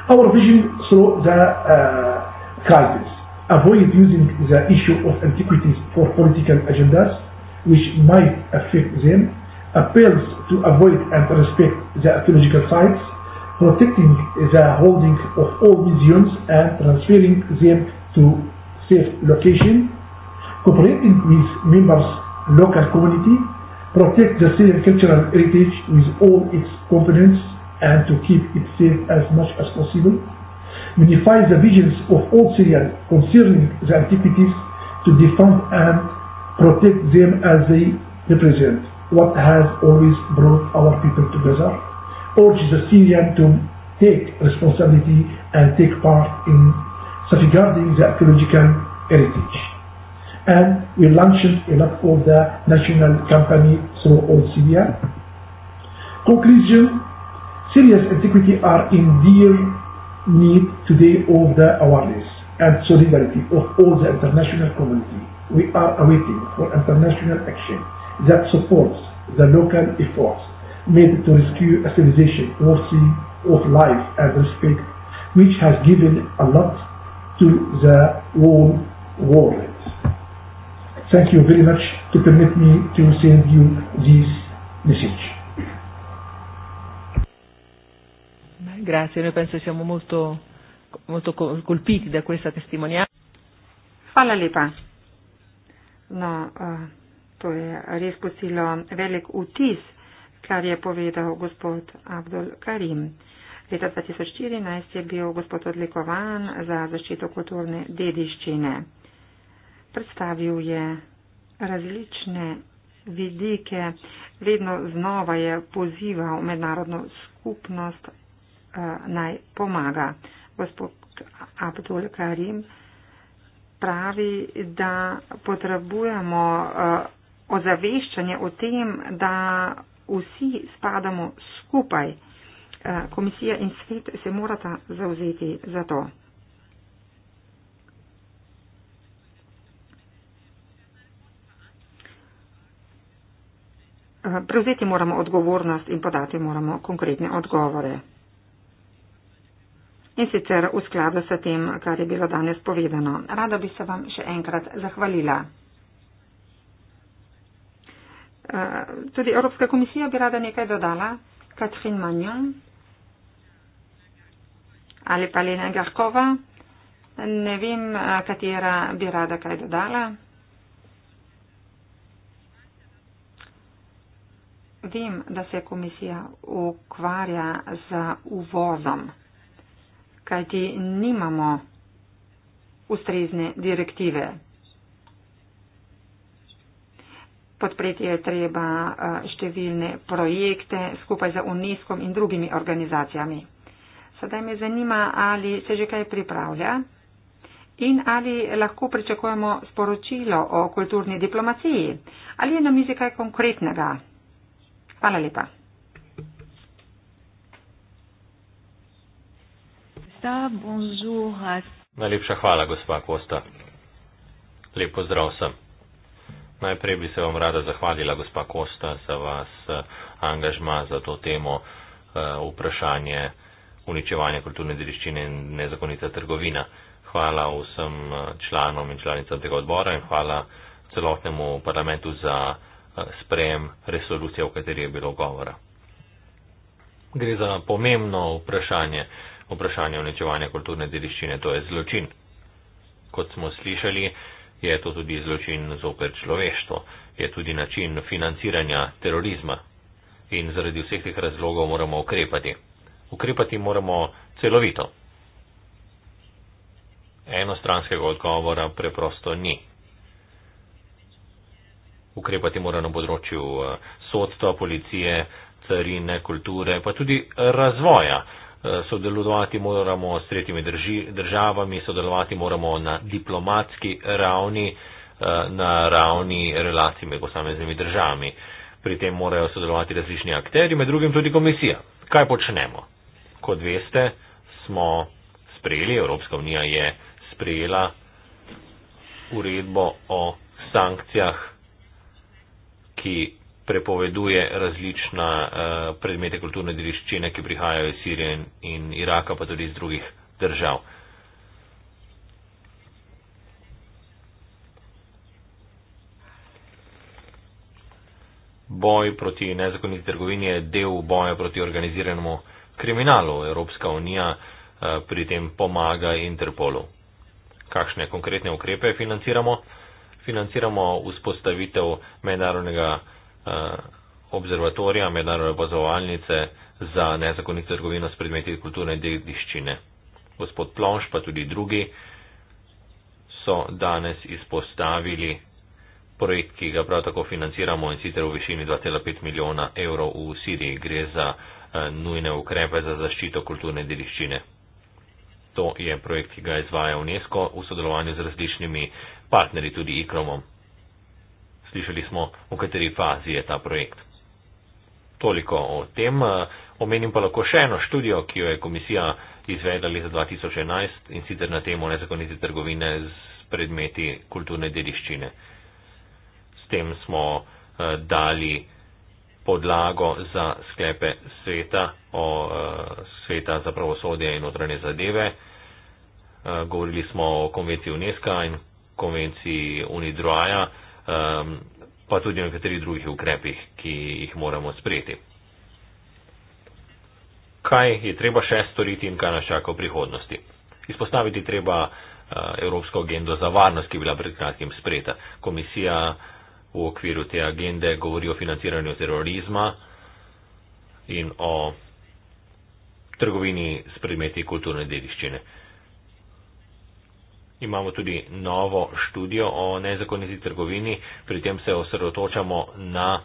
Our vision through the uh, crisis avoid using the issue of antiquities for political agendas which might affect them, appeals to avoid and respect the archaeological sites, protecting the holding of all museums and transferring them to safe location, cooperating with members local community, protect the Syrian cultural heritage with all its components and to keep it safe as much as possible, unify the visions of all Syrians concerning the antiquities to defend and protect them as they represent what has always brought our people together. Urge the Syrian to take responsibility and take part in safeguarding the archaeological heritage. And we launched a lot of the national company through all Syria. Conclusion Syria's antiquity are in dear need today of the awareness and solidarity of all the international community we are awaiting for international action that supports the local efforts made to rescue a civilization worthy of life and respect, which has given a lot to the whole world. Thank you very much to permit me to send you this message. Grazie, noi penso siamo molto, molto colpiti da questa testimonianza. Fala, Lipa. No, eh, to je res posilo velik vtis, kar je povedal gospod Abdul Karim. Leta 2014 je bil gospod odlikovan za zaščito kulturne dediščine. Predstavil je različne vidike, vedno znova je pozival mednarodno skupnost eh, naj pomaga. Gospod Abdul Karim pravi, da potrebujemo uh, ozaveščanje o tem, da vsi spadamo skupaj. Uh, komisija in svet se morata zauzeti za to. Eh, prevzeti moramo odgovornost in podati moramo konkretne odgovore in sicer v skladu s tem, kar je bilo danes povedano. Rada bi se vam še enkrat zahvalila. Eh, tudi Evropska komisija bi rada nekaj dodala. Katrin Manjon ali pa Lena Garkova. Ne vem, eh, katera bi rada kaj dodala. Vem, da se komisija ukvarja z uvozom kajti nimamo ustrezne direktive. Podpreti je treba eh, številne projekte skupaj za UNESCO in drugimi organizacijami. Sedaj me zanima, ali se že kaj pripravlja in ali lahko pričakujemo sporočilo o kulturni diplomaciji. Ali je na mizi kaj konkretnega? Hvala lepa. Kosta, bonjour. Najlepša hvala, gospa Kosta. Lep pozdrav sem. Najprej bi se vam rada zahvalila, gospa Kosta, za vas eh, angažma za to temo eh, vprašanje uničevanja kulturne dediščine in nezakonita trgovina. Hvala vsem eh, članom in članicam tega odbora in hvala celotnemu parlamentu za sprejem resolucije, o kateri je bilo govora. Gre za pomembno vprašanje. Uh, vprašanje unečevanja kulturne dediščine, to je zločin. Kot smo slišali, je to tudi zločin zoper človeštvo, je tudi način financiranja terorizma. In zaradi vseh teh razlogov moramo ukrepati. Ukrepati moramo celovito. Enostranskega odgovora preprosto ni. Ukrepati mora na področju eh, sodstva, policije, carine, kulture, pa tudi razvoja. Eh, sodelovati moramo s tretjimi drži, državami, sodelovati moramo na diplomatski ravni, eh, na ravni relacij med posameznimi državami. Pri tem morajo sodelovati različni akteri, med drugim tudi komisija. Kaj počnemo? Kot veste, smo sprejeli, Evropska unija je sprejela uredbo o sankcijah, ki prepoveduje različna eh, predmete kulturne dediščine, ki prihajajo iz Sirije in Iraka, pa tudi iz drugih držav. Boj proti nezakoniti trgovini je del boja proti organiziranemu kriminalu. Evropska unija eh, pri tem pomaga Interpolu. Kakšne konkretne ukrepe financiramo? Financiramo vzpostavitev mednarodnega Eh, obzervatorija mednarodne opazovalnice za nezakonito trgovino s predmeti kulturne dediščine. Gospod Plonš pa tudi drugi so danes izpostavili projekt, ki ga prav tako financiramo in sicer v višini 2,5 milijona evrov v Siriji. Gre za eh, nujne ukrepe za zaščito kulturne dediščine. To je projekt, ki ga izvaja UNESCO v sodelovanju z različnimi partnerji, tudi IKROM-om slišali smo, v kateri fazi je ta projekt. Toliko o tem. Eh, omenim pa lahko še eno študijo, ki jo je komisija izvedla leta 2011 in sicer na temo nezakonite trgovine z predmeti kulturne dediščine. S tem smo eh, dali podlago za sklepe sveta, o, eh, sveta za pravosodje in notranje zadeve. Govorili smo o konvenciji UNESCO in konvenciji UNIDROJA um, pa tudi o nekaterih drugih ukrepih, ki jih moramo sprejeti. Kaj je treba še storiti in kaj nas čaka v prihodnosti? Izpostaviti treba uh, Evropsko agendo za varnost, ki je bila pred kratkim sprejeta. Komisija v okviru te agende govori o financiranju terorizma in o trgovini s predmeti kulturne dediščine. Imamo tudi novo študijo o nezakoniti trgovini, pri tem se osredotočamo na uh,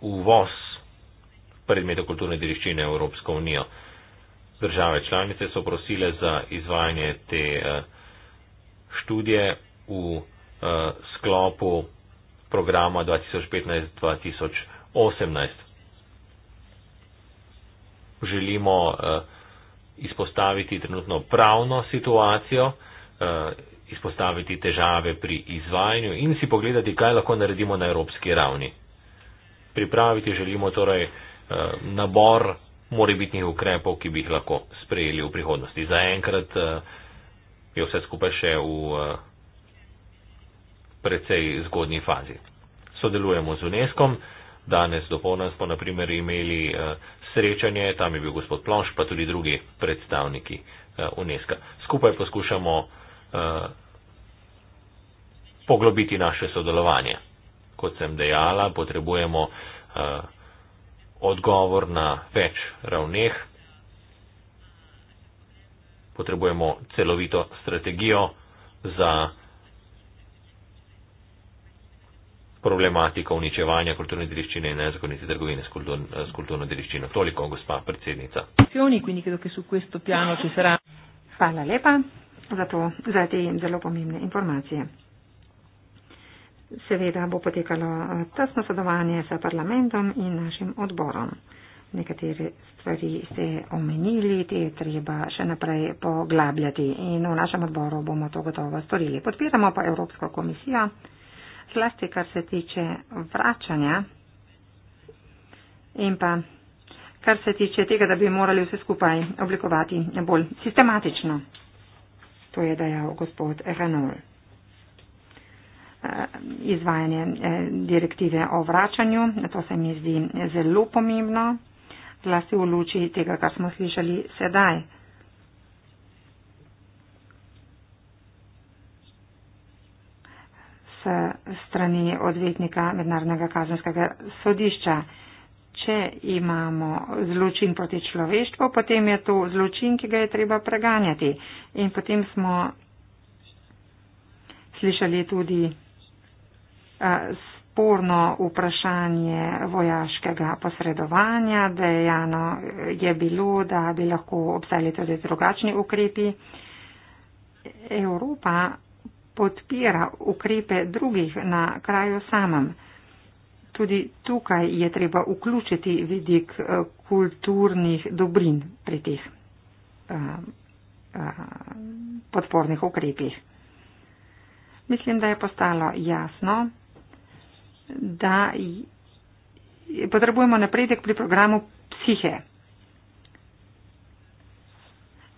uvoz predmetov kulturne dediščine v Evropsko unijo. Države članice so prosile za izvajanje te uh, študije v uh, sklopu programa 2015-2018. Želimo eh, izpostaviti trenutno pravno situacijo, Eh, izpostaviti težave pri izvajanju in si pogledati, kaj lahko naredimo na evropski ravni. Pripraviti želimo torej eh, nabor morebitnih ukrepov, ki bi jih lahko sprejeli v prihodnosti. Zaenkrat eh, je vse skupaj še v precej zgodni fazi. Sodelujemo z UNESCO, danes do polna smo naprimer imeli srečanje, tam je bil gospod Plonš, pa tudi drugi predstavniki UNESCO. Skupaj poskušamo Eh, poglobiti naše sodelovanje. Kot sem dejala, potrebujemo eh, odgovor na več ravneh, potrebujemo celovito strategijo za problematiko uničevanja kulturne dediščine in nezakonite trgovine s, kultur, s kulturno dediščino. Toliko, gospa predsednica. Hvala lepa zato za te zelo pomembne informacije. Seveda bo potekalo eh, tesno sodelovanje s parlamentom in našim odborom. Nekatere stvari ste omenili, te je treba še naprej poglabljati in v našem odboru bomo to gotovo storili. Podpiramo pa Evropsko komisijo, zlasti kar se tiče vračanja in pa kar se tiče tega, da bi morali vse skupaj oblikovati bolj sistematično. To je dejal gospod Renault. Eh, izvajanje eh, direktive o vračanju, to se mi zdi zelo pomembno, zlasti v luči tega, kar smo slišali sedaj. strani odvetnika Mednarodnega kazenskega sodišča če imamo zločin proti človeštvu, potem je to zločin, ki ga je treba preganjati. In potem smo slišali tudi sporno vprašanje vojaškega posredovanja, dejano je bilo, da bi lahko obstali tudi drugačni ukrepi. Evropa podpira ukrepe drugih na kraju samem tudi tukaj je treba vključiti vidik eh, kulturnih dobrin pri teh eh, eh, podpornih ukrepih. Mislim, da je postalo jasno, da potrebujemo napredek pri programu psihe.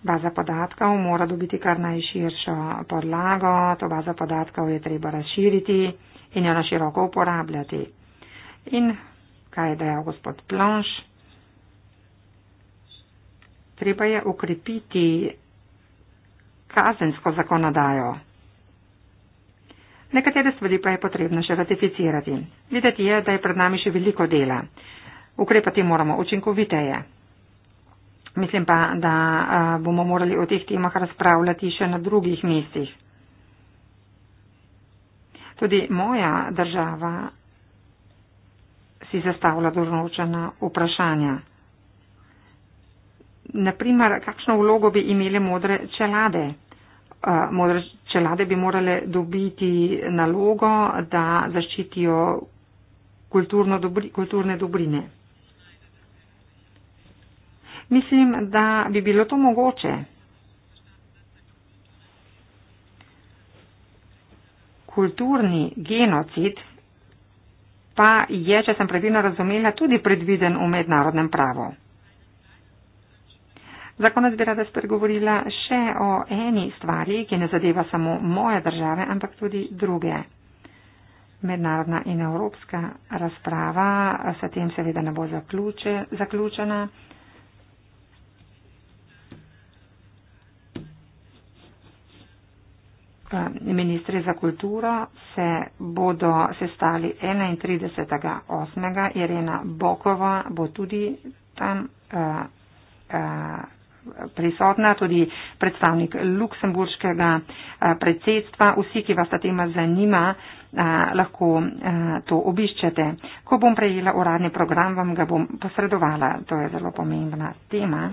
Baza podatkov mora dobiti kar najširšo podlago, to baza podatkov je treba razširiti in jo na široko uporabljati. In kaj je dejal gospod Plonš? Treba je ukrepiti kazensko zakonodajo. Nekatere stvari pa je potrebno še ratificirati. Videti je, da je pred nami še veliko dela. Ukrepati moramo učinkoviteje. Mislim pa, da bomo morali o teh temah razpravljati še na drugih mestih. Tudi moja država si zastavila določena vprašanja. Naprimer, kakšno vlogo bi imele modre čelade? Eh, modre čelade bi morale dobiti nalogo, da zaščitijo dobri, kulturne dobrine. Mislim, da bi bilo to mogoče. Kulturni genocid pa je, če sem pravilno razumela, tudi predviden v mednarodnem pravu. Za konec bi rada spregovorila še o eni stvari, ki ne zadeva samo moje države, ampak tudi druge. Mednarodna in evropska razprava se tem seveda ne bo zaključe, zaključena. Eh, ministri za kulturo se bodo sestali 31.8. Irena Bokova bo tudi tam uh, uh, prisotna, tudi predstavnik luksemburškega uh, predsedstva. Vsi, ki vas ta tema zanima, uh, lahko uh, to obiščete. Ko bom prejela uradni program, vam ga bom posredovala. To je zelo pomembna tema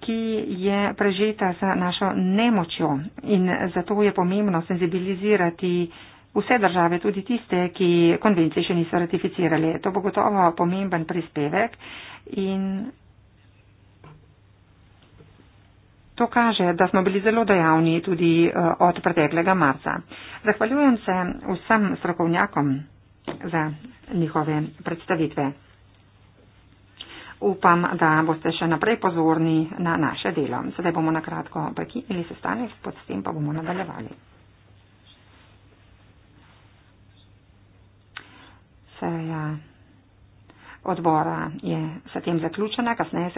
ki je prežeta z našo nemočjo in zato je pomembno senzibilizirati vse države, tudi tiste, ki konvencije še niso ratificirali. To bo gotovo pomemben prispevek in to kaže, da smo bili zelo dejavni tudi e, od preteklega marca. Zahvaljujem se vsem strokovnjakom za njihove predstavitve upam, da boste še naprej pozorni na naše delo. Sedaj bomo nakratko prekinili sestanek, pod tem pa bomo nadaljevali. Seja odbora je s tem zaključena, kasneje se.